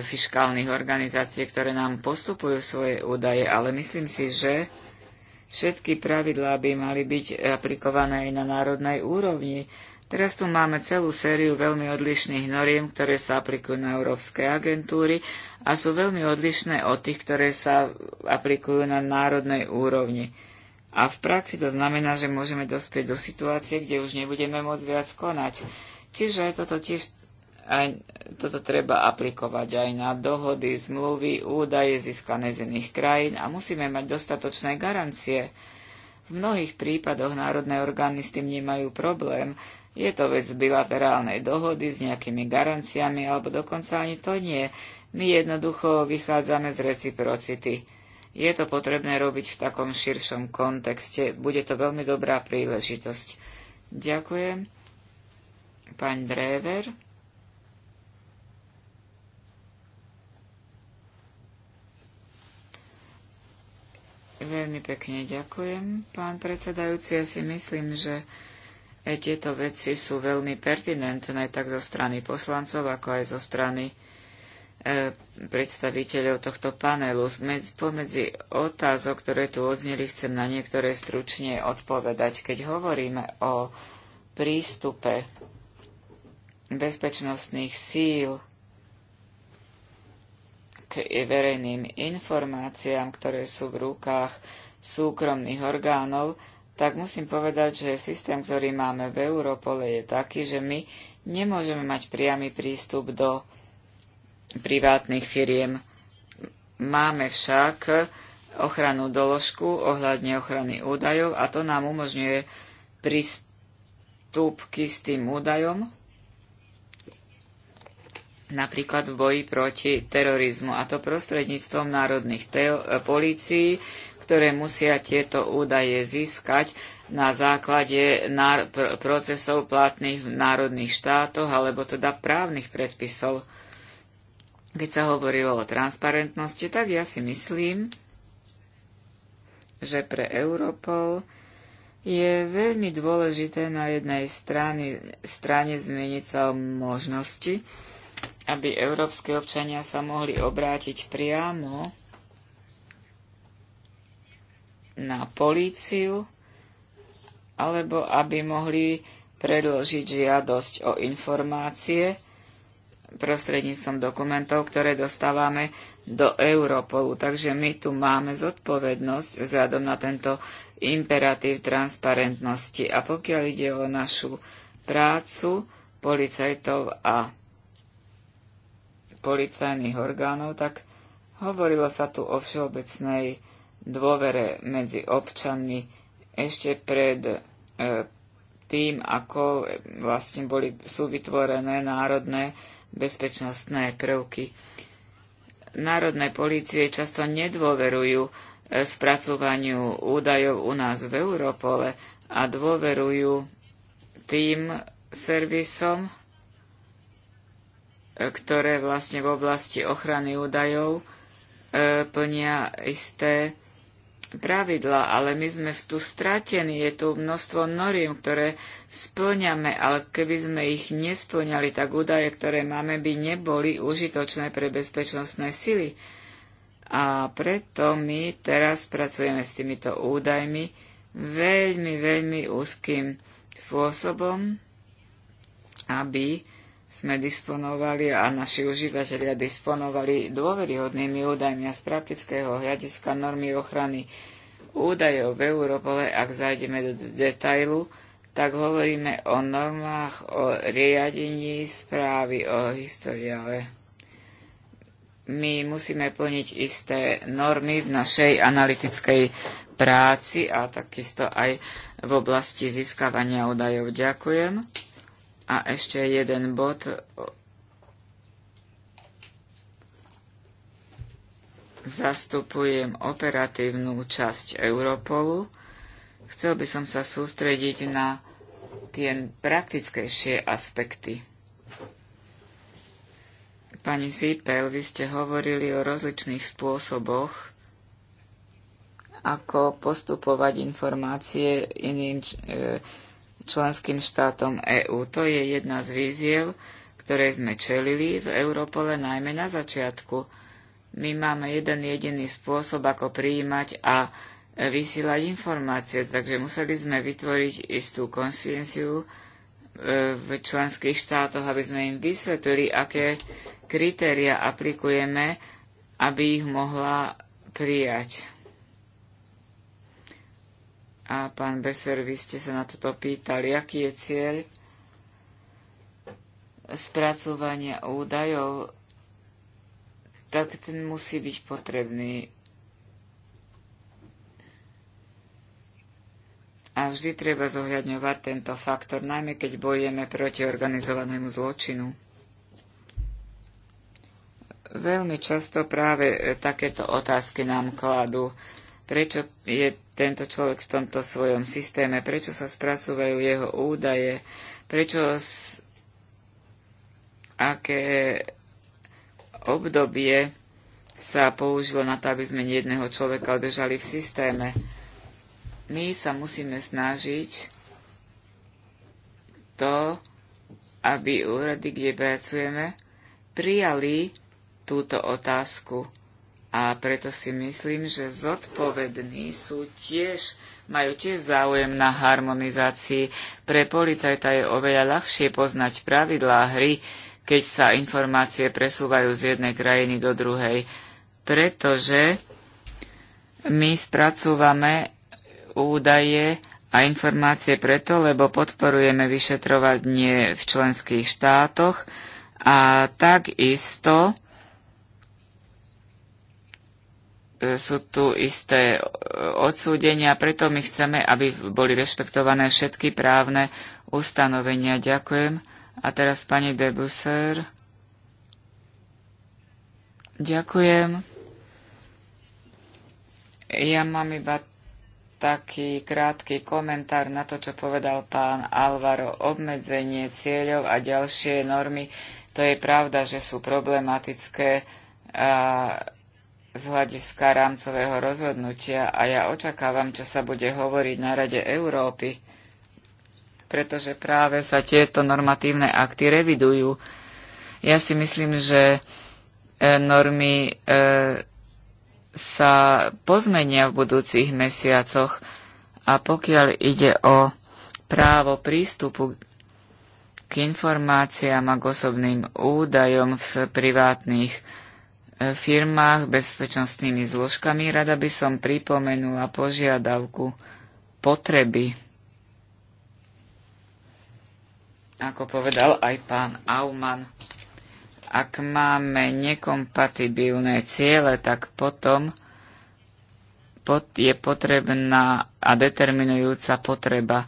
fiškálnych organizácií, ktoré nám postupujú svoje údaje, ale myslím si, že všetky pravidlá by mali byť aplikované aj na národnej úrovni. Teraz tu máme celú sériu veľmi odlišných noriem, ktoré sa aplikujú na európske agentúry a sú veľmi odlišné od tých, ktoré sa aplikujú na národnej úrovni. A v praxi to znamená, že môžeme dospieť do situácie, kde už nebudeme môcť viac konať. Čiže toto tiež aj, toto treba aplikovať aj na dohody, zmluvy, údaje získané z iných krajín a musíme mať dostatočné garancie. V mnohých prípadoch národné orgány s tým nemajú problém, je to vec bilaterálnej dohody s nejakými garanciami, alebo dokonca ani to nie. My jednoducho vychádzame z reciprocity. Je to potrebné robiť v takom širšom kontexte. Bude to veľmi dobrá príležitosť. Ďakujem. Pán Drever. Veľmi pekne ďakujem, pán predsedajúci. Ja si myslím, že E, tieto veci sú veľmi pertinentné tak zo strany poslancov, ako aj zo strany e, predstaviteľov tohto panelu. Pomedzi otázok, ktoré tu odzneli, chcem na niektoré stručne odpovedať. Keď hovoríme o prístupe bezpečnostných síl k verejným informáciám, ktoré sú v rukách súkromných orgánov, tak musím povedať, že systém, ktorý máme v Europole, je taký, že my nemôžeme mať priamy prístup do privátnych firiem. Máme však ochranu doložku ohľadne ochrany údajov a to nám umožňuje prístup k istým údajom, napríklad v boji proti terorizmu, a to prostredníctvom národných polícií, ktoré musia tieto údaje získať na základe procesov platných v národných štátoch alebo teda právnych predpisov. Keď sa hovorilo o transparentnosti, tak ja si myslím, že pre Europol je veľmi dôležité na jednej strane, strane zmeniť sa o možnosti, aby európske občania sa mohli obrátiť priamo na políciu, alebo aby mohli predložiť žiadosť o informácie prostredníctvom dokumentov, ktoré dostávame do Europolu. Takže my tu máme zodpovednosť vzhľadom na tento imperatív transparentnosti. A pokiaľ ide o našu prácu policajtov a policajných orgánov, tak hovorilo sa tu o všeobecnej dôvere medzi občanmi ešte pred e, tým, ako vlastne boli, sú vytvorené národné bezpečnostné prvky. Národné polície často nedôverujú e, spracovaniu údajov u nás v Europole a dôverujú tým servisom, e, ktoré vlastne v oblasti ochrany údajov plnia isté pravidla, ale my sme v tu stratení, je tu množstvo noriem, ktoré splňame, ale keby sme ich nesplňali, tak údaje, ktoré máme, by neboli užitočné pre bezpečnostné sily. A preto my teraz pracujeme s týmito údajmi veľmi, veľmi úzkým spôsobom, aby sme disponovali a naši užívateľia disponovali dôveryhodnými údajmi a z praktického hľadiska normy ochrany údajov v Európole, ak zajdeme do detailu, tak hovoríme o normách, o riadení správy, o historiále. My musíme plniť isté normy v našej analytickej práci a takisto aj v oblasti získavania údajov. Ďakujem. A ešte jeden bod. Zastupujem operatívnu časť Europolu. Chcel by som sa sústrediť na tie praktickejšie aspekty. Pani Sipel, vy ste hovorili o rozličných spôsoboch, ako postupovať informácie iným e, členským štátom EÚ. To je jedna z víziev, ktoré sme čelili v Európole najmä na začiatku. My máme jeden jediný spôsob, ako prijímať a vysielať informácie, takže museli sme vytvoriť istú konscienciu e, v členských štátoch, aby sme im vysvetlili, aké kritéria aplikujeme, aby ich mohla prijať a pán Beser, vy ste sa na toto pýtali, aký je cieľ spracovania údajov, tak ten musí byť potrebný. A vždy treba zohľadňovať tento faktor, najmä keď bojujeme proti organizovanému zločinu. Veľmi často práve takéto otázky nám kladú. Prečo je tento človek v tomto svojom systéme, prečo sa spracúvajú jeho údaje, prečo s, aké obdobie sa použilo na to, aby sme jedného človeka udržali v systéme. My sa musíme snažiť to, aby úrady, kde pracujeme, prijali túto otázku a preto si myslím, že zodpovední sú tiež, majú tiež záujem na harmonizácii. Pre policajta je oveľa ľahšie poznať pravidlá hry, keď sa informácie presúvajú z jednej krajiny do druhej. Pretože my spracúvame údaje a informácie preto, lebo podporujeme vyšetrovanie v členských štátoch a takisto E, sú tu isté e, odsúdenia, preto my chceme, aby boli rešpektované všetky právne ustanovenia. Ďakujem. A teraz pani Debuser. Ďakujem. Ja mám iba taký krátky komentár na to, čo povedal pán Alvaro. Obmedzenie cieľov a ďalšie normy, to je pravda, že sú problematické. A z hľadiska rámcového rozhodnutia a ja očakávam, čo sa bude hovoriť na Rade Európy, pretože práve sa tieto normatívne akty revidujú. Ja si myslím, že e, normy e, sa pozmenia v budúcich mesiacoch a pokiaľ ide o právo prístupu k informáciám a k osobným údajom v privátnych E, firmách bezpečnostnými zložkami, rada by som pripomenula požiadavku potreby. Ako povedal aj pán Auman, ak máme nekompatibilné ciele, tak potom je potrebná a determinujúca potreba.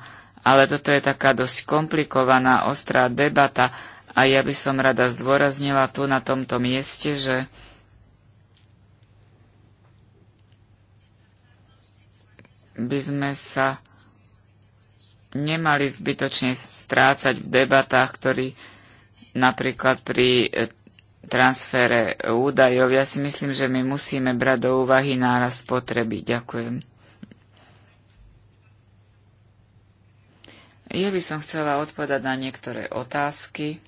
Ale toto je taká dosť komplikovaná, ostrá debata a ja by som rada zdôraznila tu na tomto mieste, že by sme sa nemali zbytočne strácať v debatách, ktorí napríklad pri e, transfere údajov. Ja si myslím, že my musíme brať do úvahy náraz potreby. Ďakujem. Ja by som chcela odpovedať na niektoré otázky.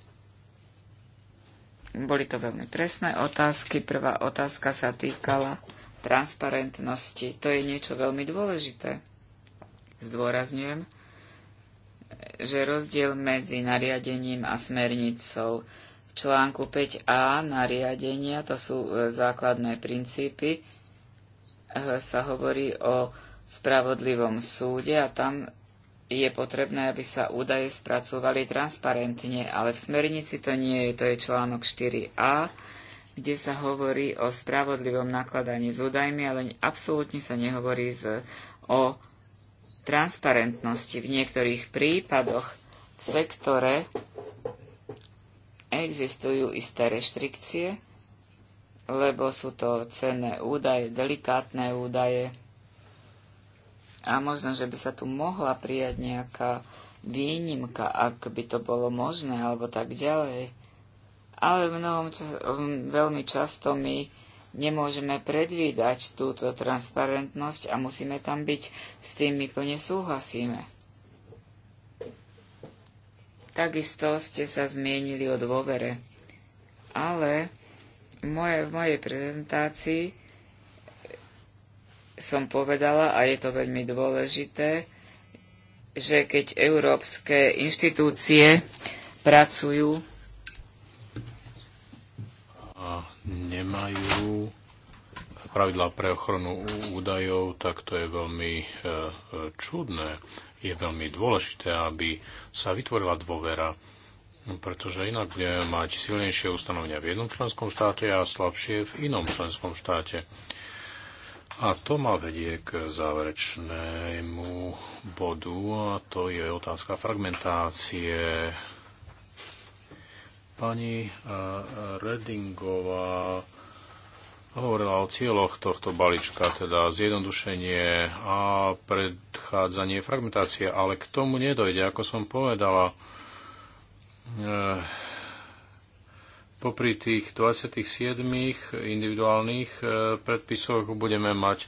Boli to veľmi presné otázky. Prvá otázka sa týkala transparentnosti. To je niečo veľmi dôležité. Zdôrazňujem, že rozdiel medzi nariadením a smernicou v článku 5a nariadenia, to sú e, základné princípy, e, sa hovorí o spravodlivom súde a tam je potrebné, aby sa údaje spracovali transparentne, ale v smernici to nie je, to je článok 4a kde sa hovorí o spravodlivom nakladaní s údajmi, ale absolútne sa nehovorí z, o transparentnosti. V niektorých prípadoch v sektore existujú isté reštrikcie, lebo sú to cenné údaje, delikátne údaje a možno, že by sa tu mohla prijať nejaká výnimka, ak by to bolo možné, alebo tak ďalej ale mnohom čas, veľmi často my nemôžeme predvídať túto transparentnosť a musíme tam byť. S tým my plne súhlasíme. Takisto ste sa zmienili o dôvere, ale moje, v mojej prezentácii som povedala, a je to veľmi dôležité, že keď európske inštitúcie pracujú nemajú pravidlá pre ochranu údajov, tak to je veľmi e, e, čudné. Je veľmi dôležité, aby sa vytvorila dôvera, pretože inak budeme mať silnejšie ustanovenia v jednom členskom štáte a slabšie v inom členskom štáte. A to ma vedie k záverečnému bodu a to je otázka fragmentácie Pani eh, Redingová hovorila o cieľoch tohto balíčka, teda zjednodušenie a predchádzanie fragmentácie, ale k tomu nedojde, ako som povedala. Eh, popri tých 27 individuálnych eh, predpisoch budeme mať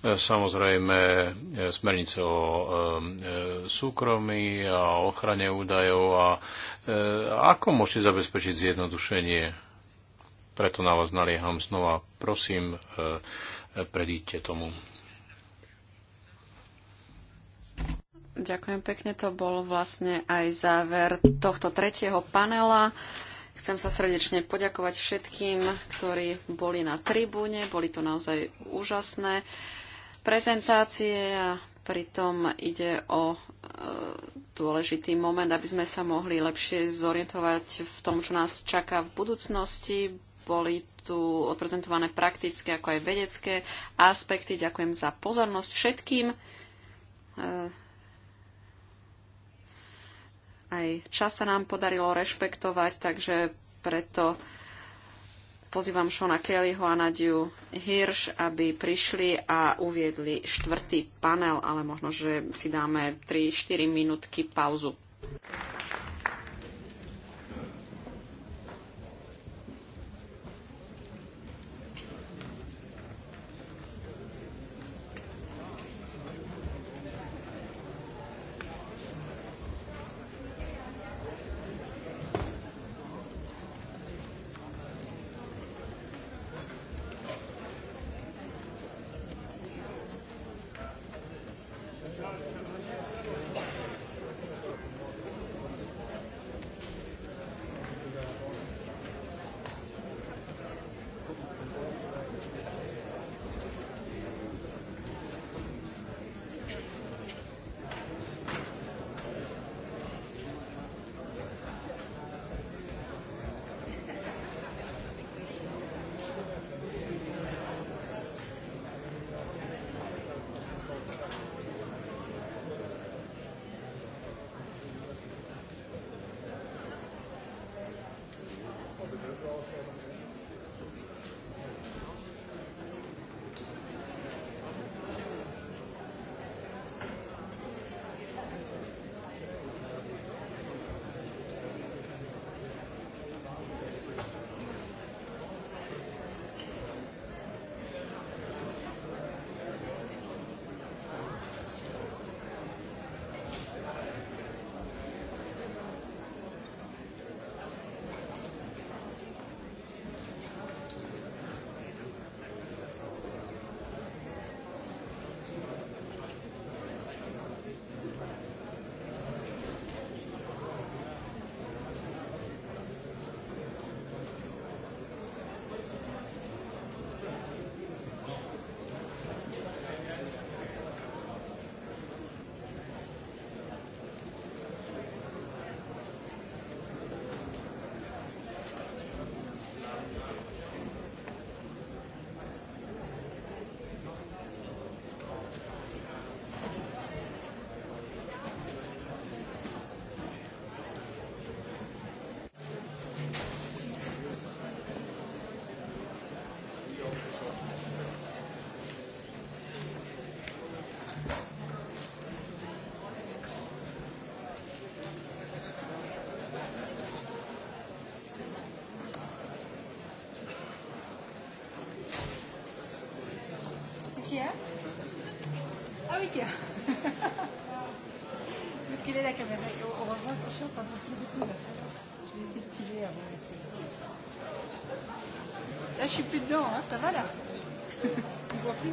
Samozrejme, e, smernice o e, e, súkromí a ochrane údajov a ako môžete zabezpečiť zjednodušenie. Preto na vás nalieham znova. Prosím, predíďte tomu. Ďakujem pekne, to bol vlastne aj záver tohto tretieho panela. Chcem sa srdečne poďakovať všetkým, ktorí boli na tribúne, boli to naozaj úžasné prezentácie a pritom ide o e, dôležitý moment, aby sme sa mohli lepšie zorientovať v tom, čo nás čaká v budúcnosti. Boli tu odprezentované praktické ako aj vedecké aspekty. Ďakujem za pozornosť všetkým. E, aj čas sa nám podarilo rešpektovať, takže preto pozývam Šona Kellyho a Nadiu Hirš, aby prišli a uviedli štvrtý panel, ale možno, že si dáme 3-4 minútky pauzu. je suis plus dedans, hein, ça va là. plus. (laughs)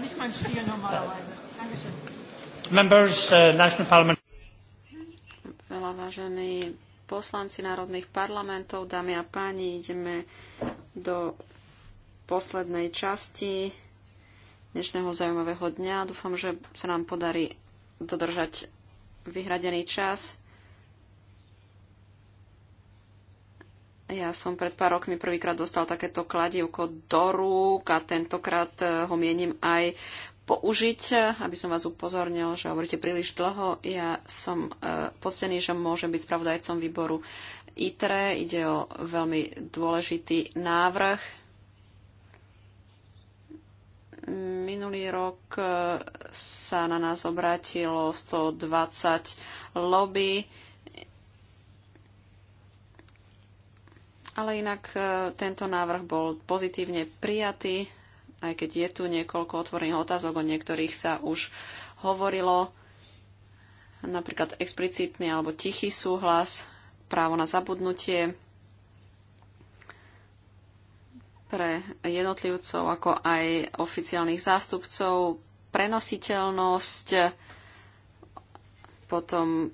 Uh, Veľa vážení poslanci národných parlamentov, dámy a páni, ideme do poslednej časti dnešného zaujímavého dňa. Dúfam, že sa nám podarí dodržať vyhradený čas. Ja som pred pár rokmi prvýkrát dostal takéto kladivko do rúk a tentokrát e, ho mienim aj použiť, aby som vás upozornil, že hovoríte príliš dlho. Ja som e, postený, že môžem byť spravodajcom výboru ITRE. Ide o veľmi dôležitý návrh. Minulý rok e, sa na nás obrátilo 120 lobby Ale inak e, tento návrh bol pozitívne prijatý, aj keď je tu niekoľko otvorených otázok, o niektorých sa už hovorilo, napríklad explicitný alebo tichý súhlas, právo na zabudnutie pre jednotlivcov, ako aj oficiálnych zástupcov, prenositeľnosť, potom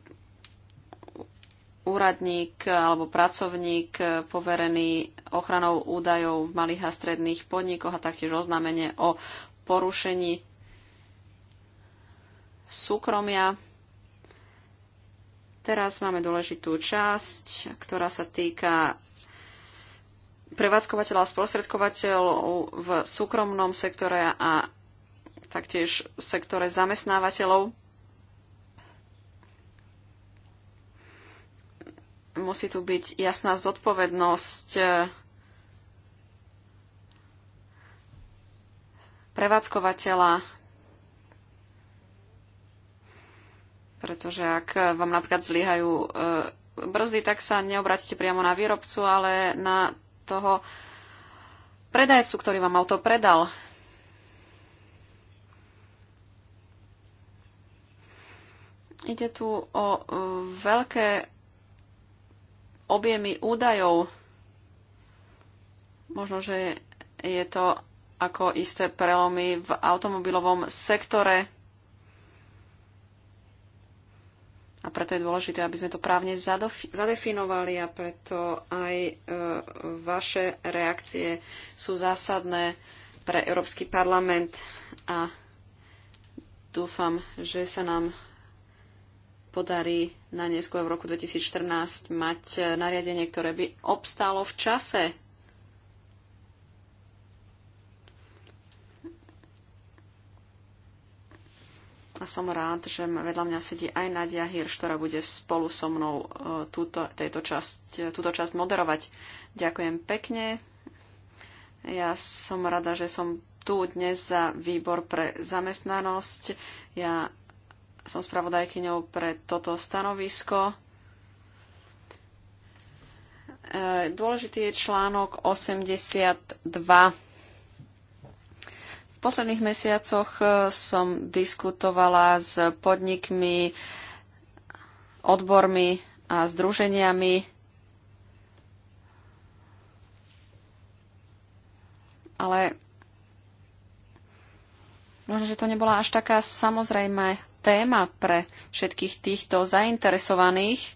úradník alebo pracovník poverený ochranou údajov v malých a stredných podnikoch a taktiež oznámenie o porušení súkromia. Teraz máme dôležitú časť, ktorá sa týka prevádzkovateľa a sprostredkovateľov v súkromnom sektore a taktiež v sektore zamestnávateľov. Musí tu byť jasná zodpovednosť e, prevádzkovateľa, pretože ak vám napríklad zlyhajú e, brzdy, tak sa neobratíte priamo na výrobcu, ale na toho predajcu, ktorý vám auto predal. Ide tu o e, veľké objemy údajov. Možno, že je to ako isté prelomy v automobilovom sektore. A preto je dôležité, aby sme to právne zadefinovali a preto aj e, vaše reakcie sú zásadné pre Európsky parlament a dúfam, že sa nám podarí na neskôr v roku 2014 mať e, nariadenie, ktoré by obstálo v čase. A som rád, že vedľa mňa sedí aj Nadia Hirš, ktorá bude spolu so mnou e, túto, tejto časť, e, túto časť moderovať. Ďakujem pekne. Ja som rada, že som tu dnes za výbor pre zamestnanosť. Ja som spravodajkyňou pre toto stanovisko. E, dôležitý je článok 82. V posledných mesiacoch e, som diskutovala s podnikmi, odbormi a združeniami. Ale možno, že to nebola až taká samozrejme téma pre všetkých týchto zainteresovaných.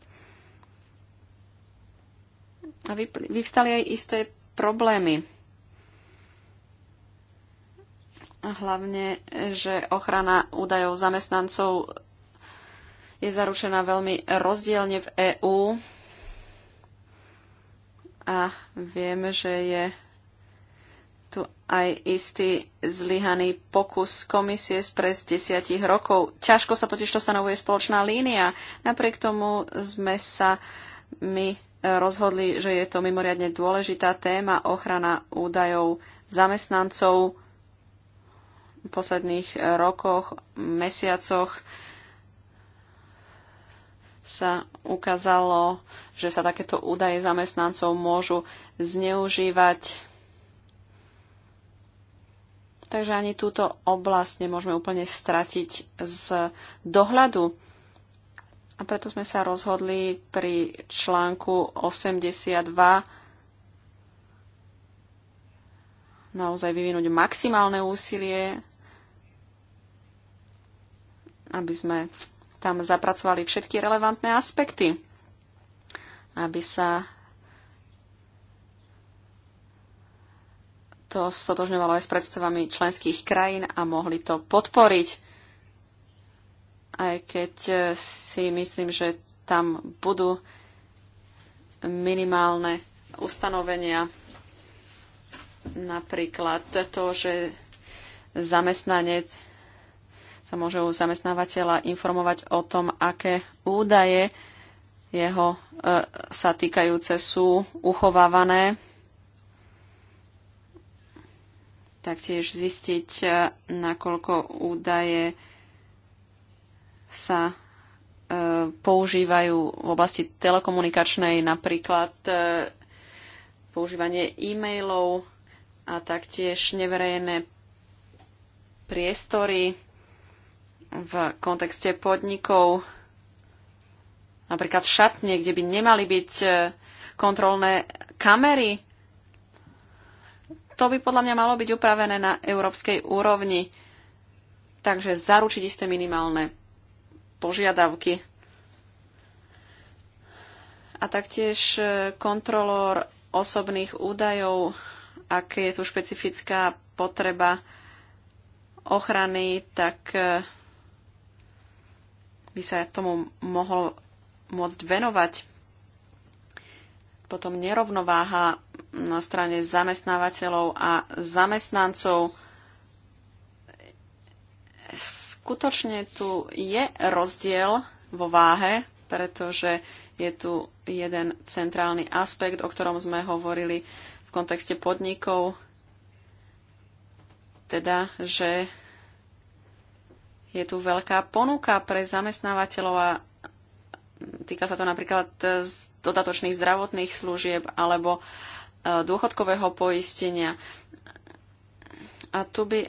A vyvstali aj isté problémy. A hlavne, že ochrana údajov zamestnancov je zaručená veľmi rozdielne v EÚ. A vieme, že je tu aj istý zlyhaný pokus komisie z spred desiatich rokov. Ťažko sa totiž to stanovuje spoločná línia. Napriek tomu sme sa my rozhodli, že je to mimoriadne dôležitá téma ochrana údajov zamestnancov v posledných rokoch, mesiacoch sa ukázalo, že sa takéto údaje zamestnancov môžu zneužívať Takže ani túto oblasť nemôžeme úplne stratiť z dohľadu. A preto sme sa rozhodli pri článku 82 naozaj vyvinúť maximálne úsilie, aby sme tam zapracovali všetky relevantné aspekty, aby sa to sotožňovalo aj s predstavami členských krajín a mohli to podporiť. Aj keď e, si myslím, že tam budú minimálne ustanovenia, napríklad to, že zamestnanec sa môže u zamestnávateľa informovať o tom, aké údaje jeho e, sa týkajúce sú uchovávané taktiež zistiť, e, nakoľko údaje sa e, používajú v oblasti telekomunikačnej, napríklad e, používanie e-mailov a taktiež neverejné priestory v kontexte podnikov, napríklad šatne, kde by nemali byť kontrolné kamery, to by podľa mňa malo byť upravené na európskej úrovni. Takže zaručiť isté minimálne požiadavky. A taktiež e, kontrolór osobných údajov, ak je tu špecifická potreba ochrany, tak e, by sa tomu mohol môcť venovať. Potom nerovnováha na strane zamestnávateľov a zamestnancov. Skutočne tu je rozdiel vo váhe, pretože je tu jeden centrálny aspekt, o ktorom sme hovorili v kontexte podnikov, teda, že je tu veľká ponuka pre zamestnávateľov a týka sa to napríklad dodatočných zdravotných služieb alebo Eh, dôchodkového poistenia. A tu by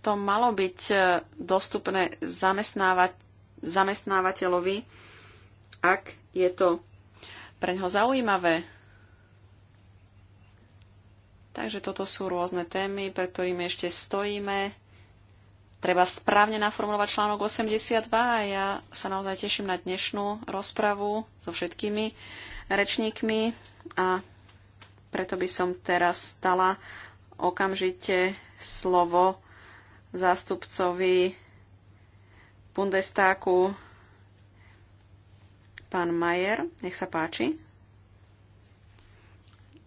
to malo byť eh, dostupné zamestnávateľovi, ak je to pre ňoho zaujímavé. Takže toto sú rôzne témy, pre ktorými ešte stojíme. Treba správne naformulovať článok 82 a ja sa naozaj teším na dnešnú rozpravu so všetkými rečníkmi a preto by som teraz stala okamžite slovo zástupcovi Bundestáku pán Majer. Nech sa páči.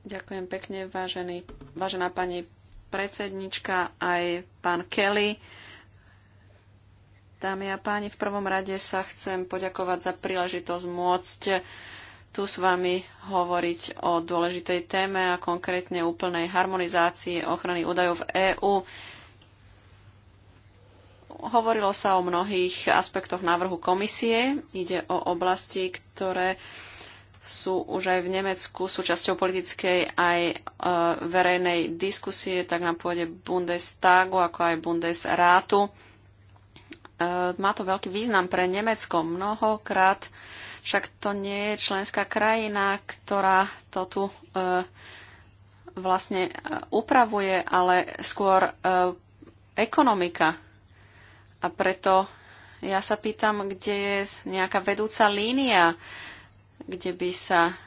Ďakujem pekne, vážený, vážená pani predsednička, aj pán Kelly. Dámy a páni, v prvom rade sa chcem poďakovať za príležitosť môcť tu s vami hovoriť o dôležitej téme a konkrétne úplnej harmonizácii ochrany údajov v EÚ. Hovorilo sa o mnohých aspektoch návrhu komisie. Ide o oblasti, ktoré sú už aj v Nemecku súčasťou politickej aj e, verejnej diskusie, tak na pôde Bundestagu, ako aj Bundesrátu. E, má to veľký význam pre Nemecko. Mnohokrát e, však to nie je členská krajina, ktorá to tu e, vlastne e, upravuje, ale skôr e, ekonomika. A preto ja sa pýtam, kde je nejaká vedúca línia, kde by sa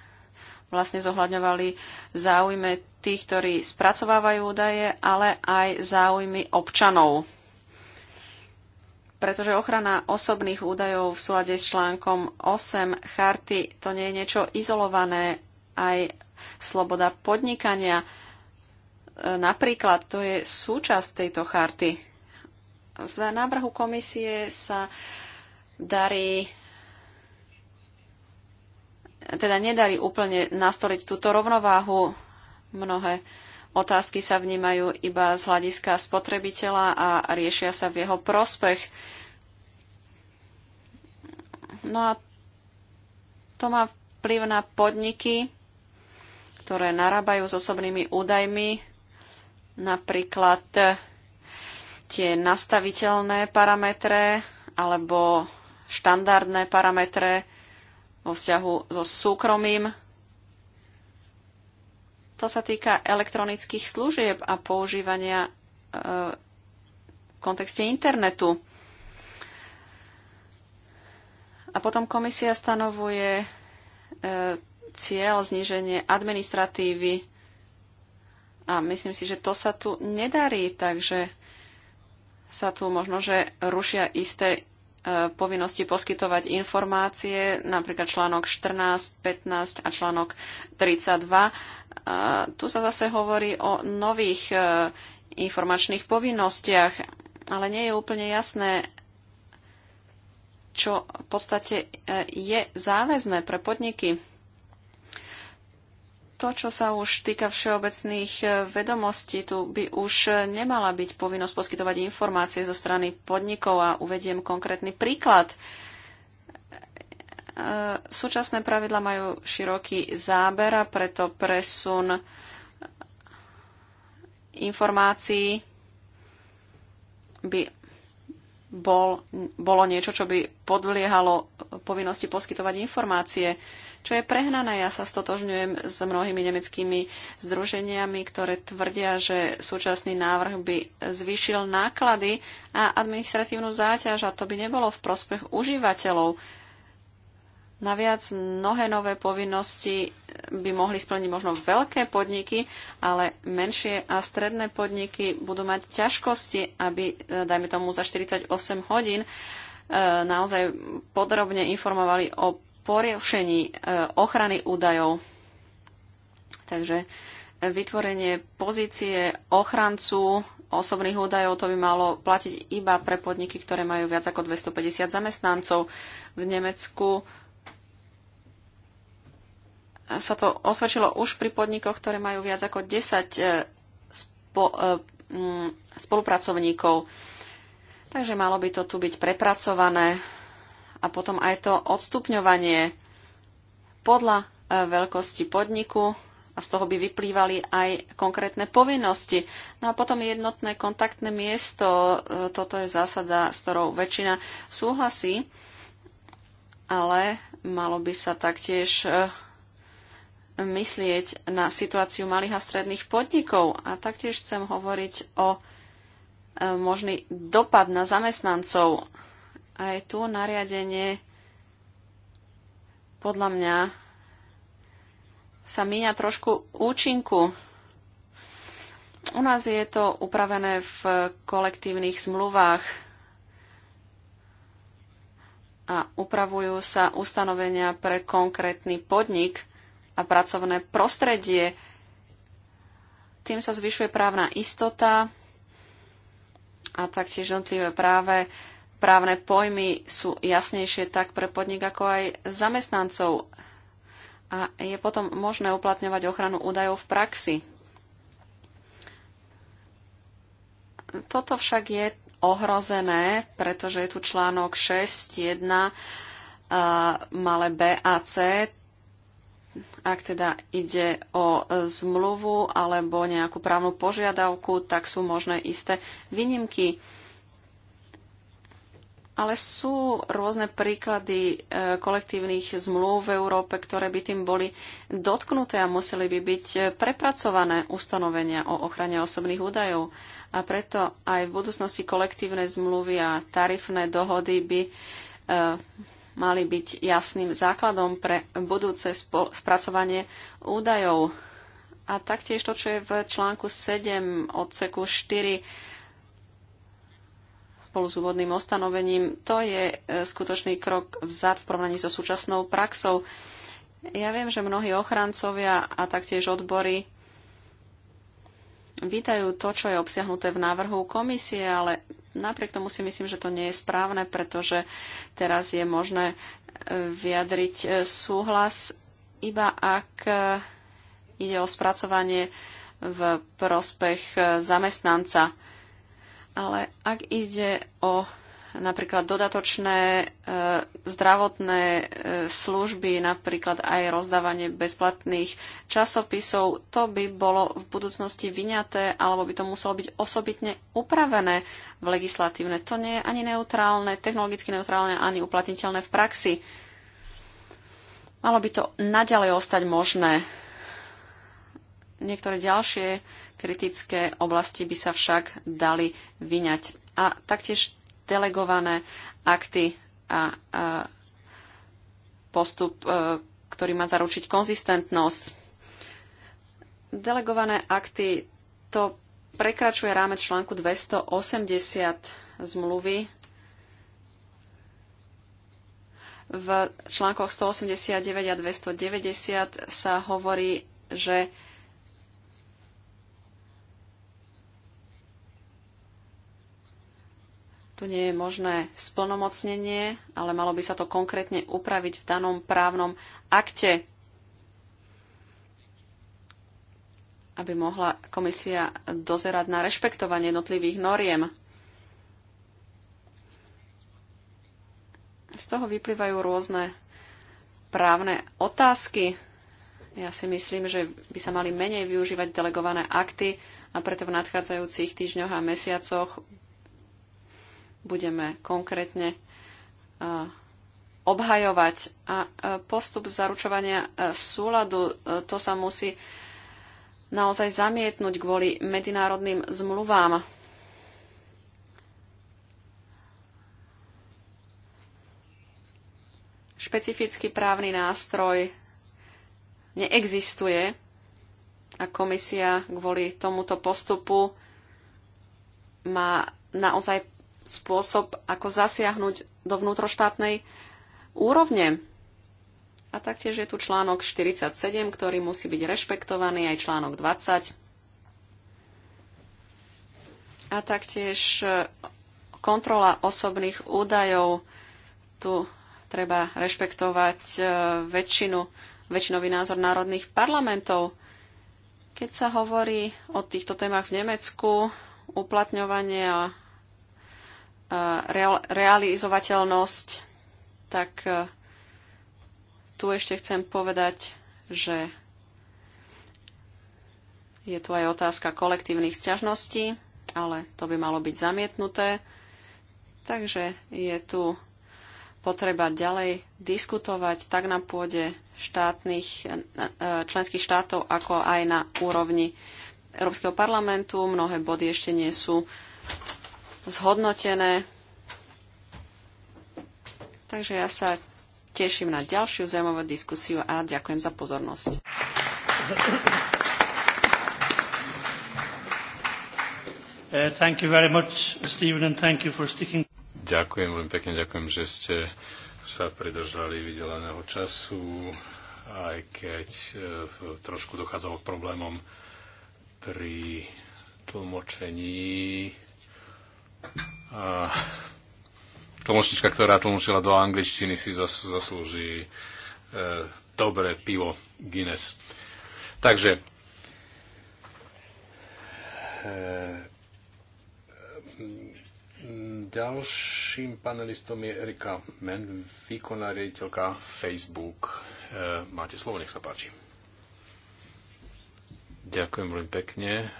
vlastne zohľadňovali záujme tých, ktorí spracovávajú údaje, ale aj záujmy občanov pretože ochrana osobných údajov v súlade s článkom 8 charty to nie je niečo izolované, aj sloboda podnikania. E, napríklad to je súčasť tejto charty. Za návrhu komisie sa darí teda nedarí úplne nastoliť túto rovnováhu mnohé otázky sa vnímajú iba z hľadiska spotrebiteľa a riešia sa v jeho prospech. No a to má vplyv na podniky, ktoré narábajú s osobnými údajmi, napríklad tie nastaviteľné parametre alebo štandardné parametre vo vzťahu so súkromím to sa týka elektronických služieb a používania e, v kontexte internetu. A potom komisia stanovuje e, cieľ zníženie administratívy a myslím si, že to sa tu nedarí, takže sa tu možno, že rušia isté e, povinnosti poskytovať informácie, napríklad článok 14, 15 a článok 32 tu sa zase hovorí o nových e, informačných povinnostiach, ale nie je úplne jasné, čo v podstate e, je záväzné pre podniky. To, čo sa už týka všeobecných e, vedomostí, tu by už nemala byť povinnosť poskytovať informácie zo strany podnikov a uvediem konkrétny príklad. Uh, E, súčasné pravidla majú široký záber a preto presun informácií by bol, bolo niečo, čo by podliehalo povinnosti poskytovať informácie, čo je prehnané. Ja sa stotožňujem s mnohými nemeckými združeniami, ktoré tvrdia, že súčasný návrh by zvýšil náklady a administratívnu záťaž a to by nebolo v prospech užívateľov. Naviac mnohé nové povinnosti by mohli splniť možno veľké podniky, ale menšie a stredné podniky budú mať ťažkosti, aby, e, dajme tomu, za 48 hodín e, naozaj podrobne informovali o porušení e, ochrany údajov. Takže vytvorenie pozície ochrancu osobných údajov, to by malo platiť iba pre podniky, ktoré majú viac ako 250 zamestnancov. V Nemecku sa to osvedčilo už pri podnikoch, ktoré majú viac ako 10 e, e, mm, spolupracovníkov. Takže malo by to tu byť prepracované a potom aj to odstupňovanie podľa e, veľkosti podniku a z toho by vyplývali aj konkrétne povinnosti. No a potom jednotné kontaktné miesto, toto je zásada, s ktorou väčšina súhlasí, ale malo by sa taktiež myslieť na situáciu malých a stredných podnikov a taktiež chcem hovoriť o e, možný dopad na zamestnancov. Aj tu nariadenie podľa mňa sa míňa trošku účinku. U nás je to upravené v kolektívnych zmluvách a upravujú sa ustanovenia pre konkrétny podnik – a pracovné prostredie. Tým sa zvyšuje právna istota a taktiež jednotlivé práve právne pojmy sú jasnejšie tak pre podnik ako aj zamestnancov a je potom možné uplatňovať ochranu údajov v praxi. Toto však je ohrozené, pretože je tu článok 6.1 malé B a C ak teda ide o zmluvu alebo nejakú právnu požiadavku, tak sú možné isté výnimky. Ale sú rôzne príklady e, kolektívnych zmluv v Európe, ktoré by tým boli dotknuté a museli by byť e, prepracované ustanovenia o ochrane osobných údajov. A preto aj v budúcnosti kolektívne zmluvy a tarifné dohody by e, mali byť jasným základom pre budúce spracovanie údajov. A taktiež to, čo je v článku 7 odseku 4 spolu s úvodným ostanovením, to je e, skutočný krok vzad v porovnaní so súčasnou praxou. Ja viem, že mnohí ochrancovia a taktiež odbory vítajú to, čo je obsiahnuté v návrhu komisie, ale napriek tomu si myslím, že to nie je správne, pretože teraz je možné e, vyjadriť e, súhlas iba ak e, ide o spracovanie v prospech zamestnanca. Ale ak ide o napríklad dodatočné e, zdravotné e, služby, napríklad aj rozdávanie bezplatných časopisov, to by bolo v budúcnosti vyňaté, alebo by to muselo byť osobitne upravené v legislatívne. To nie je ani neutrálne, technologicky neutrálne, ani uplatniteľné v praxi. Malo by to naďalej ostať možné. Niektoré ďalšie kritické oblasti by sa však dali vyňať. A taktiež delegované akty a, a postup, e, ktorý má zaručiť konzistentnosť. Delegované akty to prekračuje rámec článku 280 zmluvy. V článkoch 189 a 290 sa hovorí, že Tu nie je možné splnomocnenie, ale malo by sa to konkrétne upraviť v danom právnom akte, aby mohla komisia dozerať na rešpektovanie jednotlivých noriem. Z toho vyplývajú rôzne právne otázky. Ja si myslím, že by sa mali menej využívať delegované akty a preto v nadchádzajúcich týždňoch a mesiacoch budeme konkrétne e, obhajovať. A e, postup zaručovania e, súladu, to sa musí naozaj zamietnúť kvôli medzinárodným zmluvám. Špecifický právny nástroj neexistuje a komisia kvôli tomuto postupu má naozaj spôsob, ako zasiahnuť do vnútroštátnej úrovne. A taktiež je tu článok 47, ktorý musí byť rešpektovaný, aj článok 20. A taktiež e, kontrola osobných údajov. Tu treba rešpektovať e, väčšinu, väčšinový názor národných parlamentov. Keď sa hovorí o týchto témach v Nemecku, uplatňovanie a realizovateľnosť, tak e, tu ešte chcem povedať, že je tu aj otázka kolektívnych sťažností, ale to by malo byť zamietnuté. Takže je tu potreba ďalej diskutovať tak na pôde štátnych, e, e, členských štátov, ako aj na úrovni Európskeho parlamentu. Mnohé body ešte nie sú zhodnotené. Takže ja sa teším na ďalšiu zaujímavú diskusiu a ďakujem za pozornosť. Uh, ďakujem veľmi pekne, ďakujem, že ste sa pridržali vydeleného času, aj keď eh, trošku dochádzalo k problémom pri tlmočení uh, tlmočnička, ktorá tlmočila do angličtiny, si zas, zaslúži uh, dobré pivo Guinness. Takže e, Ďalším panelistom je Erika Men, výkonná riaditeľka Facebook. E, máte slovo, nech sa páči. Ďakujem veľmi pekne.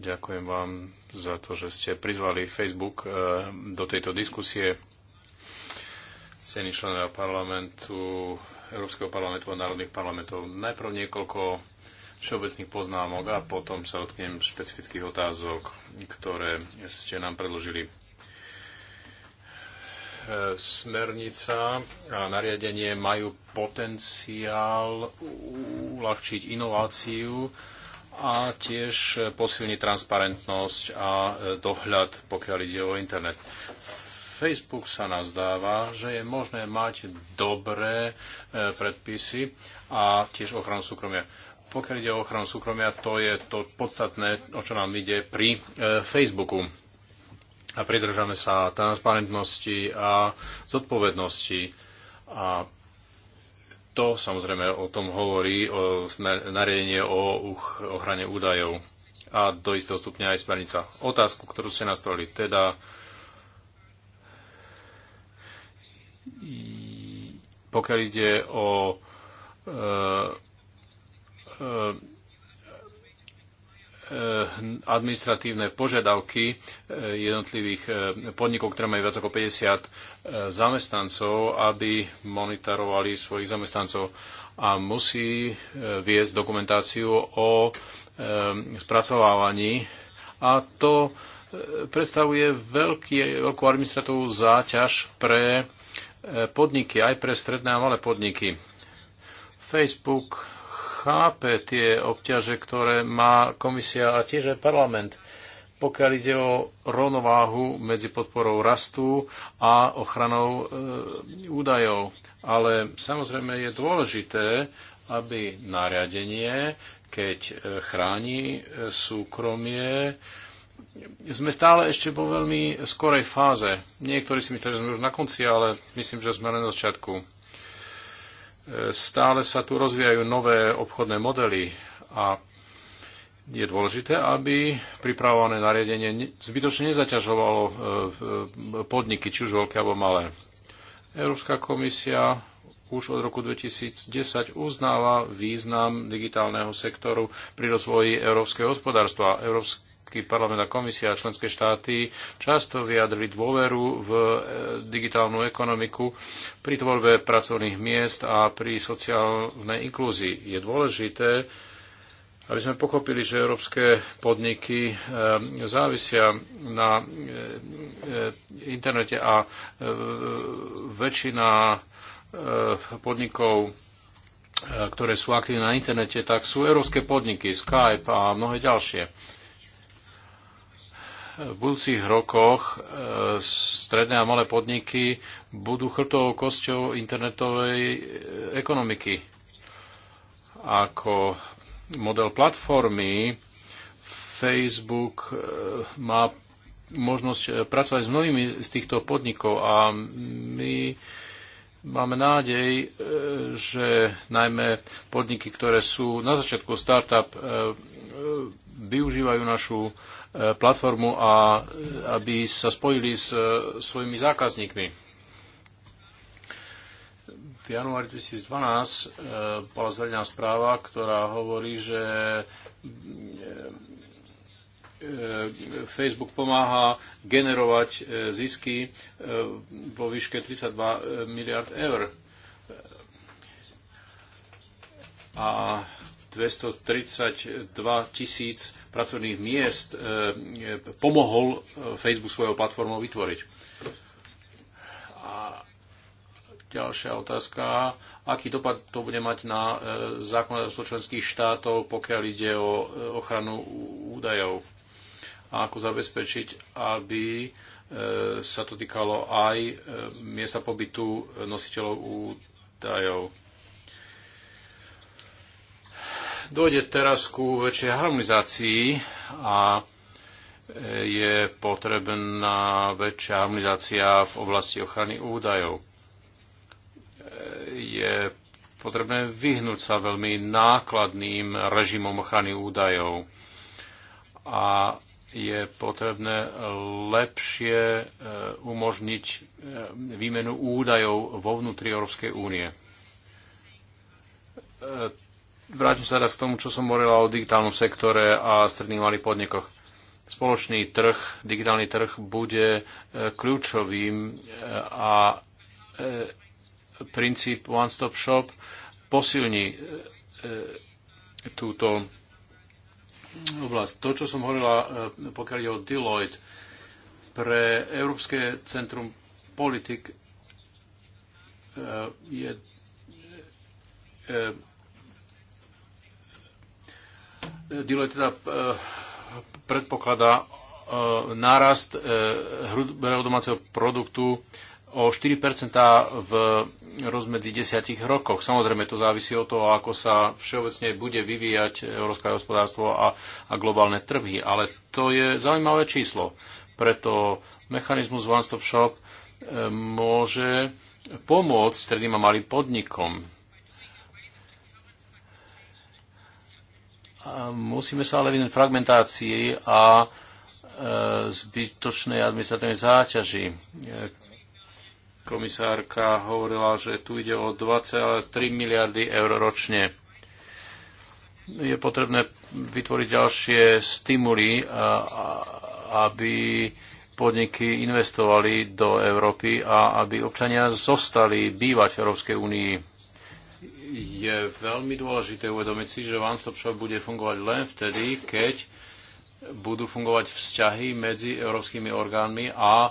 Ďakujem vám za to, že ste prizvali Facebook e, do tejto diskusie. Cení členov parlamentu, Európskeho parlamentu a národných parlamentov. Najprv niekoľko všeobecných poznámok a potom sa dotknem špecifických otázok, ktoré ste nám predložili. E, smernica a nariadenie majú potenciál uľahčiť inováciu, a tiež posilní transparentnosť a dohľad, pokiaľ ide o internet. Facebook sa nazdáva, že je možné mať dobré e, predpisy a tiež ochranu súkromia. Pokiaľ ide o ochranu súkromia, to je to podstatné, o čo nám ide pri e, Facebooku. A pridržame sa transparentnosti a zodpovednosti a to samozrejme o tom hovorí o nariadenie o ochrane údajov a do istého stupňa aj smernica. Otázku, ktorú ste nastavili, teda pokiaľ ide o e, e, Eh, administratívne požiadavky eh, jednotlivých eh, podnikov, ktoré majú viac ako 50 zamestnancov, aby monitorovali svojich zamestnancov a musí viesť dokumentáciu o spracovávaní a to predstavuje veľký, veľkú administratívnu záťaž pre podniky, aj pre stredné a malé podniky. Facebook chápe tie obťaže, ktoré má komisia a tiež aj parlament, pokiaľ ide o rovnováhu medzi podporou rastu a ochranou e, údajov. Ale samozrejme je dôležité, aby nariadenie, keď e, chráni e, súkromie, sme stále ešte vo veľmi skorej fáze. Niektorí si myslia, že sme už na konci, ale myslím, že sme len na začiatku Stále sa tu rozvíjajú nové obchodné modely a je dôležité, aby pripravované nariadenie zbytočne nezaťažovalo e, e, podniky, či už veľké alebo malé. Európska komisia už od roku 2010 uznáva význam digitálneho sektoru pri rozvoji európskeho hospodárstva. Európske. Európsky parlament a komisia a členské štáty často vyjadrili dôveru v e, digitálnu ekonomiku pri tvorbe pracovných miest a pri sociálnej inklúzii. Je dôležité, aby sme pochopili, že európske podniky e, závisia na e, internete a väčšina podnikov, ktoré sú aktívne na internete, tak sú európske podniky, Skype a mnohé ďalšie v budúcich rokoch e, stredné a malé podniky budú chrtovou kosťou internetovej e, ekonomiky. Ako model platformy Facebook e, má možnosť pracovať s mnohými z týchto podnikov a my máme nádej, že najmä podniky, ktoré sú na začiatku startup, využívajú našu E, platformu a e, aby sa spojili s e, svojimi zákazníkmi. V januári 2012 bola zverejná správa, ktorá hovorí, že Facebook pomáha generovať zisky vo výške 32 miliard eur. A 232 tisíc pracovných miest e, e, pomohol e, Facebook svojou platformou vytvoriť. A ďalšia otázka, aký dopad to bude mať na zákonodárstvo členských štátov, pokiaľ ide o ochranu údajov a ako zabezpečiť, aby sa to týkalo aj miesta pobytu nositeľov údajov. Dôjde teraz ku väčšej harmonizácii a e, je potrebná väčšia harmonizácia v oblasti ochrany údajov. E, je potrebné vyhnúť sa veľmi nákladným režimom ochrany údajov a je potrebné lepšie e, umožniť výmenu údajov vo vnútri Európskej únie Vrátim sa teraz k tomu, čo som hovorila o digitálnom sektore a stredných malých podnikoch. Spoločný trh, digitálny trh bude e, kľúčovým e, a e, princíp One Stop Shop posilní túto oblasť. To, čo som hovorila, pokiaľ je o Deloitte, pre Európske centrum politik je Dilo teda e, predpokladá e, nárast e, hrubého domáceho produktu o 4% v rozmedzi desiatich rokoch. Samozrejme, to závisí od toho, ako sa všeobecne bude vyvíjať európske hospodárstvo a, a globálne trhy. Ale to je zaujímavé číslo. Preto mechanizmus One Stop Shop môže pomôcť stredným a malým podnikom Musíme sa ale vyhnúť fragmentácii a e, zbytočnej administratívnej záťaži. E, komisárka hovorila, že tu ide o 2,3 miliardy eur ročne. Je potrebné vytvoriť ďalšie stimuly, aby podniky investovali do Európy a aby občania zostali bývať v Európskej únii je veľmi dôležité uvedomiť si, že One Stop Shop bude fungovať len vtedy, keď budú fungovať vzťahy medzi európskymi orgánmi a e,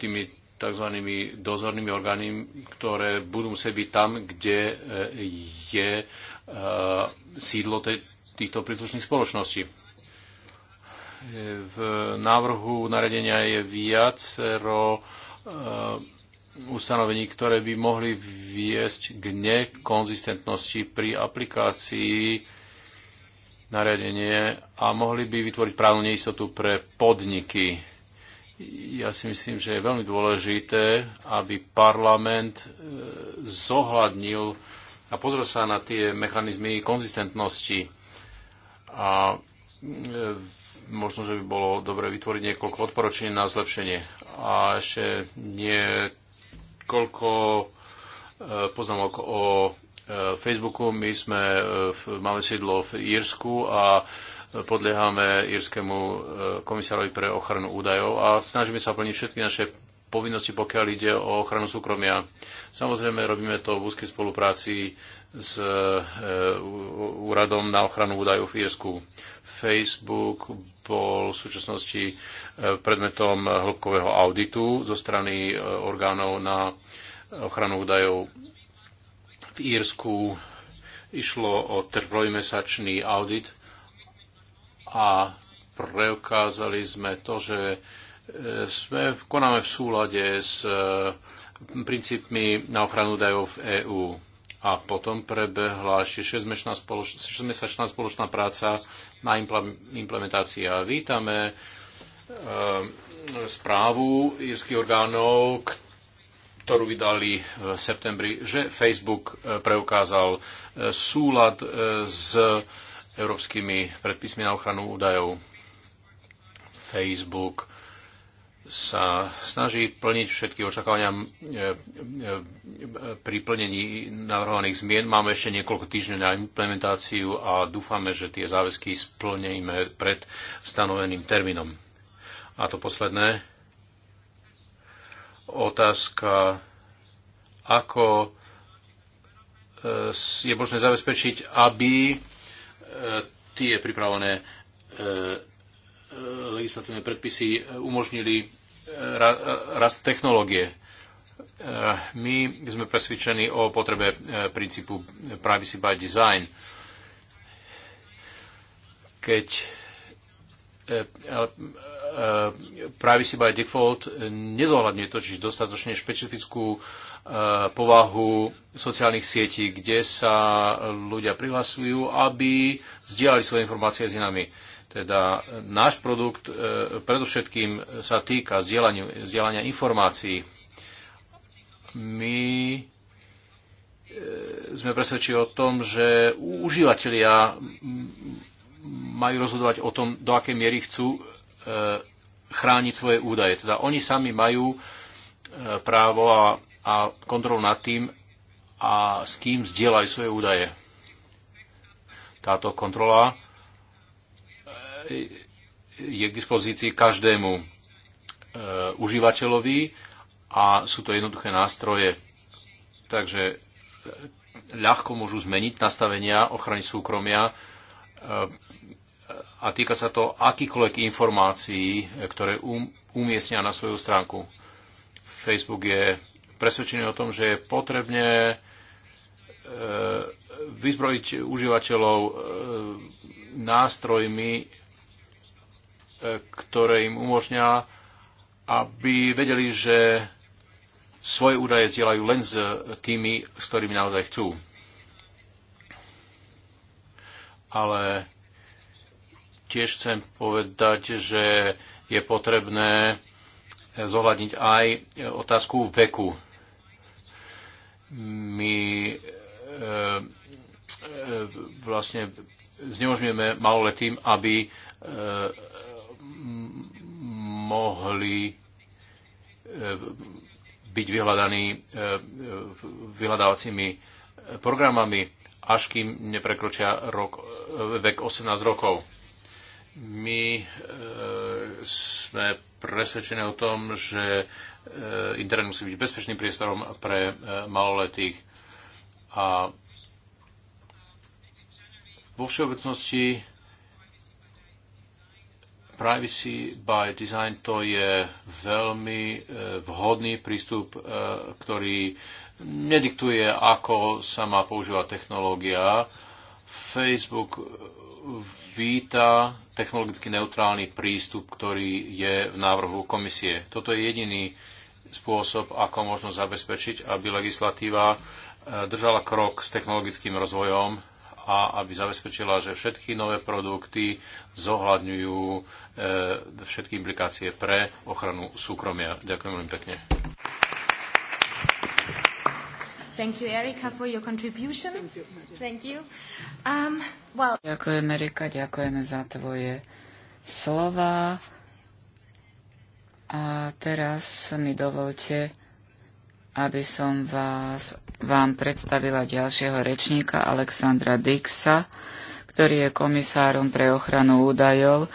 tými tzv. dozornými orgánmi, ktoré budú musieť byť tam, kde e, je e, sídlo týchto príslušných spoločností. E, v návrhu naredenia je viacero ustanovení, ktoré by mohli viesť k nekonzistentnosti pri aplikácii nariadenie a mohli by vytvoriť právnu neistotu pre podniky. Ja si myslím, že je veľmi dôležité, aby parlament e, zohľadnil a pozrel sa na tie mechanizmy konzistentnosti. A e, možno, že by bolo dobre vytvoriť niekoľko odporočení na zlepšenie. A ešte nie Koľko e, poznámok o e, Facebooku. My sme, e, máme sídlo v Írsku a podliehame írskému komisárovi pre ochranu údajov a snažíme sa plniť všetky naše povinnosti, pokiaľ ide o ochranu súkromia. Samozrejme, robíme to v úzkej spolupráci s e, úradom na ochranu údajov v Írsku. Facebook bol v súčasnosti e, predmetom hĺbkového auditu zo strany e, orgánov na ochranu údajov v Írsku. Išlo o trojmesačný audit a preukázali sme to, že sme, konáme v súlade s princípmi na ochranu údajov v EÚ a potom prebehla ešte 6-mesačná spoločná, spoločná práca na implementácii. A vítame e, správu írskych orgánov, ktorú vydali v septembri, že Facebook e, preukázal e, súlad e, s európskymi predpismi na ochranu údajov. Facebook sa snaží plniť všetky očakávania e, e, e, pri plnení navrhovaných zmien. Máme ešte niekoľko týždňov na implementáciu a dúfame, že tie záväzky splníme pred stanoveným termínom. A to posledné. Otázka, ako je možné zabezpečiť, aby tie pripravené legislatívne predpisy umožnili rast technológie. Eh, my sme presvedčení o potrebe eh, princípu privacy by design. Keď eh, privacy by default nezohľadňuje totiž dostatočne špecifickú povahu sociálnych sietí, kde sa ľudia prihlasujú, aby zdieľali svoje informácie s inami. Teda náš produkt e, predovšetkým sa týka zdieľania informácií. My e, sme presvedčili o tom, že užívateľia majú rozhodovať o tom, do akej miery chcú e, chrániť svoje údaje. Teda oni sami majú právo a, a kontrolu nad tým, a s kým zdieľajú svoje údaje. Táto kontrola je k dispozícii každému e, užívateľovi a sú to jednoduché nástroje. Takže e, ľahko môžu zmeniť nastavenia ochrany súkromia e, a týka sa to akýkoľvek informácií, ktoré um, umiestnia na svoju stránku. Facebook je presvedčený o tom, že je potrebné e, vyzbrojiť užívateľov e, nástrojmi, E, ktoré im umožňa, aby vedeli, že svoje údaje zdieľajú len s tými, s ktorými naozaj chcú. Ale tiež chcem povedať, že je potrebné zohľadniť aj otázku veku. My e, e, vlastne znemožňujeme maloletým, aby e, mohli e, byť vyhľadaní e, vyhľadávacími programami, až kým neprekročia rok, e, vek 18 rokov. My sme presvedčení o tom, že internet musí byť bezpečným priestorom pre maloletých. A vo všeobecnosti Privacy by design to je veľmi e, vhodný prístup, e, ktorý nediktuje, ako sa má používať technológia. Facebook víta technologicky neutrálny prístup, ktorý je v návrhu komisie. Toto je jediný spôsob, ako možno zabezpečiť, aby legislatíva e, držala krok s technologickým rozvojom a aby zabezpečila, že všetky nové produkty zohľadňujú e, všetky implikácie pre ochranu súkromia. Ďakujem veľmi pekne. Thank you, Erika, for your contribution. Thank you. Um, well... Ďakujem, Erika, ďakujeme za tvoje slova. A teraz mi dovolte aby som vás, vám predstavila ďalšieho rečníka Alexandra Dixa, ktorý je komisárom pre ochranu údajov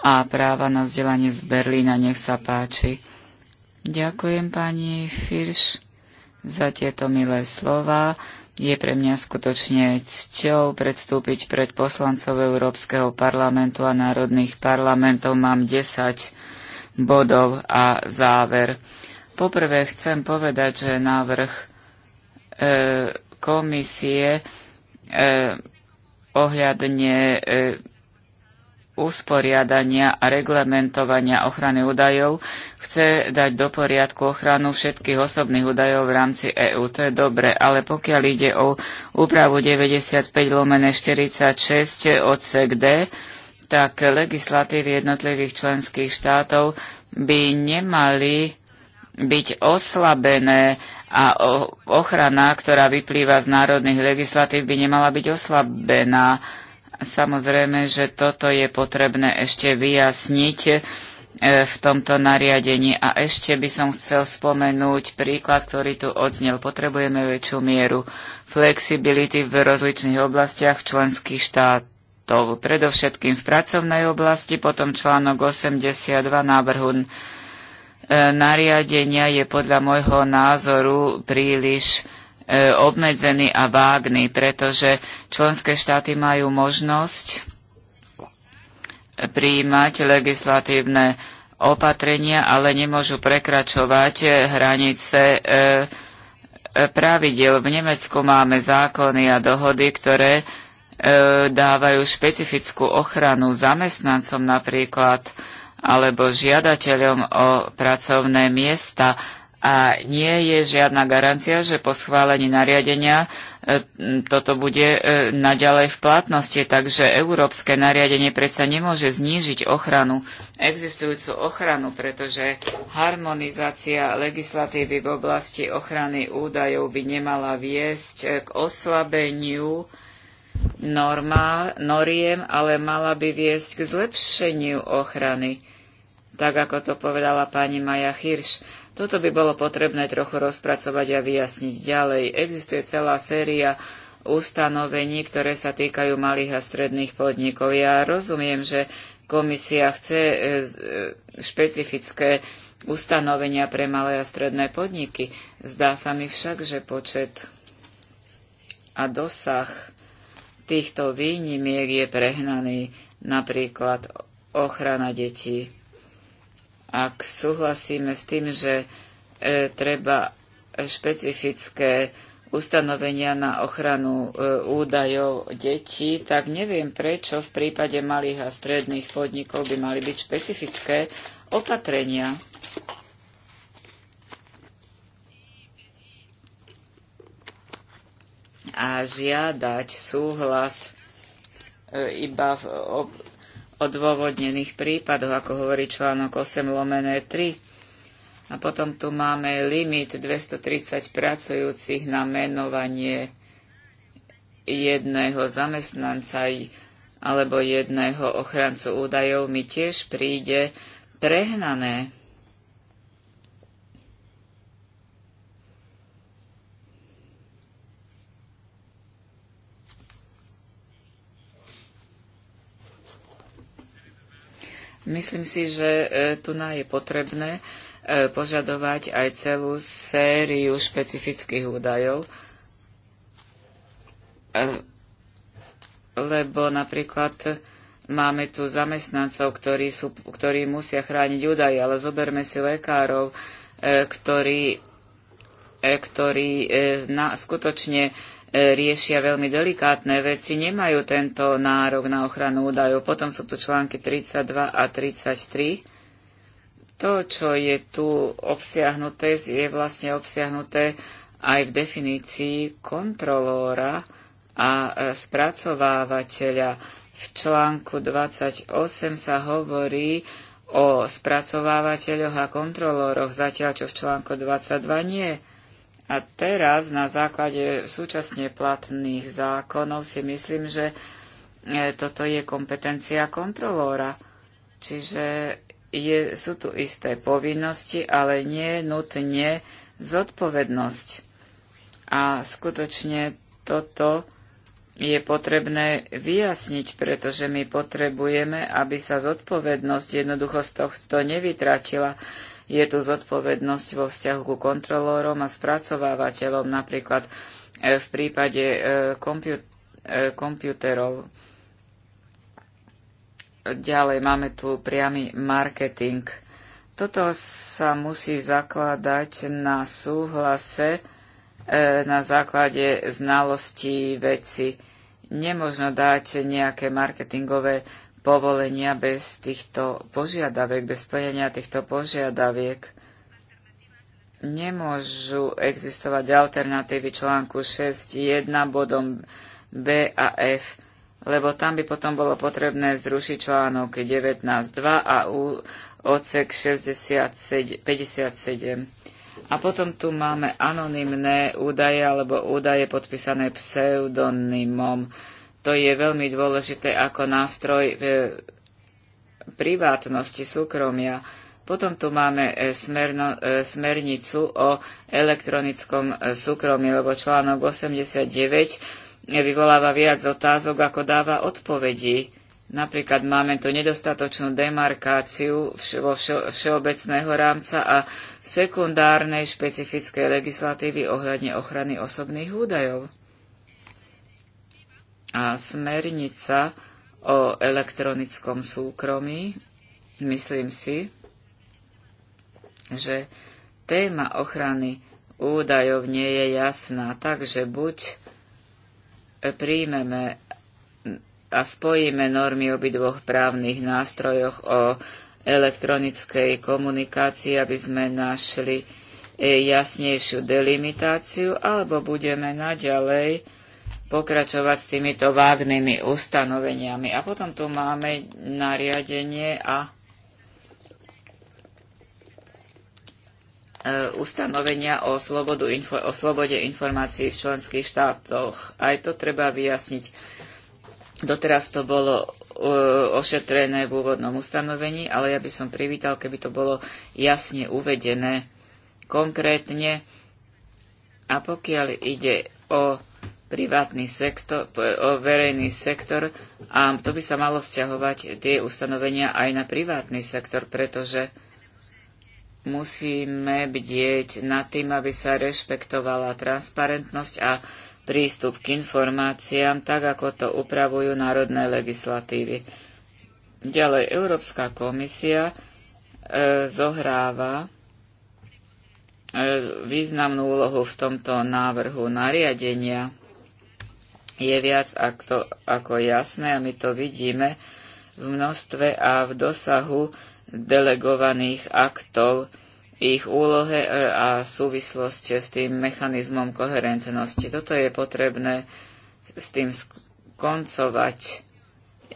a práva na vzdelanie z Berlína. Nech sa páči. Ďakujem pani Firš za tieto milé slova. Je pre mňa skutočne cťou predstúpiť pred poslancov Európskeho parlamentu a národných parlamentov. Mám 10 bodov a záver. Poprvé chcem povedať, že návrh e, komisie e, ohľadne e, usporiadania a reglementovania ochrany údajov chce dať do poriadku ochranu všetkých osobných údajov v rámci EÚ. To je dobre, ale pokiaľ ide o úpravu 95 lomene 46 odsek D, tak legislatívy jednotlivých členských štátov by nemali byť oslabené a ochrana, ktorá vyplýva z národných legislatív, by nemala byť oslabená. Samozrejme, že toto je potrebné ešte vyjasniť e, v tomto nariadení. A ešte by som chcel spomenúť príklad, ktorý tu odznel. Potrebujeme väčšiu mieru flexibility v rozličných oblastiach členských štátov, predovšetkým v pracovnej oblasti, potom článok 82 návrhu E, nariadenia je podľa môjho názoru príliš e, obmedzený a vágný, pretože členské štáty majú možnosť prijímať legislatívne opatrenia, ale nemôžu prekračovať hranice e, pravidel. V Nemecku máme zákony a dohody, ktoré dávajú špecifickú ochranu zamestnancom napríklad alebo žiadateľom o pracovné miesta a nie je žiadna garancia, že po schválení nariadenia e, toto bude e, naďalej v platnosti, takže európske nariadenie predsa nemôže znížiť ochranu, existujúcu ochranu, pretože harmonizácia legislatívy v oblasti ochrany údajov by nemala viesť e, k oslabeniu normál, noriem, ale mala by viesť k zlepšeniu ochrany tak ako to povedala pani Maja Hirš. Toto by bolo potrebné trochu rozpracovať a vyjasniť ďalej. Existuje celá séria ustanovení, ktoré sa týkajú malých a stredných podnikov. Ja rozumiem, že komisia chce e, e, špecifické ustanovenia pre malé a stredné podniky. Zdá sa mi však, že počet a dosah týchto výnimiek je prehnaný, napríklad ochrana detí. Ak súhlasíme s tým, že e, treba špecifické ustanovenia na ochranu e, údajov detí, tak neviem prečo v prípade malých a stredných podnikov by mali byť špecifické opatrenia. A žiadať súhlas e, iba v ob- odôvodnených prípadoch, ako hovorí článok 8 lomené 3. A potom tu máme limit 230 pracujúcich na menovanie jedného zamestnanca alebo jedného ochrancu údajov mi tiež príde prehnané. Myslím si, že e, tu na je potrebné e, požadovať aj celú sériu špecifických údajov, e, lebo napríklad máme tu zamestnancov, ktorí, sú, ktorí musia chrániť údaje, ale zoberme si lekárov, ktorí, ktorí na, skutočne riešia veľmi delikátne veci, nemajú tento nárok na ochranu údajov. Potom sú tu články 32 a 33. To, čo je tu obsiahnuté, je vlastne obsiahnuté aj v definícii kontrolóra a e, spracovávateľa. V článku 28 sa hovorí o spracovávateľoch a kontrolóroch, zatiaľ čo v článku 22 nie. A teraz na základe súčasne platných zákonov si myslím, že e, toto je kompetencia kontrolóra. Čiže je, sú tu isté povinnosti, ale nie nutne zodpovednosť. A skutočne toto je potrebné vyjasniť, pretože my potrebujeme, aby sa zodpovednosť jednoducho z tohto nevytratila. Je tu zodpovednosť vo vzťahu ku kontrolórom a spracovávateľom, napríklad e, v prípade e, kompiúterov. E, Ďalej máme tu priamy marketing. Toto sa musí zakladať na súhlase na základe znalostí veci. Nemožno dať nejaké marketingové povolenia bez týchto požiadaviek, bez splnenia týchto požiadaviek. Nemôžu existovať alternatívy článku 6.1 bodom B a F, lebo tam by potom bolo potrebné zrušiť článok 19.2 a U, odsek 57, 57. A potom tu máme anonymné údaje alebo údaje podpísané pseudonymom to je veľmi dôležité ako nástroj e, privátnosti, súkromia. Potom tu máme e, smerno, e, smernicu o elektronickom súkromí, lebo článok 89 vyvoláva viac otázok, ako dáva odpovedí. Napríklad máme tu nedostatočnú demarkáciu vo všeobecného rámca a sekundárnej špecifickej legislatívy ohľadne ochrany osobných údajov. A smernica o elektronickom súkromí, myslím si, že téma ochrany údajov nie je jasná, takže buď príjmeme a spojíme normy obidvoch právnych nástrojoch o elektronickej komunikácii, aby sme našli e, jasnejšiu delimitáciu, alebo budeme naďalej pokračovať s týmito vágnymi ustanoveniami. A potom tu máme nariadenie a e, ustanovenia o, slobodu, o slobode informácií v členských štátoch. Aj to treba vyjasniť. Doteraz to bolo e, ošetrené v úvodnom ustanovení, ale ja by som privítal, keby to bolo jasne uvedené konkrétne. A pokiaľ ide o privátny sektor, o verejný sektor a to by sa malo vzťahovať tie ustanovenia aj na privátny sektor, pretože musíme bdieť nad tým, aby sa rešpektovala transparentnosť a prístup k informáciám, tak ako to upravujú národné legislatívy. Ďalej, Európska komisia e, zohráva e, významnú úlohu v tomto návrhu nariadenia je viac ako, ako jasné a my to vidíme v množstve a v dosahu delegovaných aktov, ich úlohe e, a súvislosti s tým mechanizmom koherentnosti. Toto je potrebné s tým skoncovať.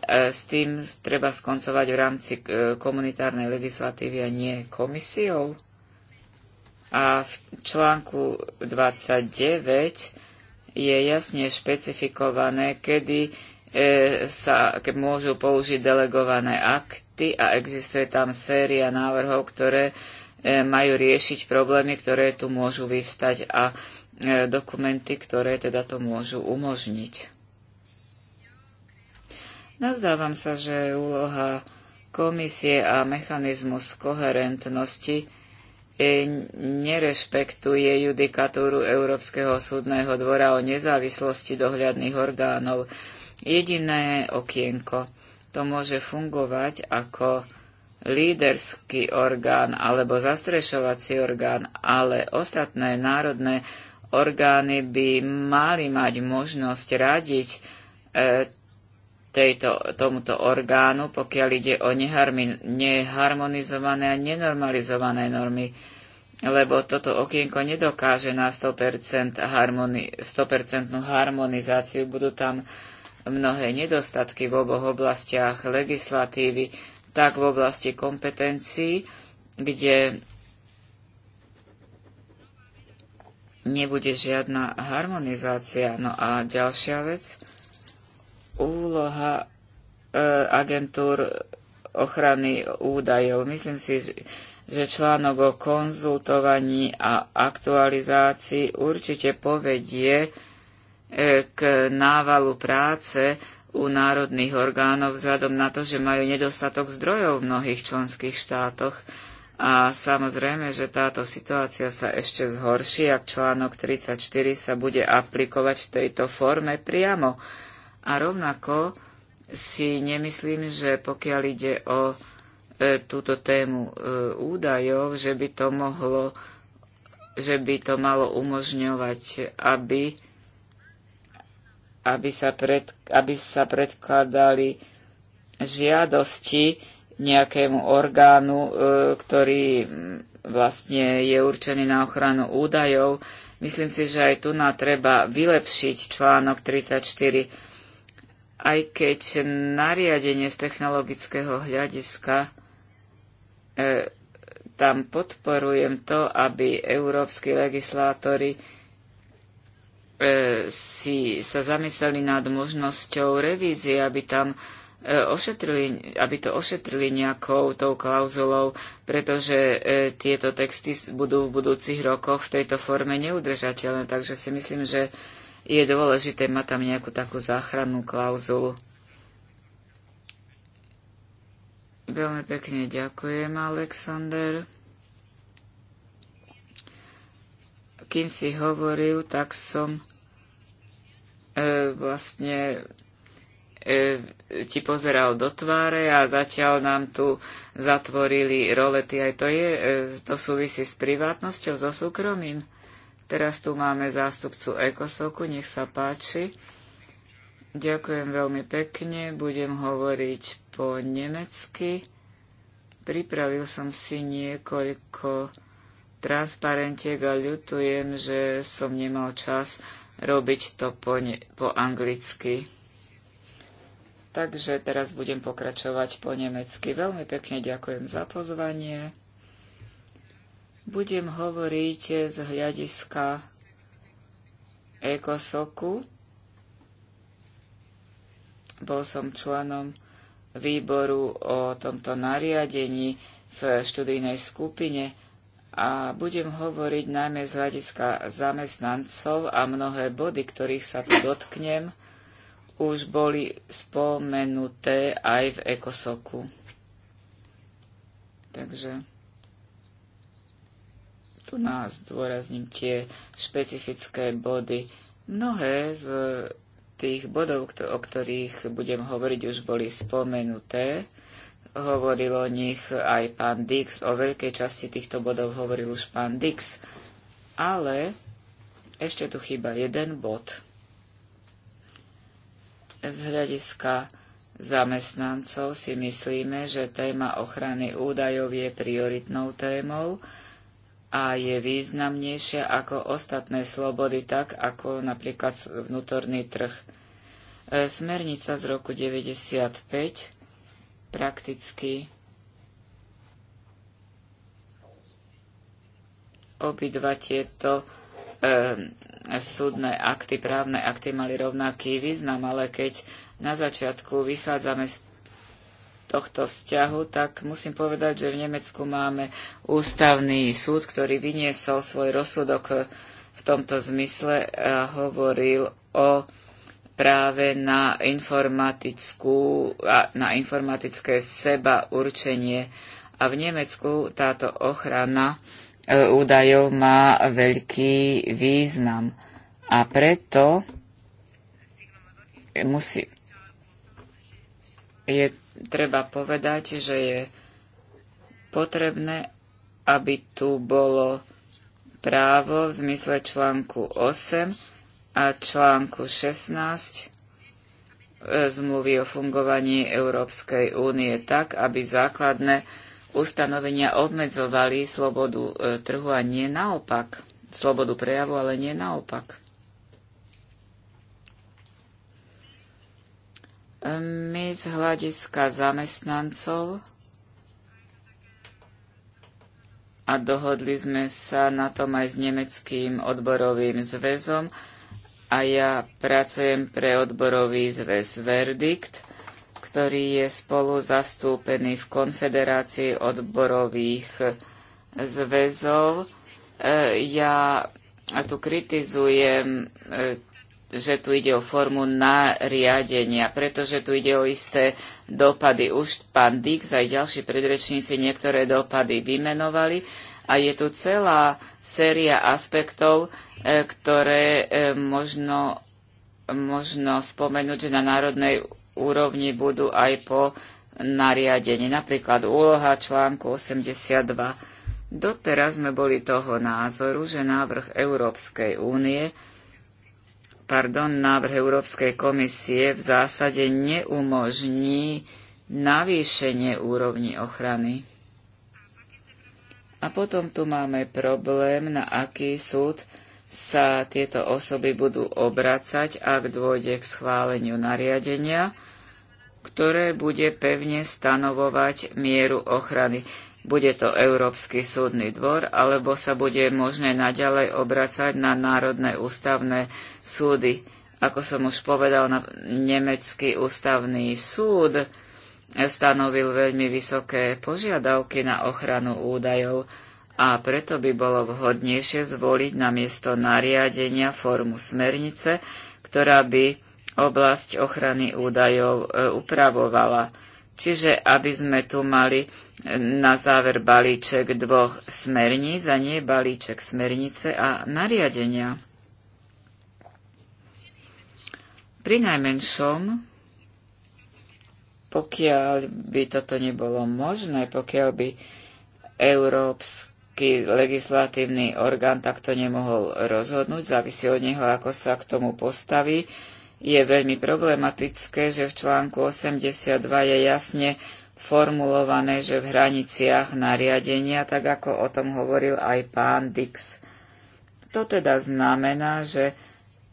E, s tým treba skoncovať v rámci e, komunitárnej legislatívy a nie komisiou. A v článku 29 je jasne špecifikované, kedy e, sa môžu použiť delegované akty a existuje tam séria návrhov, ktoré e, majú riešiť problémy, ktoré tu môžu vyvstať a e, dokumenty, ktoré teda to môžu umožniť. Nazdávam sa, že úloha komisie a mechanizmus koherentnosti E, nerešpektuje judikatúru Európskeho súdneho dvora o nezávislosti dohľadných orgánov. Jediné okienko. To môže fungovať ako líderský orgán alebo zastrešovací orgán, ale ostatné národné orgány by mali mať možnosť radiť e, tejto, tomuto orgánu, pokiaľ ide o neharmonizované a nenormalizované normy, lebo toto okienko nedokáže na 100%, harmoni- 100% harmonizáciu. Budú tam mnohé nedostatky v oboch oblastiach legislatívy, tak v oblasti kompetencií, kde nebude žiadna harmonizácia. No a ďalšia vec úloha e, agentúr ochrany údajov. Myslím si, že článok o konzultovaní a aktualizácii určite povedie e, k návalu práce u národných orgánov vzhľadom na to, že majú nedostatok zdrojov v mnohých členských štátoch. A samozrejme, že táto situácia sa ešte zhorší, ak článok 34 sa bude aplikovať v tejto forme priamo. A rovnako si nemyslím, že pokiaľ ide o e, túto tému e, údajov, že by to mohlo, že by to malo umožňovať, aby, aby, sa, pred, aby sa predkladali žiadosti nejakému orgánu, e, ktorý vlastne je určený na ochranu údajov. Myslím si, že aj tu na treba vylepšiť článok 34 aj keď nariadenie z technologického hľadiska e, tam podporujem to, aby európsky legislátori e, si sa zamysleli nad možnosťou revízie, aby tam e, ošetrili, aby to ošetrili nejakou tou klauzulou, pretože e, tieto texty budú v budúcich rokoch v tejto forme neudržateľné. Takže si myslím, že je dôležité mať tam nejakú takú záchrannú klauzulu. Veľmi pekne ďakujem, Alexander. Kým si hovoril, tak som e, vlastne e, ti pozeral do tváre a zatiaľ nám tu zatvorili rolety. Aj to, je, e, to súvisí s privátnosťou, so súkromím. Teraz tu máme zástupcu Ekosoku, nech sa páči. Ďakujem veľmi pekne, budem hovoriť po nemecky. Pripravil som si niekoľko transparentiek a ľutujem, že som nemal čas robiť to po, ne- po anglicky. Takže teraz budem pokračovať po nemecky. Veľmi pekne ďakujem za pozvanie. Budem hovoriť z hľadiska Ekosoku. Bol som členom výboru o tomto nariadení v študijnej skupine a budem hovoriť najmä z hľadiska zamestnancov a mnohé body, ktorých sa tu dotknem, už boli spomenuté aj v ekosoku. Takže tu nás zdôrazním tie špecifické body. Mnohé z tých bodov, o ktorých budem hovoriť, už boli spomenuté. Hovoril o nich aj pán Dix, o veľkej časti týchto bodov hovoril už pán Dix. Ale ešte tu chýba jeden bod. Z hľadiska zamestnancov si myslíme, že téma ochrany údajov je prioritnou témou a je významnejšia ako ostatné slobody, tak ako napríklad vnútorný trh. E, smernica z roku 95 prakticky obidva tieto e, súdne akty, právne akty mali rovnaký význam, ale keď na začiatku vychádzame z tohto vzťahu, tak musím povedať, že v Nemecku máme ústavný súd, ktorý vyniesol svoj rozsudok v tomto zmysle a hovoril o práve na, informatickú, na informatické seba určenie. A v Nemecku táto ochrana e, údajov má veľký význam. A preto musí, je treba povedať, že je potrebné, aby tu bolo právo v zmysle článku 8 a článku 16 e, zmluvy o fungovaní Európskej únie tak, aby základné ustanovenia obmedzovali slobodu e, trhu a nie naopak, slobodu prejavu, ale nie naopak. My z hľadiska zamestnancov a dohodli sme sa na tom aj s nemeckým odborovým zväzom a ja pracujem pre odborový zväz Verdikt, ktorý je spolu zastúpený v Konfederácii odborových zväzov. E, ja tu kritizujem e, že tu ide o formu nariadenia, pretože tu ide o isté dopady. Už pán Dix aj ďalší predrečníci niektoré dopady vymenovali a je tu celá séria aspektov, e, ktoré e, možno, možno spomenúť, že na národnej úrovni budú aj po nariadení. Napríklad úloha článku 82. Doteraz sme boli toho názoru, že návrh Európskej únie pardon, návrh Európskej komisie v zásade neumožní navýšenie úrovni ochrany. A potom tu máme problém, na aký súd sa tieto osoby budú obracať, ak dôjde k schváleniu nariadenia, ktoré bude pevne stanovovať mieru ochrany bude to Európsky súdny dvor, alebo sa bude možné naďalej obracať na národné ústavné súdy. Ako som už povedal, na nemecký ústavný súd stanovil veľmi vysoké požiadavky na ochranu údajov a preto by bolo vhodnejšie zvoliť na miesto nariadenia formu smernice, ktorá by oblasť ochrany údajov e, upravovala. Čiže aby sme tu mali na záver balíček dvoch smerníc a nie balíček smernice a nariadenia. Pri najmenšom, pokiaľ by toto nebolo možné, pokiaľ by európsky legislatívny orgán takto nemohol rozhodnúť, závisí od neho, ako sa k tomu postaví, je veľmi problematické, že v článku 82 je jasne formulované, že v hraniciach nariadenia, tak ako o tom hovoril aj pán Dix. To teda znamená, že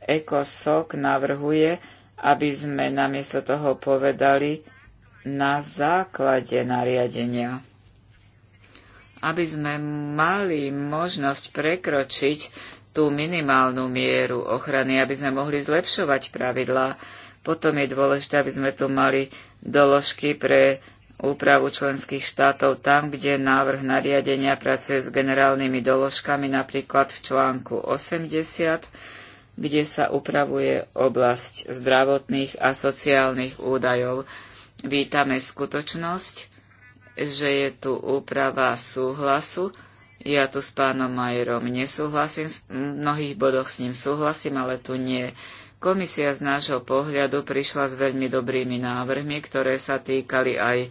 ECOSOC navrhuje, aby sme namiesto toho povedali na základe nariadenia. Aby sme mali možnosť prekročiť tú minimálnu mieru ochrany, aby sme mohli zlepšovať pravidlá. Potom je dôležité, aby sme tu mali doložky pre úpravu členských štátov tam, kde návrh nariadenia pracuje s generálnymi doložkami, napríklad v článku 80, kde sa upravuje oblasť zdravotných a sociálnych údajov. Vítame skutočnosť, že je tu úprava súhlasu. Ja tu s pánom Majerom nesúhlasím, v mnohých bodoch s ním súhlasím, ale tu nie. Komisia z nášho pohľadu prišla s veľmi dobrými návrhmi, ktoré sa týkali aj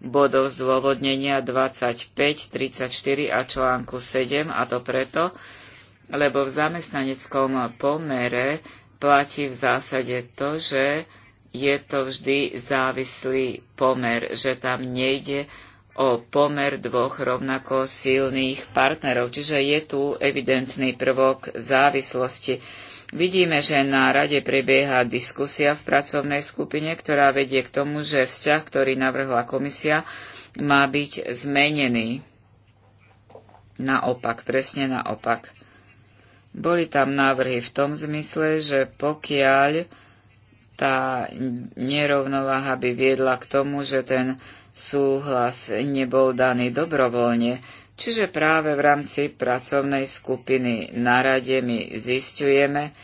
bodov zdôvodnenia 25, 34 a článku 7, a to preto, lebo v zamestnaneckom pomere platí v zásade to, že je to vždy závislý pomer, že tam nejde o pomer dvoch rovnako silných partnerov. Čiže je tu evidentný prvok závislosti. Vidíme, že na rade prebieha diskusia v pracovnej skupine, ktorá vedie k tomu, že vzťah, ktorý navrhla komisia, má byť zmenený. Naopak, presne naopak. Boli tam návrhy v tom zmysle, že pokiaľ tá nerovnováha by viedla k tomu, že ten súhlas nebol daný dobrovoľne, Čiže práve v rámci pracovnej skupiny na rade my zistujeme,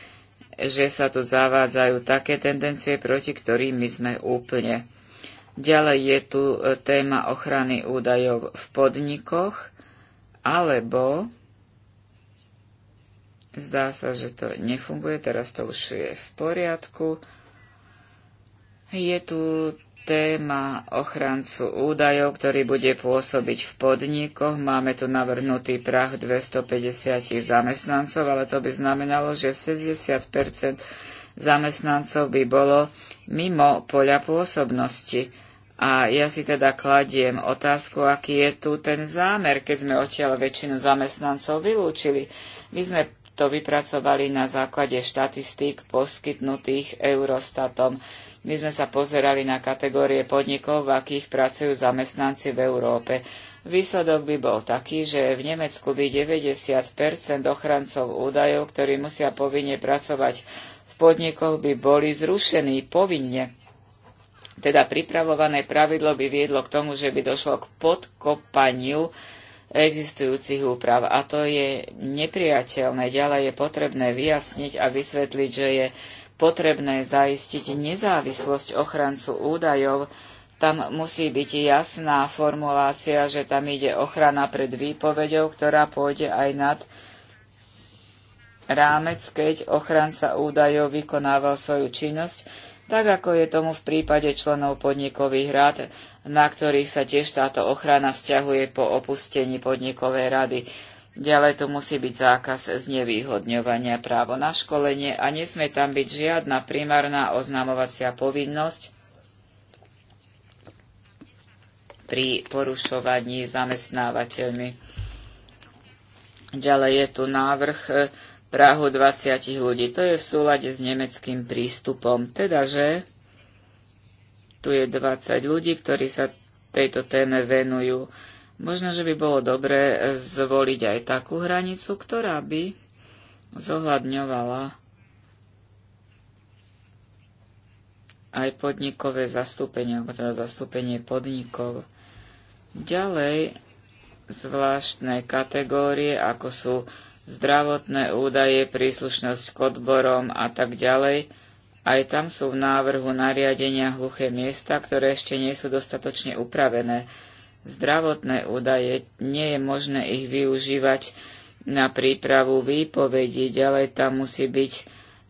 že sa tu zavádzajú také tendencie, proti ktorým my sme úplne. Ďalej je tu e, téma ochrany údajov v podnikoch, alebo zdá sa, že to nefunguje, teraz to už je v poriadku. Je tu téma ochrancu údajov, ktorý bude pôsobiť v podnikoch. Máme tu navrhnutý prach 250 zamestnancov, ale to by znamenalo, že 60 zamestnancov by bolo mimo poľa pôsobnosti. A ja si teda kladiem otázku, aký je tu ten zámer, keď sme odtiaľ väčšinu zamestnancov vylúčili. My sme to vypracovali na základe štatistík poskytnutých Eurostatom. My sme sa pozerali na kategórie podnikov, v akých pracujú zamestnanci v Európe. Výsledok by bol taký, že v Nemecku by 90 ochrancov údajov, ktorí musia povinne pracovať v podnikoch, by boli zrušení povinne. Teda pripravované pravidlo by viedlo k tomu, že by došlo k podkopaniu existujúcich úprav. A to je nepriateľné. Ďalej je potrebné vyjasniť a vysvetliť, že je potrebné zaistiť nezávislosť ochrancu údajov, tam musí byť jasná formulácia, že tam ide ochrana pred výpovedou, ktorá pôjde aj nad rámec, keď ochranca údajov vykonával svoju činnosť, tak ako je tomu v prípade členov podnikových rád, na ktorých sa tiež táto ochrana vzťahuje po opustení podnikovej rady. Ďalej tu musí byť zákaz znevýhodňovania právo na školenie a nesmie tam byť žiadna primárna oznamovacia povinnosť pri porušovaní zamestnávateľmi. Ďalej je tu návrh eh, Prahu 20 ľudí. To je v súlade s nemeckým prístupom. Teda, že tu je 20 ľudí, ktorí sa tejto téme venujú Možno, že by bolo dobré zvoliť aj takú hranicu, ktorá by zohľadňovala aj podnikové zastúpenie, alebo teda zastúpenie podnikov. Ďalej zvláštne kategórie, ako sú zdravotné údaje, príslušnosť k odborom a tak ďalej, aj tam sú v návrhu nariadenia hluché miesta, ktoré ešte nie sú dostatočne upravené zdravotné údaje. Nie je možné ich využívať na prípravu výpovedí. Ďalej tam musí byť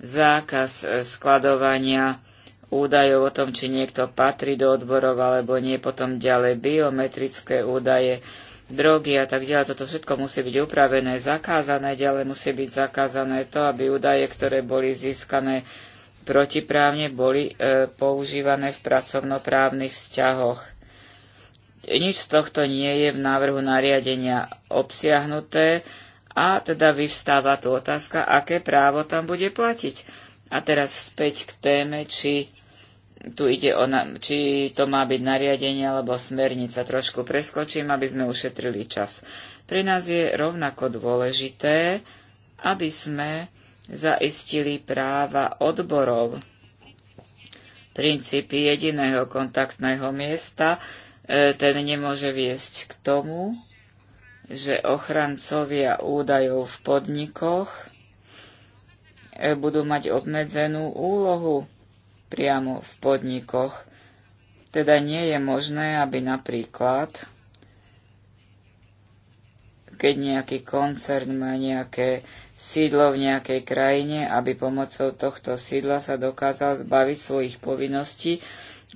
zákaz e, skladovania údajov o tom, či niekto patrí do odborov alebo nie, potom ďalej biometrické údaje, drogy a tak ďalej. Toto všetko musí byť upravené, zakázané, ďalej musí byť zakázané to, aby údaje, ktoré boli získané protiprávne, boli e, používané v pracovnoprávnych vzťahoch. Nič z tohto nie je v návrhu nariadenia obsiahnuté a teda vyvstáva tu otázka, aké právo tam bude platiť. A teraz späť k téme, či tu ide o, či to má byť nariadenie alebo smernica. Trošku preskočím, aby sme ušetrili čas. Pre nás je rovnako dôležité, aby sme zaistili práva odborov. Princípy jediného kontaktného miesta E, ten nemôže viesť k tomu, že ochrancovia údajov v podnikoch e, budú mať obmedzenú úlohu priamo v podnikoch. Teda nie je možné, aby napríklad, keď nejaký koncern má nejaké sídlo v nejakej krajine, aby pomocou tohto sídla sa dokázal zbaviť svojich povinností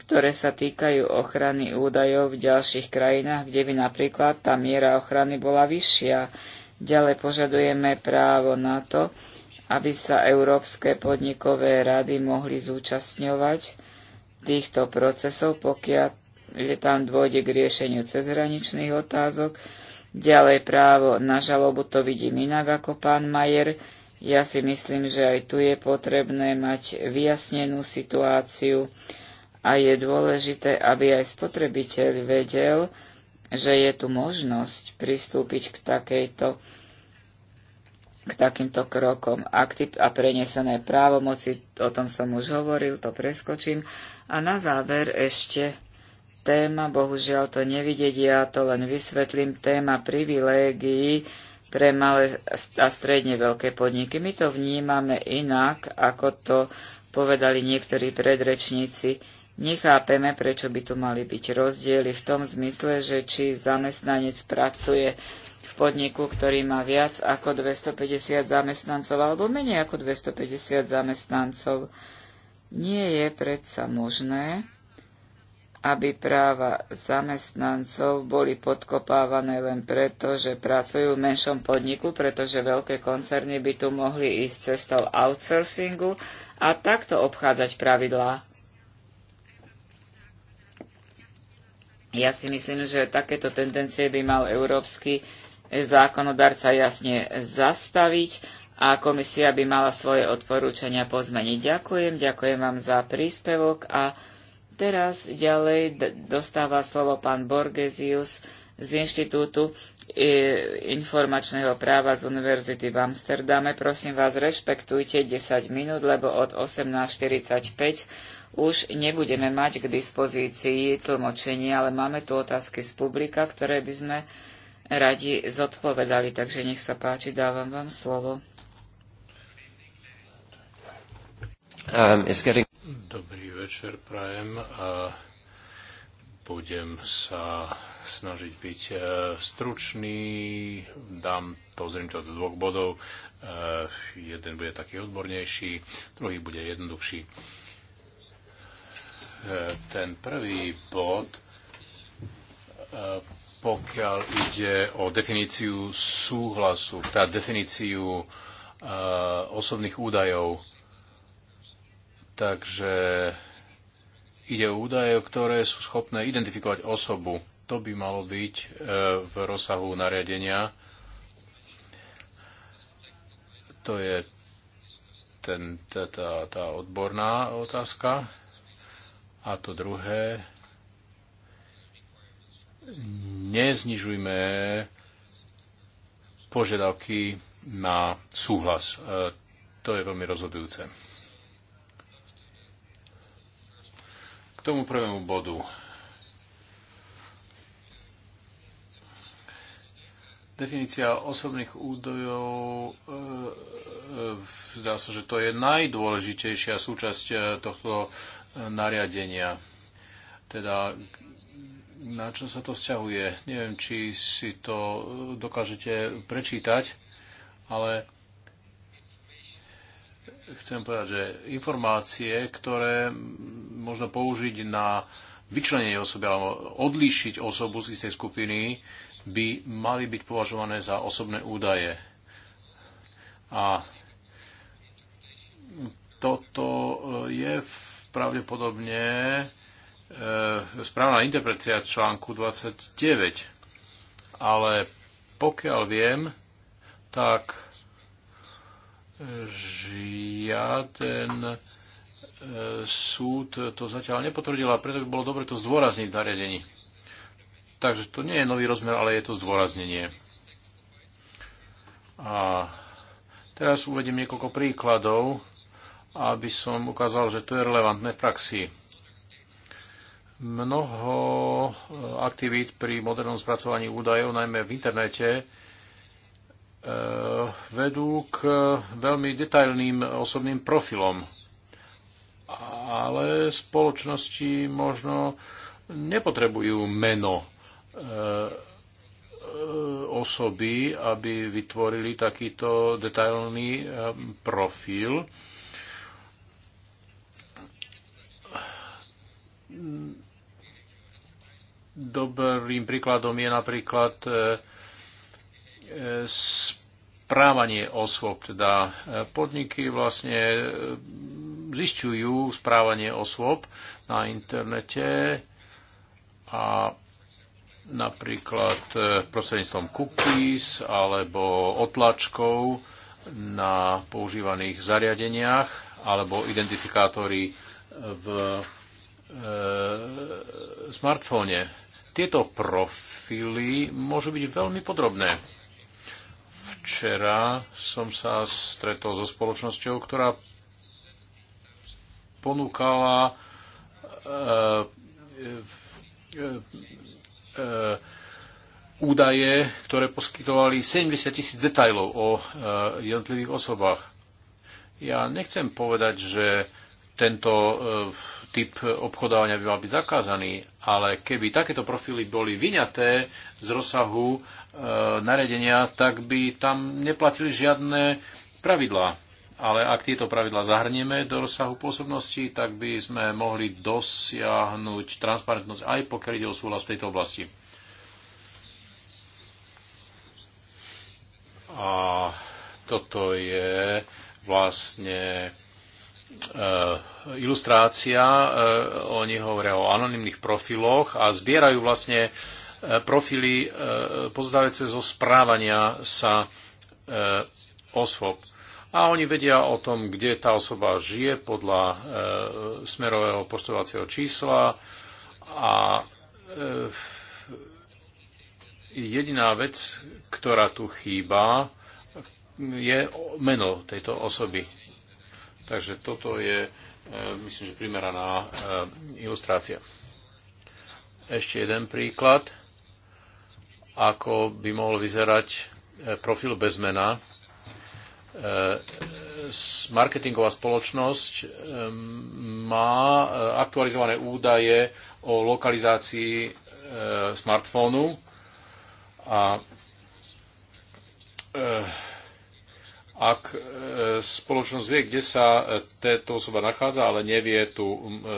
ktoré sa týkajú ochrany údajov v ďalších krajinách, kde by napríklad tá miera ochrany bola vyššia. Ďalej požadujeme právo na to, aby sa európske podnikové rady mohli zúčastňovať týchto procesov, pokiaľ tam dôjde k riešeniu cezhraničných otázok. Ďalej právo na žalobu to vidím inak ako pán Majer. Ja si myslím, že aj tu je potrebné mať vyjasnenú situáciu a je dôležité, aby aj spotrebiteľ vedel, že je tu možnosť pristúpiť k takejto k takýmto krokom. aktiv a prenesené právomoci, o tom som už hovoril, to preskočím. A na záver ešte téma, bohužiaľ to nevidieť, ja to len vysvetlím, téma privilégií pre malé a stredne veľké podniky. My to vnímame inak, ako to povedali niektorí predrečníci Nechápeme, prečo by tu mali byť rozdiely v tom zmysle, že či zamestnanec pracuje v podniku, ktorý má viac ako 250 zamestnancov alebo menej ako 250 zamestnancov. Nie je predsa možné, aby práva zamestnancov boli podkopávané len preto, že pracujú v menšom podniku, pretože veľké koncerny by tu mohli ísť cestou outsourcingu a takto obchádzať pravidlá. Ja si myslím, že takéto tendencie by mal európsky zákonodarca jasne zastaviť a komisia by mala svoje odporúčania pozmeniť. Ďakujem, ďakujem vám za príspevok a teraz ďalej dostáva slovo pán Borgesius z Inštitútu e, informačného práva z Univerzity v Amsterdame. Prosím vás, rešpektujte 10 minút, lebo od 18.45 už nebudeme mať k dispozícii tlmočenie, ale máme tu otázky z publika, ktoré by sme radi zodpovedali. Takže nech sa páči, dávam vám slovo. Um, getting... Dobrý večer, Prajem. budem sa snažiť byť e, stručný. Dám to zrejme do dvoch bodov. E, jeden bude taký odbornejší, druhý bude jednoduchší ten prvý bod, eh, pokiaľ ide o definíciu súhlasu, teda definíciu eh, osobných údajov. Takže ide o údaje, ktoré sú schopné identifikovať osobu. To by malo byť eh, v rozsahu nariadenia. To je ten, tá, tá odborná otázka. A to druhé, neznižujme požiadavky na súhlas. E, to je veľmi rozhodujúce. K tomu prvému bodu. Definícia osobných údajov, e, e, zdá sa, že to je najdôležitejšia súčasť tohto nariadenia. Teda na čo sa to vzťahuje? Neviem, či si to e, dokážete prečítať, ale chcem povedať, že informácie, ktoré možno použiť na vyčlenenie osoby alebo odlíšiť osobu z istej skupiny, by mali byť považované za osobné údaje. A toto e, je v pravdepodobne e, správna interpretácia článku 29. Ale pokiaľ viem, tak žiaden e, súd to zatiaľ nepotvrdil a preto by bolo dobre to zdôrazniť v nariadení. Takže to nie je nový rozmer, ale je to zdôraznenie. A teraz uvediem niekoľko príkladov aby som ukázal, že to je relevantné v praxi. Mnoho eh, aktivít pri modernom spracovaní údajov, najmä v internete, eh, vedú k veľmi detailným osobným profilom. Ale spoločnosti možno nepotrebujú meno eh, osoby, aby vytvorili takýto detailný profil Dobrým príkladom je napríklad e, e, správanie osôb, teda e, podniky vlastne zisťujú správanie osôb na internete a napríklad prostredníctvom cookies alebo otlačkov na používaných zariadeniach alebo identifikátory v E, smartfóne. Tieto profily môžu byť veľmi podrobné. Včera som sa stretol so spoločnosťou, ktorá ponúkala e, e, údaje, ktoré poskytovali 70 tisíc detajlov o jednotlivých osobách. Ja nechcem povedať, že tento typ obchodovania by mal byť zakázaný, ale keby takéto profily boli vyňaté z rozsahu e, naredenia, tak by tam neplatili žiadne pravidlá. Ale ak tieto pravidlá zahrnieme do rozsahu pôsobnosti, tak by sme mohli dosiahnuť transparentnosť aj pokiaľ ide o súhlas v tejto oblasti. A toto je vlastne Eh, ilustrácia. Eh, oni hovoria o anonimných profiloch a zbierajú vlastne eh, profily pozdravece zo správania sa osôb. A oni vedia o tom, kde tá osoba žije podľa smerového postovacieho čísla a jediná vec, ktorá tu chýba, je meno tejto osoby Takže toto je, e, myslím, že primeraná e, ilustrácia. Ešte jeden príklad, ako by mohol vyzerať e, profil bez mena. Marketingová spoločnosť má aktualizované údaje o lokalizácii smartfónu a ak e, spoločnosť vie, kde sa e, táto osoba nachádza, ale nevie, tu, e,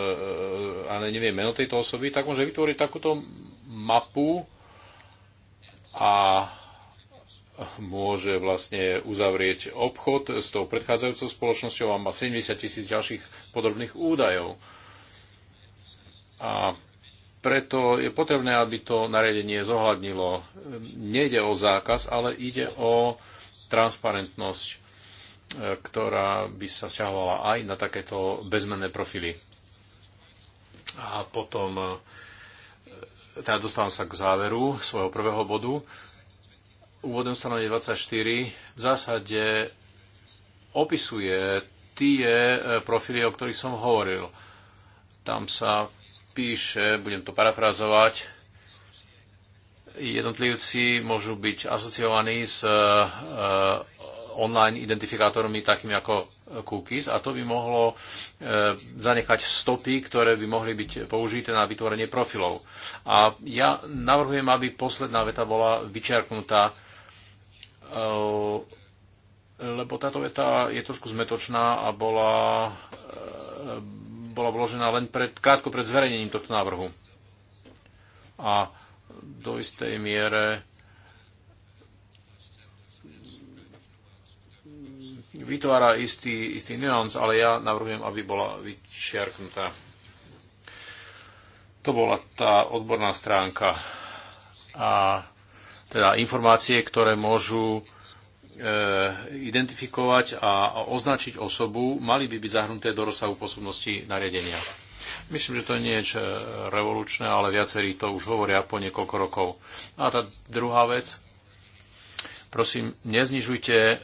ale nevie meno tejto osoby, tak môže vytvoriť takúto mapu a môže vlastne uzavrieť obchod s tou predchádzajúcou spoločnosťou a má 70 tisíc ďalších podobných údajov. A preto je potrebné, aby to nariadenie zohľadnilo. Nejde o zákaz, ale ide o transparentnosť, e, ktorá by sa vzťahovala aj na takéto bezmenné profily. A potom e, teda dostávam sa k záveru svojho prvého bodu. Úvodom strany 24 v zásade opisuje tie e, profily, o ktorých som hovoril. Tam sa píše, budem to parafrazovať, jednotlivci môžu byť asociovaní s eh, eh, online identifikátormi takými ako eh, cookies a to by mohlo zanechať stopy, ktoré by mohli byť použité na vytvorenie profilov. A ja navrhujem, aby posledná veta bola vyčerknutá, lebo táto veta je trošku zmetočná a bola, bola vložená len pred, krátko pred zverejnením tohto návrhu. A do istej miere vytvára istý, istý nuans, ale ja navrhujem, aby bola vyčiarknutá. To bola tá odborná stránka. A teda informácie, ktoré môžu e, identifikovať a označiť osobu, mali by byť zahrnuté do rozsahu posobnosti nariadenia. Myslím, že to nie je eh, revolučné, ale viacerí to už hovoria po niekoľko rokov. A tá druhá vec, prosím, neznižujte eh,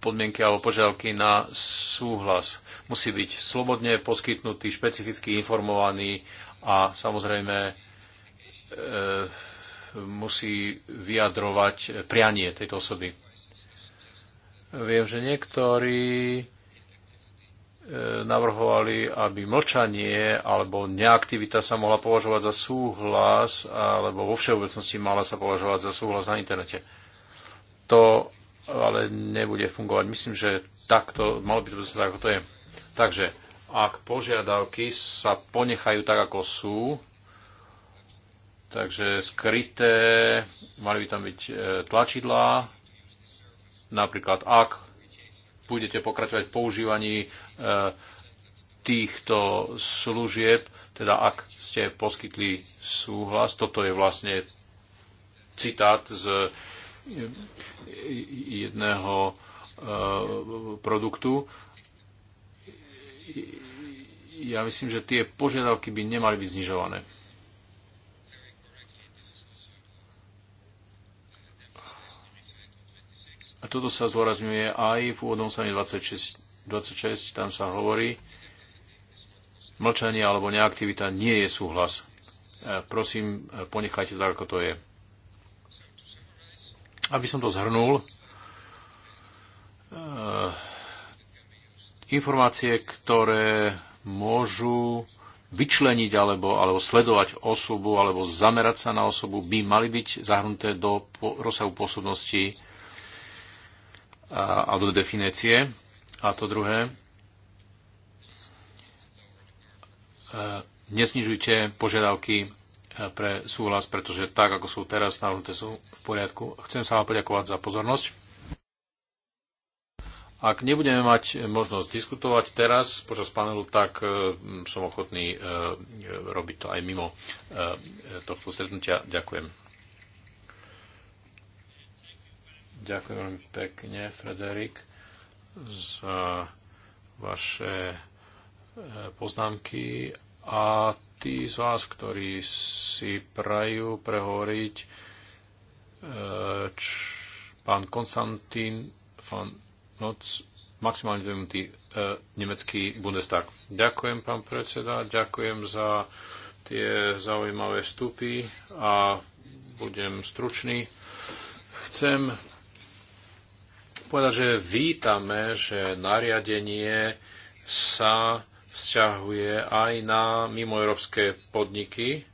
podmienky alebo požiadavky na súhlas. Musí byť slobodne poskytnutý, špecificky informovaný a samozrejme eh, musí vyjadrovať prianie tejto osoby. Viem, že niektorí E, navrhovali, aby mlčanie alebo neaktivita sa mohla považovať za súhlas, alebo vo všeobecnosti mala sa považovať za súhlas na internete. To ale nebude fungovať. Myslím, že takto, malo by to byť tak, ako to je. Takže, ak požiadavky sa ponechajú tak, ako sú, takže skryté, mali by tam byť e, tlačidlá, napríklad ak budete pokračovať v používaní e, týchto služieb, teda ak ste poskytli súhlas, toto je vlastne citát z jedného e, produktu. Ja myslím, že tie požiadavky by nemali byť znižované. A toto sa zdôrazňuje aj v úvodnom strane 26, 26, tam sa hovorí, mlčanie alebo neaktivita nie je súhlas. E, prosím, e, ponechajte to, ako to je. Aby som to zhrnul, e, informácie, ktoré môžu vyčleniť alebo, alebo sledovať osobu alebo zamerať sa na osobu, by mali byť zahrnuté do rozsahu pôsobnosti a, do definície. A to druhé, e, nesnižujte požiadavky e, pre súhlas, pretože tak, ako sú teraz navrhnuté, sú v poriadku. Chcem sa vám poďakovať za pozornosť. Ak nebudeme mať možnosť diskutovať teraz počas panelu, tak e, som ochotný robiť to aj mimo tohto stretnutia. Ďakujem. Ďakujem veľmi pekne, Frederik, za vaše eh, poznámky a tí z vás, ktorí si prajú prehovoriť, eh, č, pán Konstantín van Noc, maximálne dve minúty, eh, nemecký Bundestag. Ďakujem, pán predseda, ďakujem za tie zaujímavé vstupy a budem stručný. Chcem povedať, že vítame, že nariadenie sa vzťahuje aj na mimoeurópske podniky,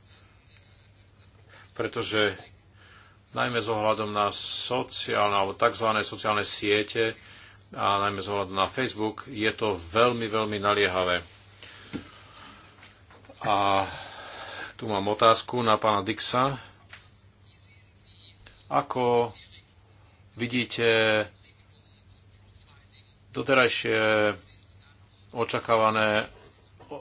pretože najmä z ohľadom na sociálne alebo tzv. sociálne siete a najmä z ohľadom na Facebook je to veľmi, veľmi naliehavé. A tu mám otázku na pána Dixa. Ako vidíte doterajšie očakávané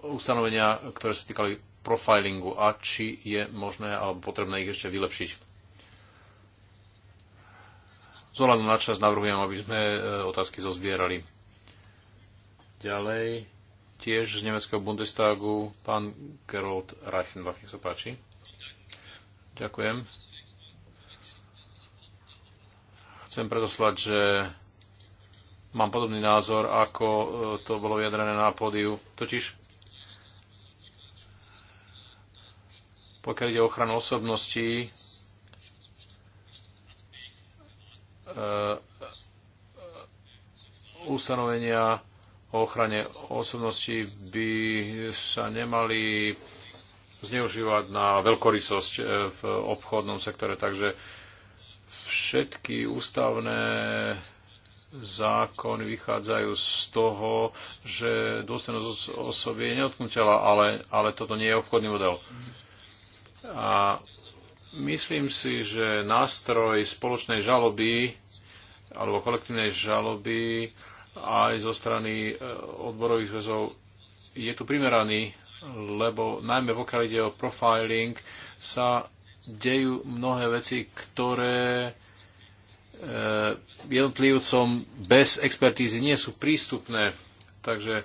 ustanovenia, ktoré sa týkali profilingu a či je možné alebo potrebné ich ešte vylepšiť. Zohľadom na čas navrhujem, aby sme e, otázky zozbierali. Ďalej tiež z nemeckého Bundestagu pán Gerold Reichenbach, nech sa páči. Ďakujem. Chcem predoslať, že mám podobný názor, ako e, to bolo vyjadrené na pódiu. Totiž, pokiaľ ide o ochranu osobností, e, e, ustanovenia o ochrane osobnosti by sa nemali zneužívať na veľkorysosť v obchodnom sektore. Takže všetky ústavné zákony vychádzajú z toho, že dôstojnosť osoby je neodknutela, ale, ale toto nie je obchodný model. A myslím si, že nástroj spoločnej žaloby alebo kolektívnej žaloby aj zo strany e, odborových zväzov je tu primeraný, lebo najmä pokiaľ ide o profiling, sa dejú mnohé veci, ktoré E, jednotlivcom bez expertízy nie sú prístupné. Takže e,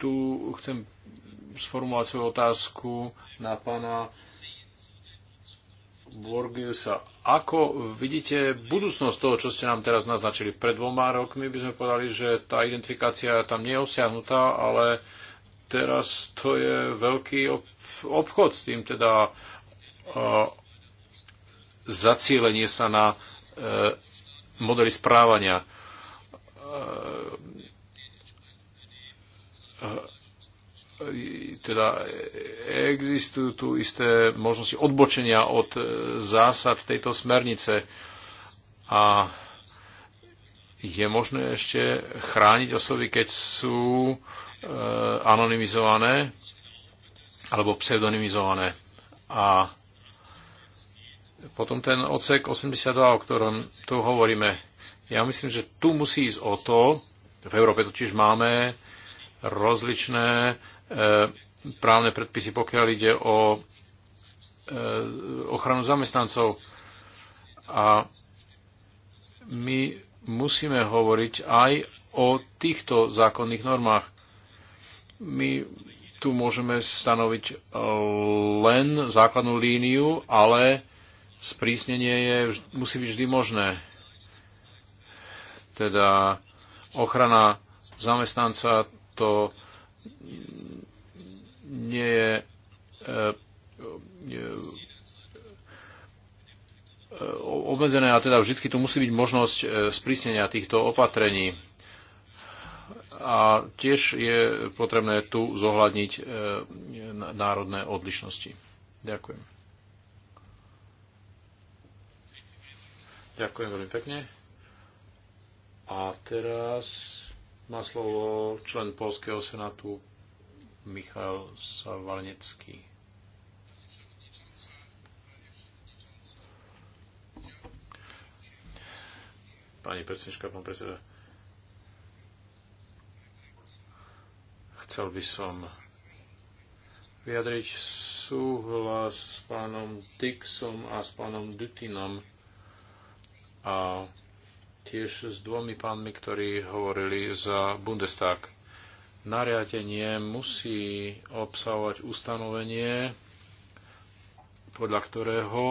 tu chcem sformulovať svoju otázku na pána Borgiusa. Ako vidíte budúcnosť toho, čo ste nám teraz naznačili? Pred dvoma rokmi by sme povedali, že tá identifikácia tam nie je osiahnutá, ale teraz to je veľký obchod s tým, teda e, zacielenie sa na e, modely správania. E, e, teda existujú tu isté možnosti odbočenia od e, zásad tejto smernice a je možné ešte chrániť osoby, keď sú e, anonymizované alebo pseudonymizované. A potom ten odsek 82, o ktorom tu hovoríme, ja myslím, že tu musí ísť o to, v Európe totiž máme rozličné e, právne predpisy, pokiaľ ide o e, ochranu zamestnancov. A my musíme hovoriť aj o týchto zákonných normách. My tu môžeme stanoviť len základnú líniu, ale Sprísnenie je, musí byť vždy možné. Teda ochrana zamestnanca to nie je e, e, obmedzené a teda vždy tu musí byť možnosť e, sprísnenia týchto opatrení. A tiež je potrebné tu zohľadniť národné odlišnosti. Ďakujem. Ďakujem veľmi pekne. A teraz má slovo člen Polského senátu Michal Savalnecký. Pani predsednička, pán predseda, chcel by som vyjadriť súhlas s pánom Dixom a s pánom Dutinom a tiež s dvomi pánmi, ktorí hovorili za Bundestag. Nariadenie musí obsahovať ustanovenie, podľa ktorého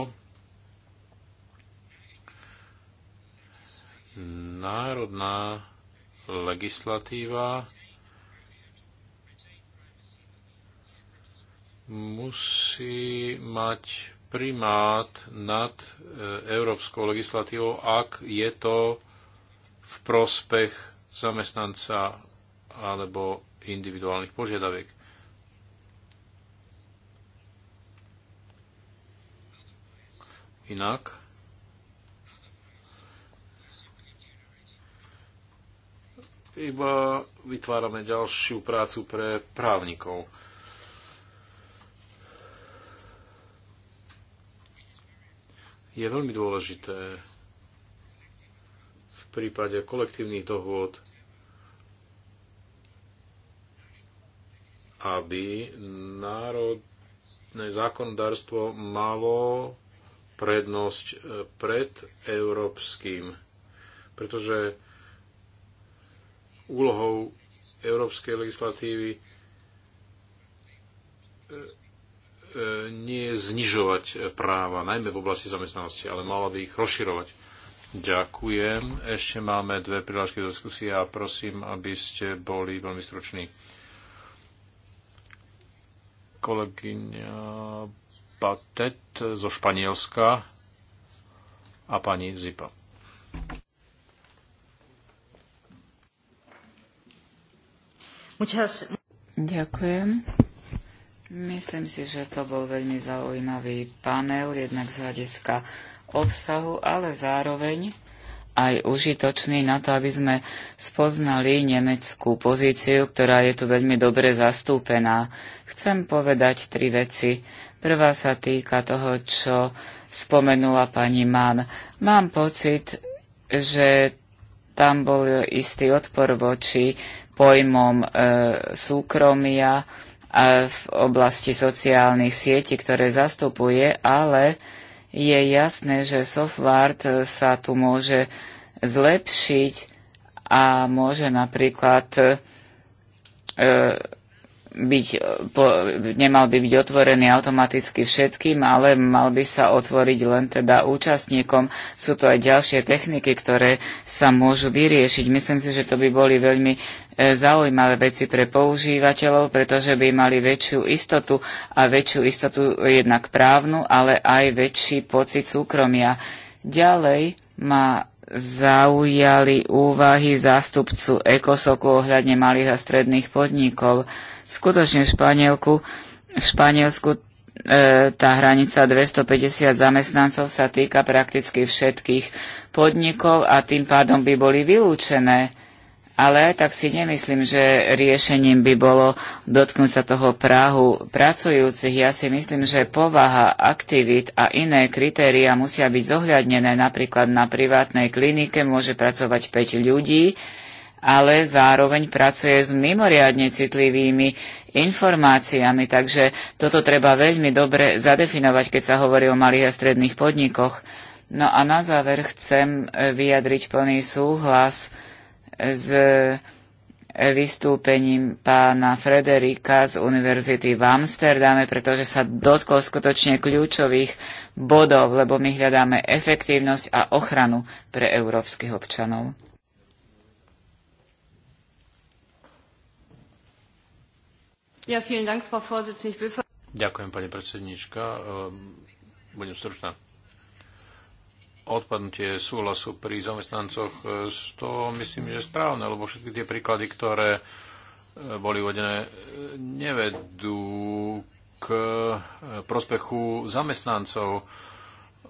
národná legislatíva musí mať primát nad e, európskou legislatívou, ak je to v prospech zamestnanca alebo individuálnych požiadaviek. Inak iba vytvárame ďalšiu prácu pre právnikov. je veľmi dôležité v prípade kolektívnych dohôd, aby národné zákonodárstvo malo prednosť eh, pred európskym, pretože úlohou európskej legislatívy eh, nie znižovať práva, najmä v oblasti zamestnanosti, ale mala by ich rozširovať. Ďakujem. Ešte máme dve prihlášky do diskusie a prosím, aby ste boli veľmi struční. Kolegyňa Batet zo Španielska a pani Zipa. Ďakujem. Myslím si, že to bol veľmi zaujímavý panel, jednak z hľadiska obsahu, ale zároveň aj užitočný na to, aby sme spoznali nemeckú pozíciu, ktorá je tu veľmi dobre zastúpená. Chcem povedať tri veci. Prvá sa týka toho, čo spomenula pani Mann. Mám pocit, že tam bol istý odpor voči pojmom e, súkromia, v oblasti sociálnych sietí, ktoré zastupuje, ale je jasné, že software sa tu môže zlepšiť a môže napríklad e, byť, po, nemal by byť otvorený automaticky všetkým, ale mal by sa otvoriť len teda účastníkom. Sú to aj ďalšie techniky, ktoré sa môžu vyriešiť. Myslím si, že to by boli veľmi E, zaujímavé veci pre používateľov, pretože by mali väčšiu istotu a väčšiu istotu jednak právnu, ale aj väčší pocit súkromia. Ďalej ma zaujali úvahy zástupcu Ekosoku ohľadne malých a stredných podnikov. Skutočne v, Španielku, v Španielsku e, tá hranica 250 zamestnancov sa týka prakticky všetkých podnikov a tým pádom by boli vylúčené ale tak si nemyslím, že riešením by bolo dotknúť sa toho práhu pracujúcich. Ja si myslím, že povaha aktivít a iné kritéria musia byť zohľadnené. Napríklad na privátnej klinike môže pracovať 5 ľudí, ale zároveň pracuje s mimoriadne citlivými informáciami, takže toto treba veľmi dobre zadefinovať, keď sa hovorí o malých a stredných podnikoch. No a na záver chcem eh, vyjadriť plný súhlas s e, vystúpením pána Frederika z Univerzity v Amsterdame, pretože sa dotkol skutočne kľúčových bodov, lebo my hľadáme efektívnosť a ochranu pre európskych občanov. Ďakujem, pani predsednička. Ehm, budem stručná odpadnutie súhlasu pri zamestnancoch, e, to myslím, že je správne, lebo všetky tie príklady, ktoré e, boli uvedené, e, nevedú k prospechu zamestnancov,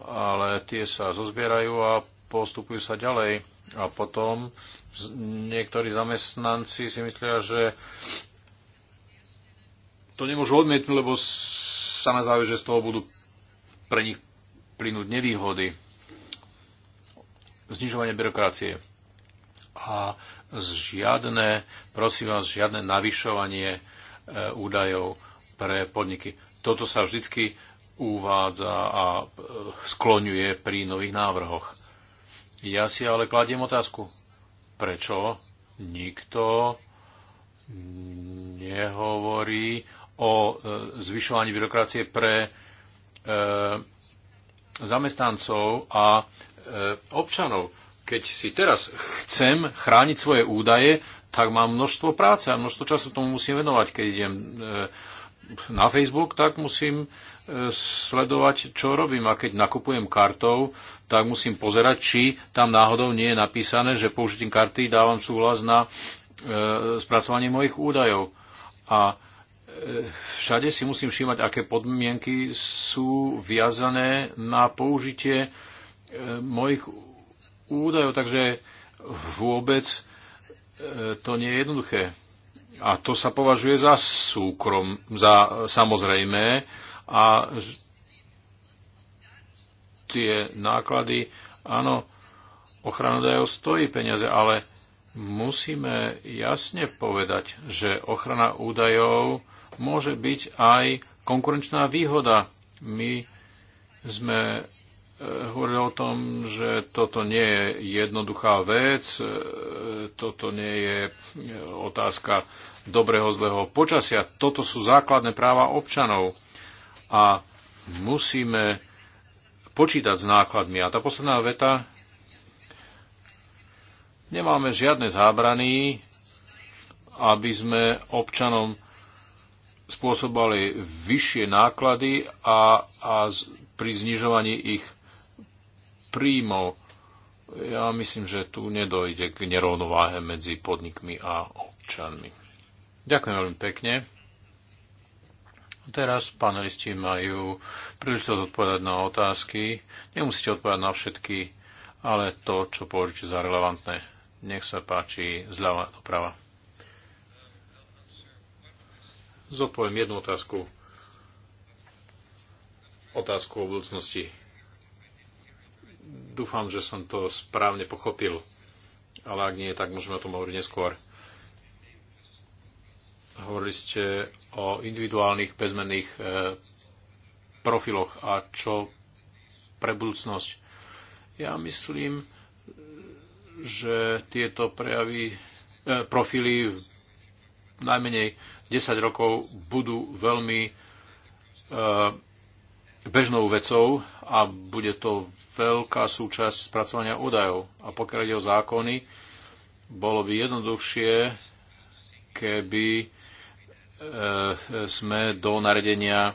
ale tie sa zozbierajú a postupujú sa ďalej. A potom niektorí zamestnanci si myslia, že to nemôžu odmietnúť, lebo sa nazdávajú, že z toho budú pre nich plynúť nevýhody znižovanie byrokracie. A žiadne, prosím vás, žiadne navyšovanie e, údajov pre podniky. Toto sa vždycky uvádza a e, skloňuje pri nových návrhoch. Ja si ale kladiem otázku, prečo nikto nehovorí o e, zvyšovaní byrokracie pre zamestnancov a E, občanov. Keď si teraz chcem chrániť svoje údaje, tak mám množstvo práce a množstvo času tomu musím venovať. Keď idem e, na Facebook, tak musím e, sledovať, čo robím. A keď nakupujem kartou, tak musím pozerať, či tam náhodou nie je napísané, že použitím karty dávam súhlas na spracovanie mojich údajov. A všade si musím všímať, aké podmienky sú viazané na použitie mojich údajov, takže vôbec e, to nie je jednoduché. A to sa považuje za súkrom, za samozrejmé a tie náklady, áno, ochrana údajov stojí peniaze, ale musíme jasne povedať, že ochrana údajov môže byť aj konkurenčná výhoda. My sme hovoril o tom, že toto nie je jednoduchá vec, e, toto nie je e, otázka dobrého, zlého počasia. Toto sú základné práva občanov a musíme počítať s nákladmi. A tá posledná veta, nemáme žiadne zábrany, aby sme občanom spôsobali vyššie náklady a, a pri znižovaní ich príjmov. Ja myslím, že tu nedojde k nerovnováhe medzi podnikmi a občanmi. Ďakujem veľmi pekne. Teraz panelisti majú príležitosť odpovedať na otázky. Nemusíte odpovedať na všetky, ale to, čo považujete za relevantné. Nech sa páči zľava doprava. Zodpoviem jednu otázku. Otázku o budúcnosti. Dúfam, že som to správne pochopil, ale ak nie, tak môžeme o tom hovoriť neskôr. Hovorili ste o individuálnych bezmenných e, profiloch a čo pre budúcnosť. Ja myslím, že tieto prejavy, e, profily najmenej 10 rokov budú veľmi e, bežnou vecou a bude to veľká súčasť spracovania údajov. A pokiaľ ide o zákony, bolo by jednoduchšie, keby e, sme do naredenia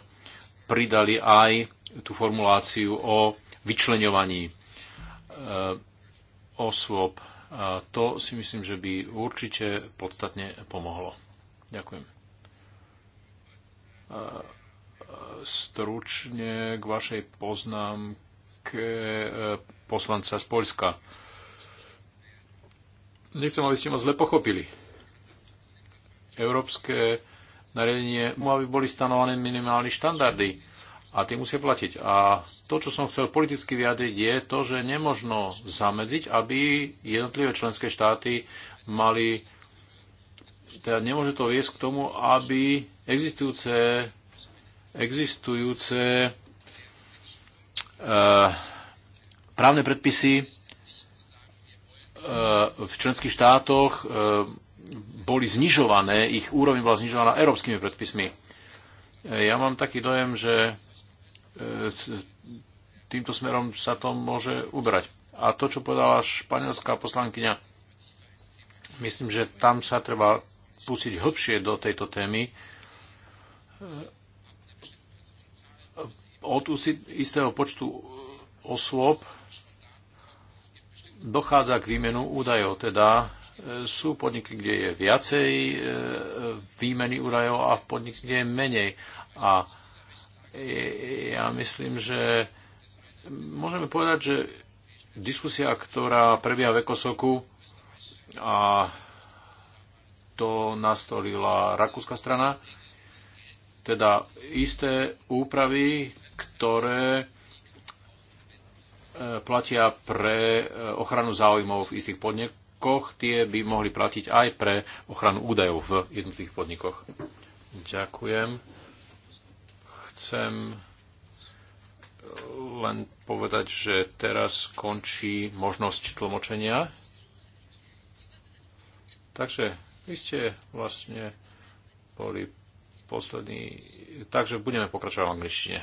pridali aj tú formuláciu o vyčlenovaní e, osôb. A to si myslím, že by určite podstatne pomohlo. Ďakujem. Stručne k vašej poznámke E, poslanca z Polska. Nechcem, aby ste ma zle pochopili. Európske nariadenie, aby boli stanované minimálne štandardy a tie musia platiť. A to, čo som chcel politicky vyjadriť, je to, že nemožno zamedziť, aby jednotlivé členské štáty mali, teda nemôže to viesť k tomu, aby existujúce, existujúce Eh, právne predpisy eh, v členských štátoch eh, boli znižované, ich úroveň bola znižovaná európskymi predpismi. Ja mám taký dojem, že týmto smerom sa to môže uberať. A to, čo povedala španielská poslankyňa, myslím, že tam sa treba pustiť hlbšie do tejto témy od istého počtu e, osôb dochádza k výmenu údajov, teda e, sú podniky, kde je viacej e, výmeny údajov a podniky, kde je menej. A ja myslím, že môžeme povedať, že diskusia, ktorá prebieha v Ekosoku a to nastolila rakúska strana, teda isté úpravy, ktoré e, platia pre e, ochranu záujmov v istých podnikoch, tie by mohli platiť aj pre ochranu údajov v jednotlivých podnikoch. Ďakujem. Chcem e, len povedať, že teraz končí možnosť tlmočenia. Takže vy ste vlastne boli poslední. Takže budeme pokračovať v angličtine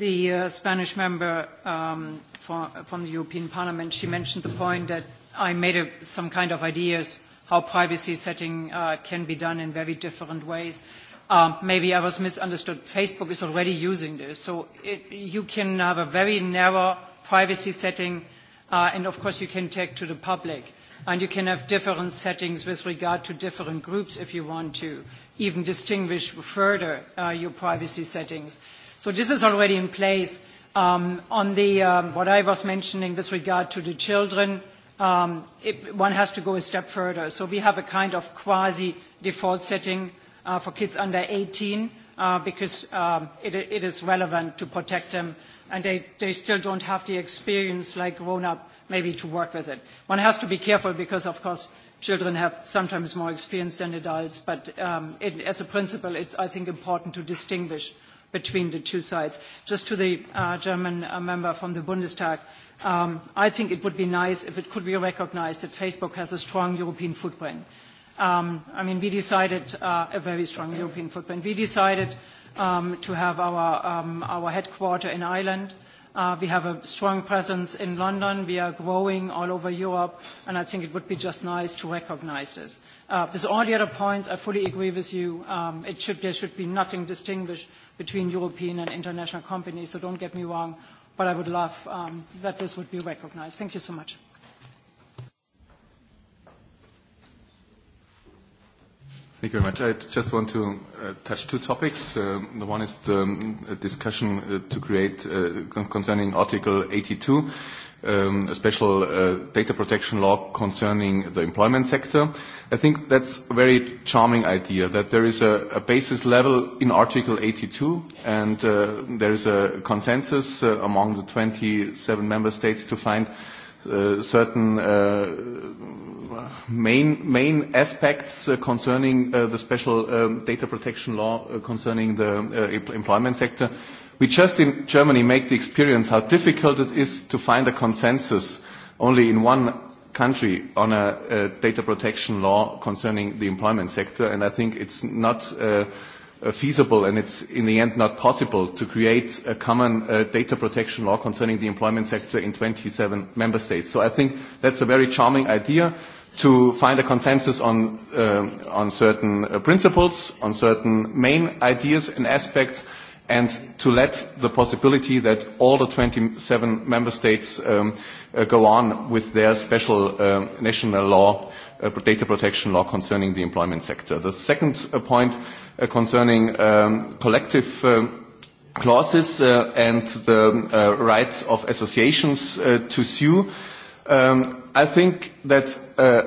the uh, Spanish member um, for, from the European Parliament, she mentioned the point that I made a, some kind of ideas how privacy setting uh, can be done in very different ways. Um, maybe I was misunderstood. Facebook is already using this. So it, you can have a very narrow privacy setting, uh, and of course you can take to the public. And you can have different settings with regard to different groups if you want to, even distinguish further uh, your privacy settings. So this is already in place. Um, on the, um, what I was mentioning with regard to the children, um, it, one has to go a step further. So we have a kind of quasi-default setting uh, for kids under 18 uh, because um, it, it is relevant to protect them and they, they still don't have the experience like grown-up maybe to work with it. One has to be careful because, of course, children have sometimes more experience than adults, but um, it, as a principle, it's, I think, important to distinguish between the two sides. Just to the uh, German uh, member from the Bundestag, um, I think it would be nice if it could be recognized that Facebook has a strong European footprint. Um, I mean, we decided uh, a very strong European footprint. We decided um, to have our, um, our headquarter in Ireland. Uh, we have a strong presence in London. We are growing all over Europe, and I think it would be just nice to recognize this. Uh, with all the other points, I fully agree with you. Um, it should, there should be nothing distinguished between European and international companies, so don't get me wrong, but I would love um, that this would be recognized. Thank you so much. Thank you very much. I just want to uh, touch two topics. Um, the one is the um, discussion uh, to create uh, concerning Article 82 um, a special uh, data protection law concerning the employment sector. I think that's a very charming idea that there is a, a basis level in Article 82 and uh, there is a consensus uh, among the 27 member states to find uh, certain uh, main, main aspects uh, concerning uh, the special um, data protection law uh, concerning the uh, employment sector We just in Germany make the experience how difficult it is to find a consensus only in one country on a, a data protection law concerning the employment sector, and I think it's not uh, uh feasible and it's in the end not possible to create a common uh, data protection law concerning the employment sector in 27 member states. So I think that's a very charming idea to find a consensus on, um, on certain uh, principles, on certain main ideas and aspects, and to let the possibility that all the 27 member states um, uh, go on with their special uh, national law, uh, data protection law concerning the employment sector. The second uh, point uh, concerning um, collective um, clauses uh, and the uh, rights of associations uh, to sue, um, I think that uh,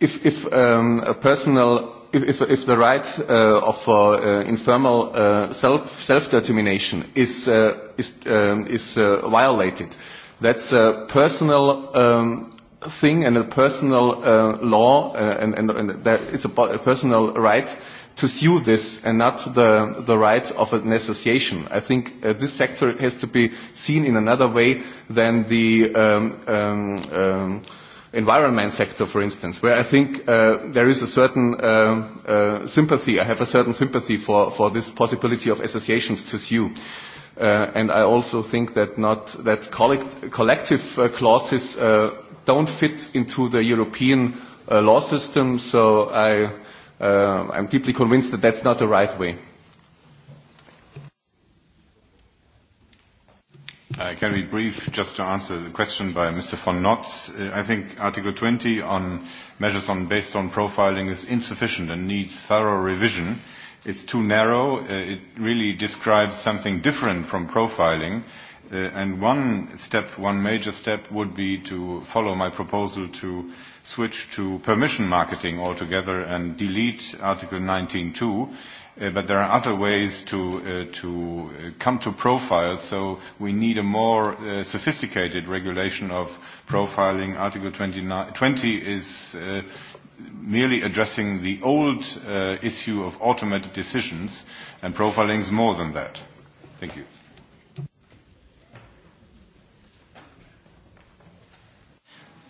if, if um, a personal if, if, if the right uh, of uh, uh informal uh, self self determination is uh, is um, is uh, violated, that's a personal um, thing and a personal uh, law, uh, and, and, and that it's a, a personal right to sue this and not the, the right of an association. I think uh, this sector has to be seen in another way than the um, um, um, environment sector, for instance, where I think uh, there is a certain uh, uh, sympathy, I have a certain sympathy for, for this possibility of associations to sue. Uh, and I also think that, not, that collect, collective uh, clauses uh, don't fit into the European uh, law system, so I, uh, I'm deeply convinced that that's not the right way. I uh, can be brief just to answer the question by Mr. von Notz. Uh, I think Article 20 on measures on based on profiling is insufficient and needs thorough revision. It's too narrow. Uh, it really describes something different from profiling. Uh, and one step, one major step would be to follow my proposal to switch to permission marketing altogether and delete Article 19.2 Uh, but there are other ways to, uh, to uh, come to profiles. So we need a more uh, sophisticated regulation of profiling. Article 29, 20 is uh, merely addressing the old uh, issue of automated decisions, and profiling is more than that. Thank you.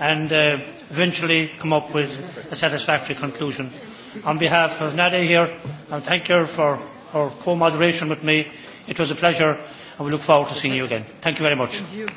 and uh, eventually come up with a satisfactory conclusion. On behalf of Nadia here, I thank you for her co-moderation with me. It was a pleasure, and we look forward to seeing you again. Thank you very much. Thank you.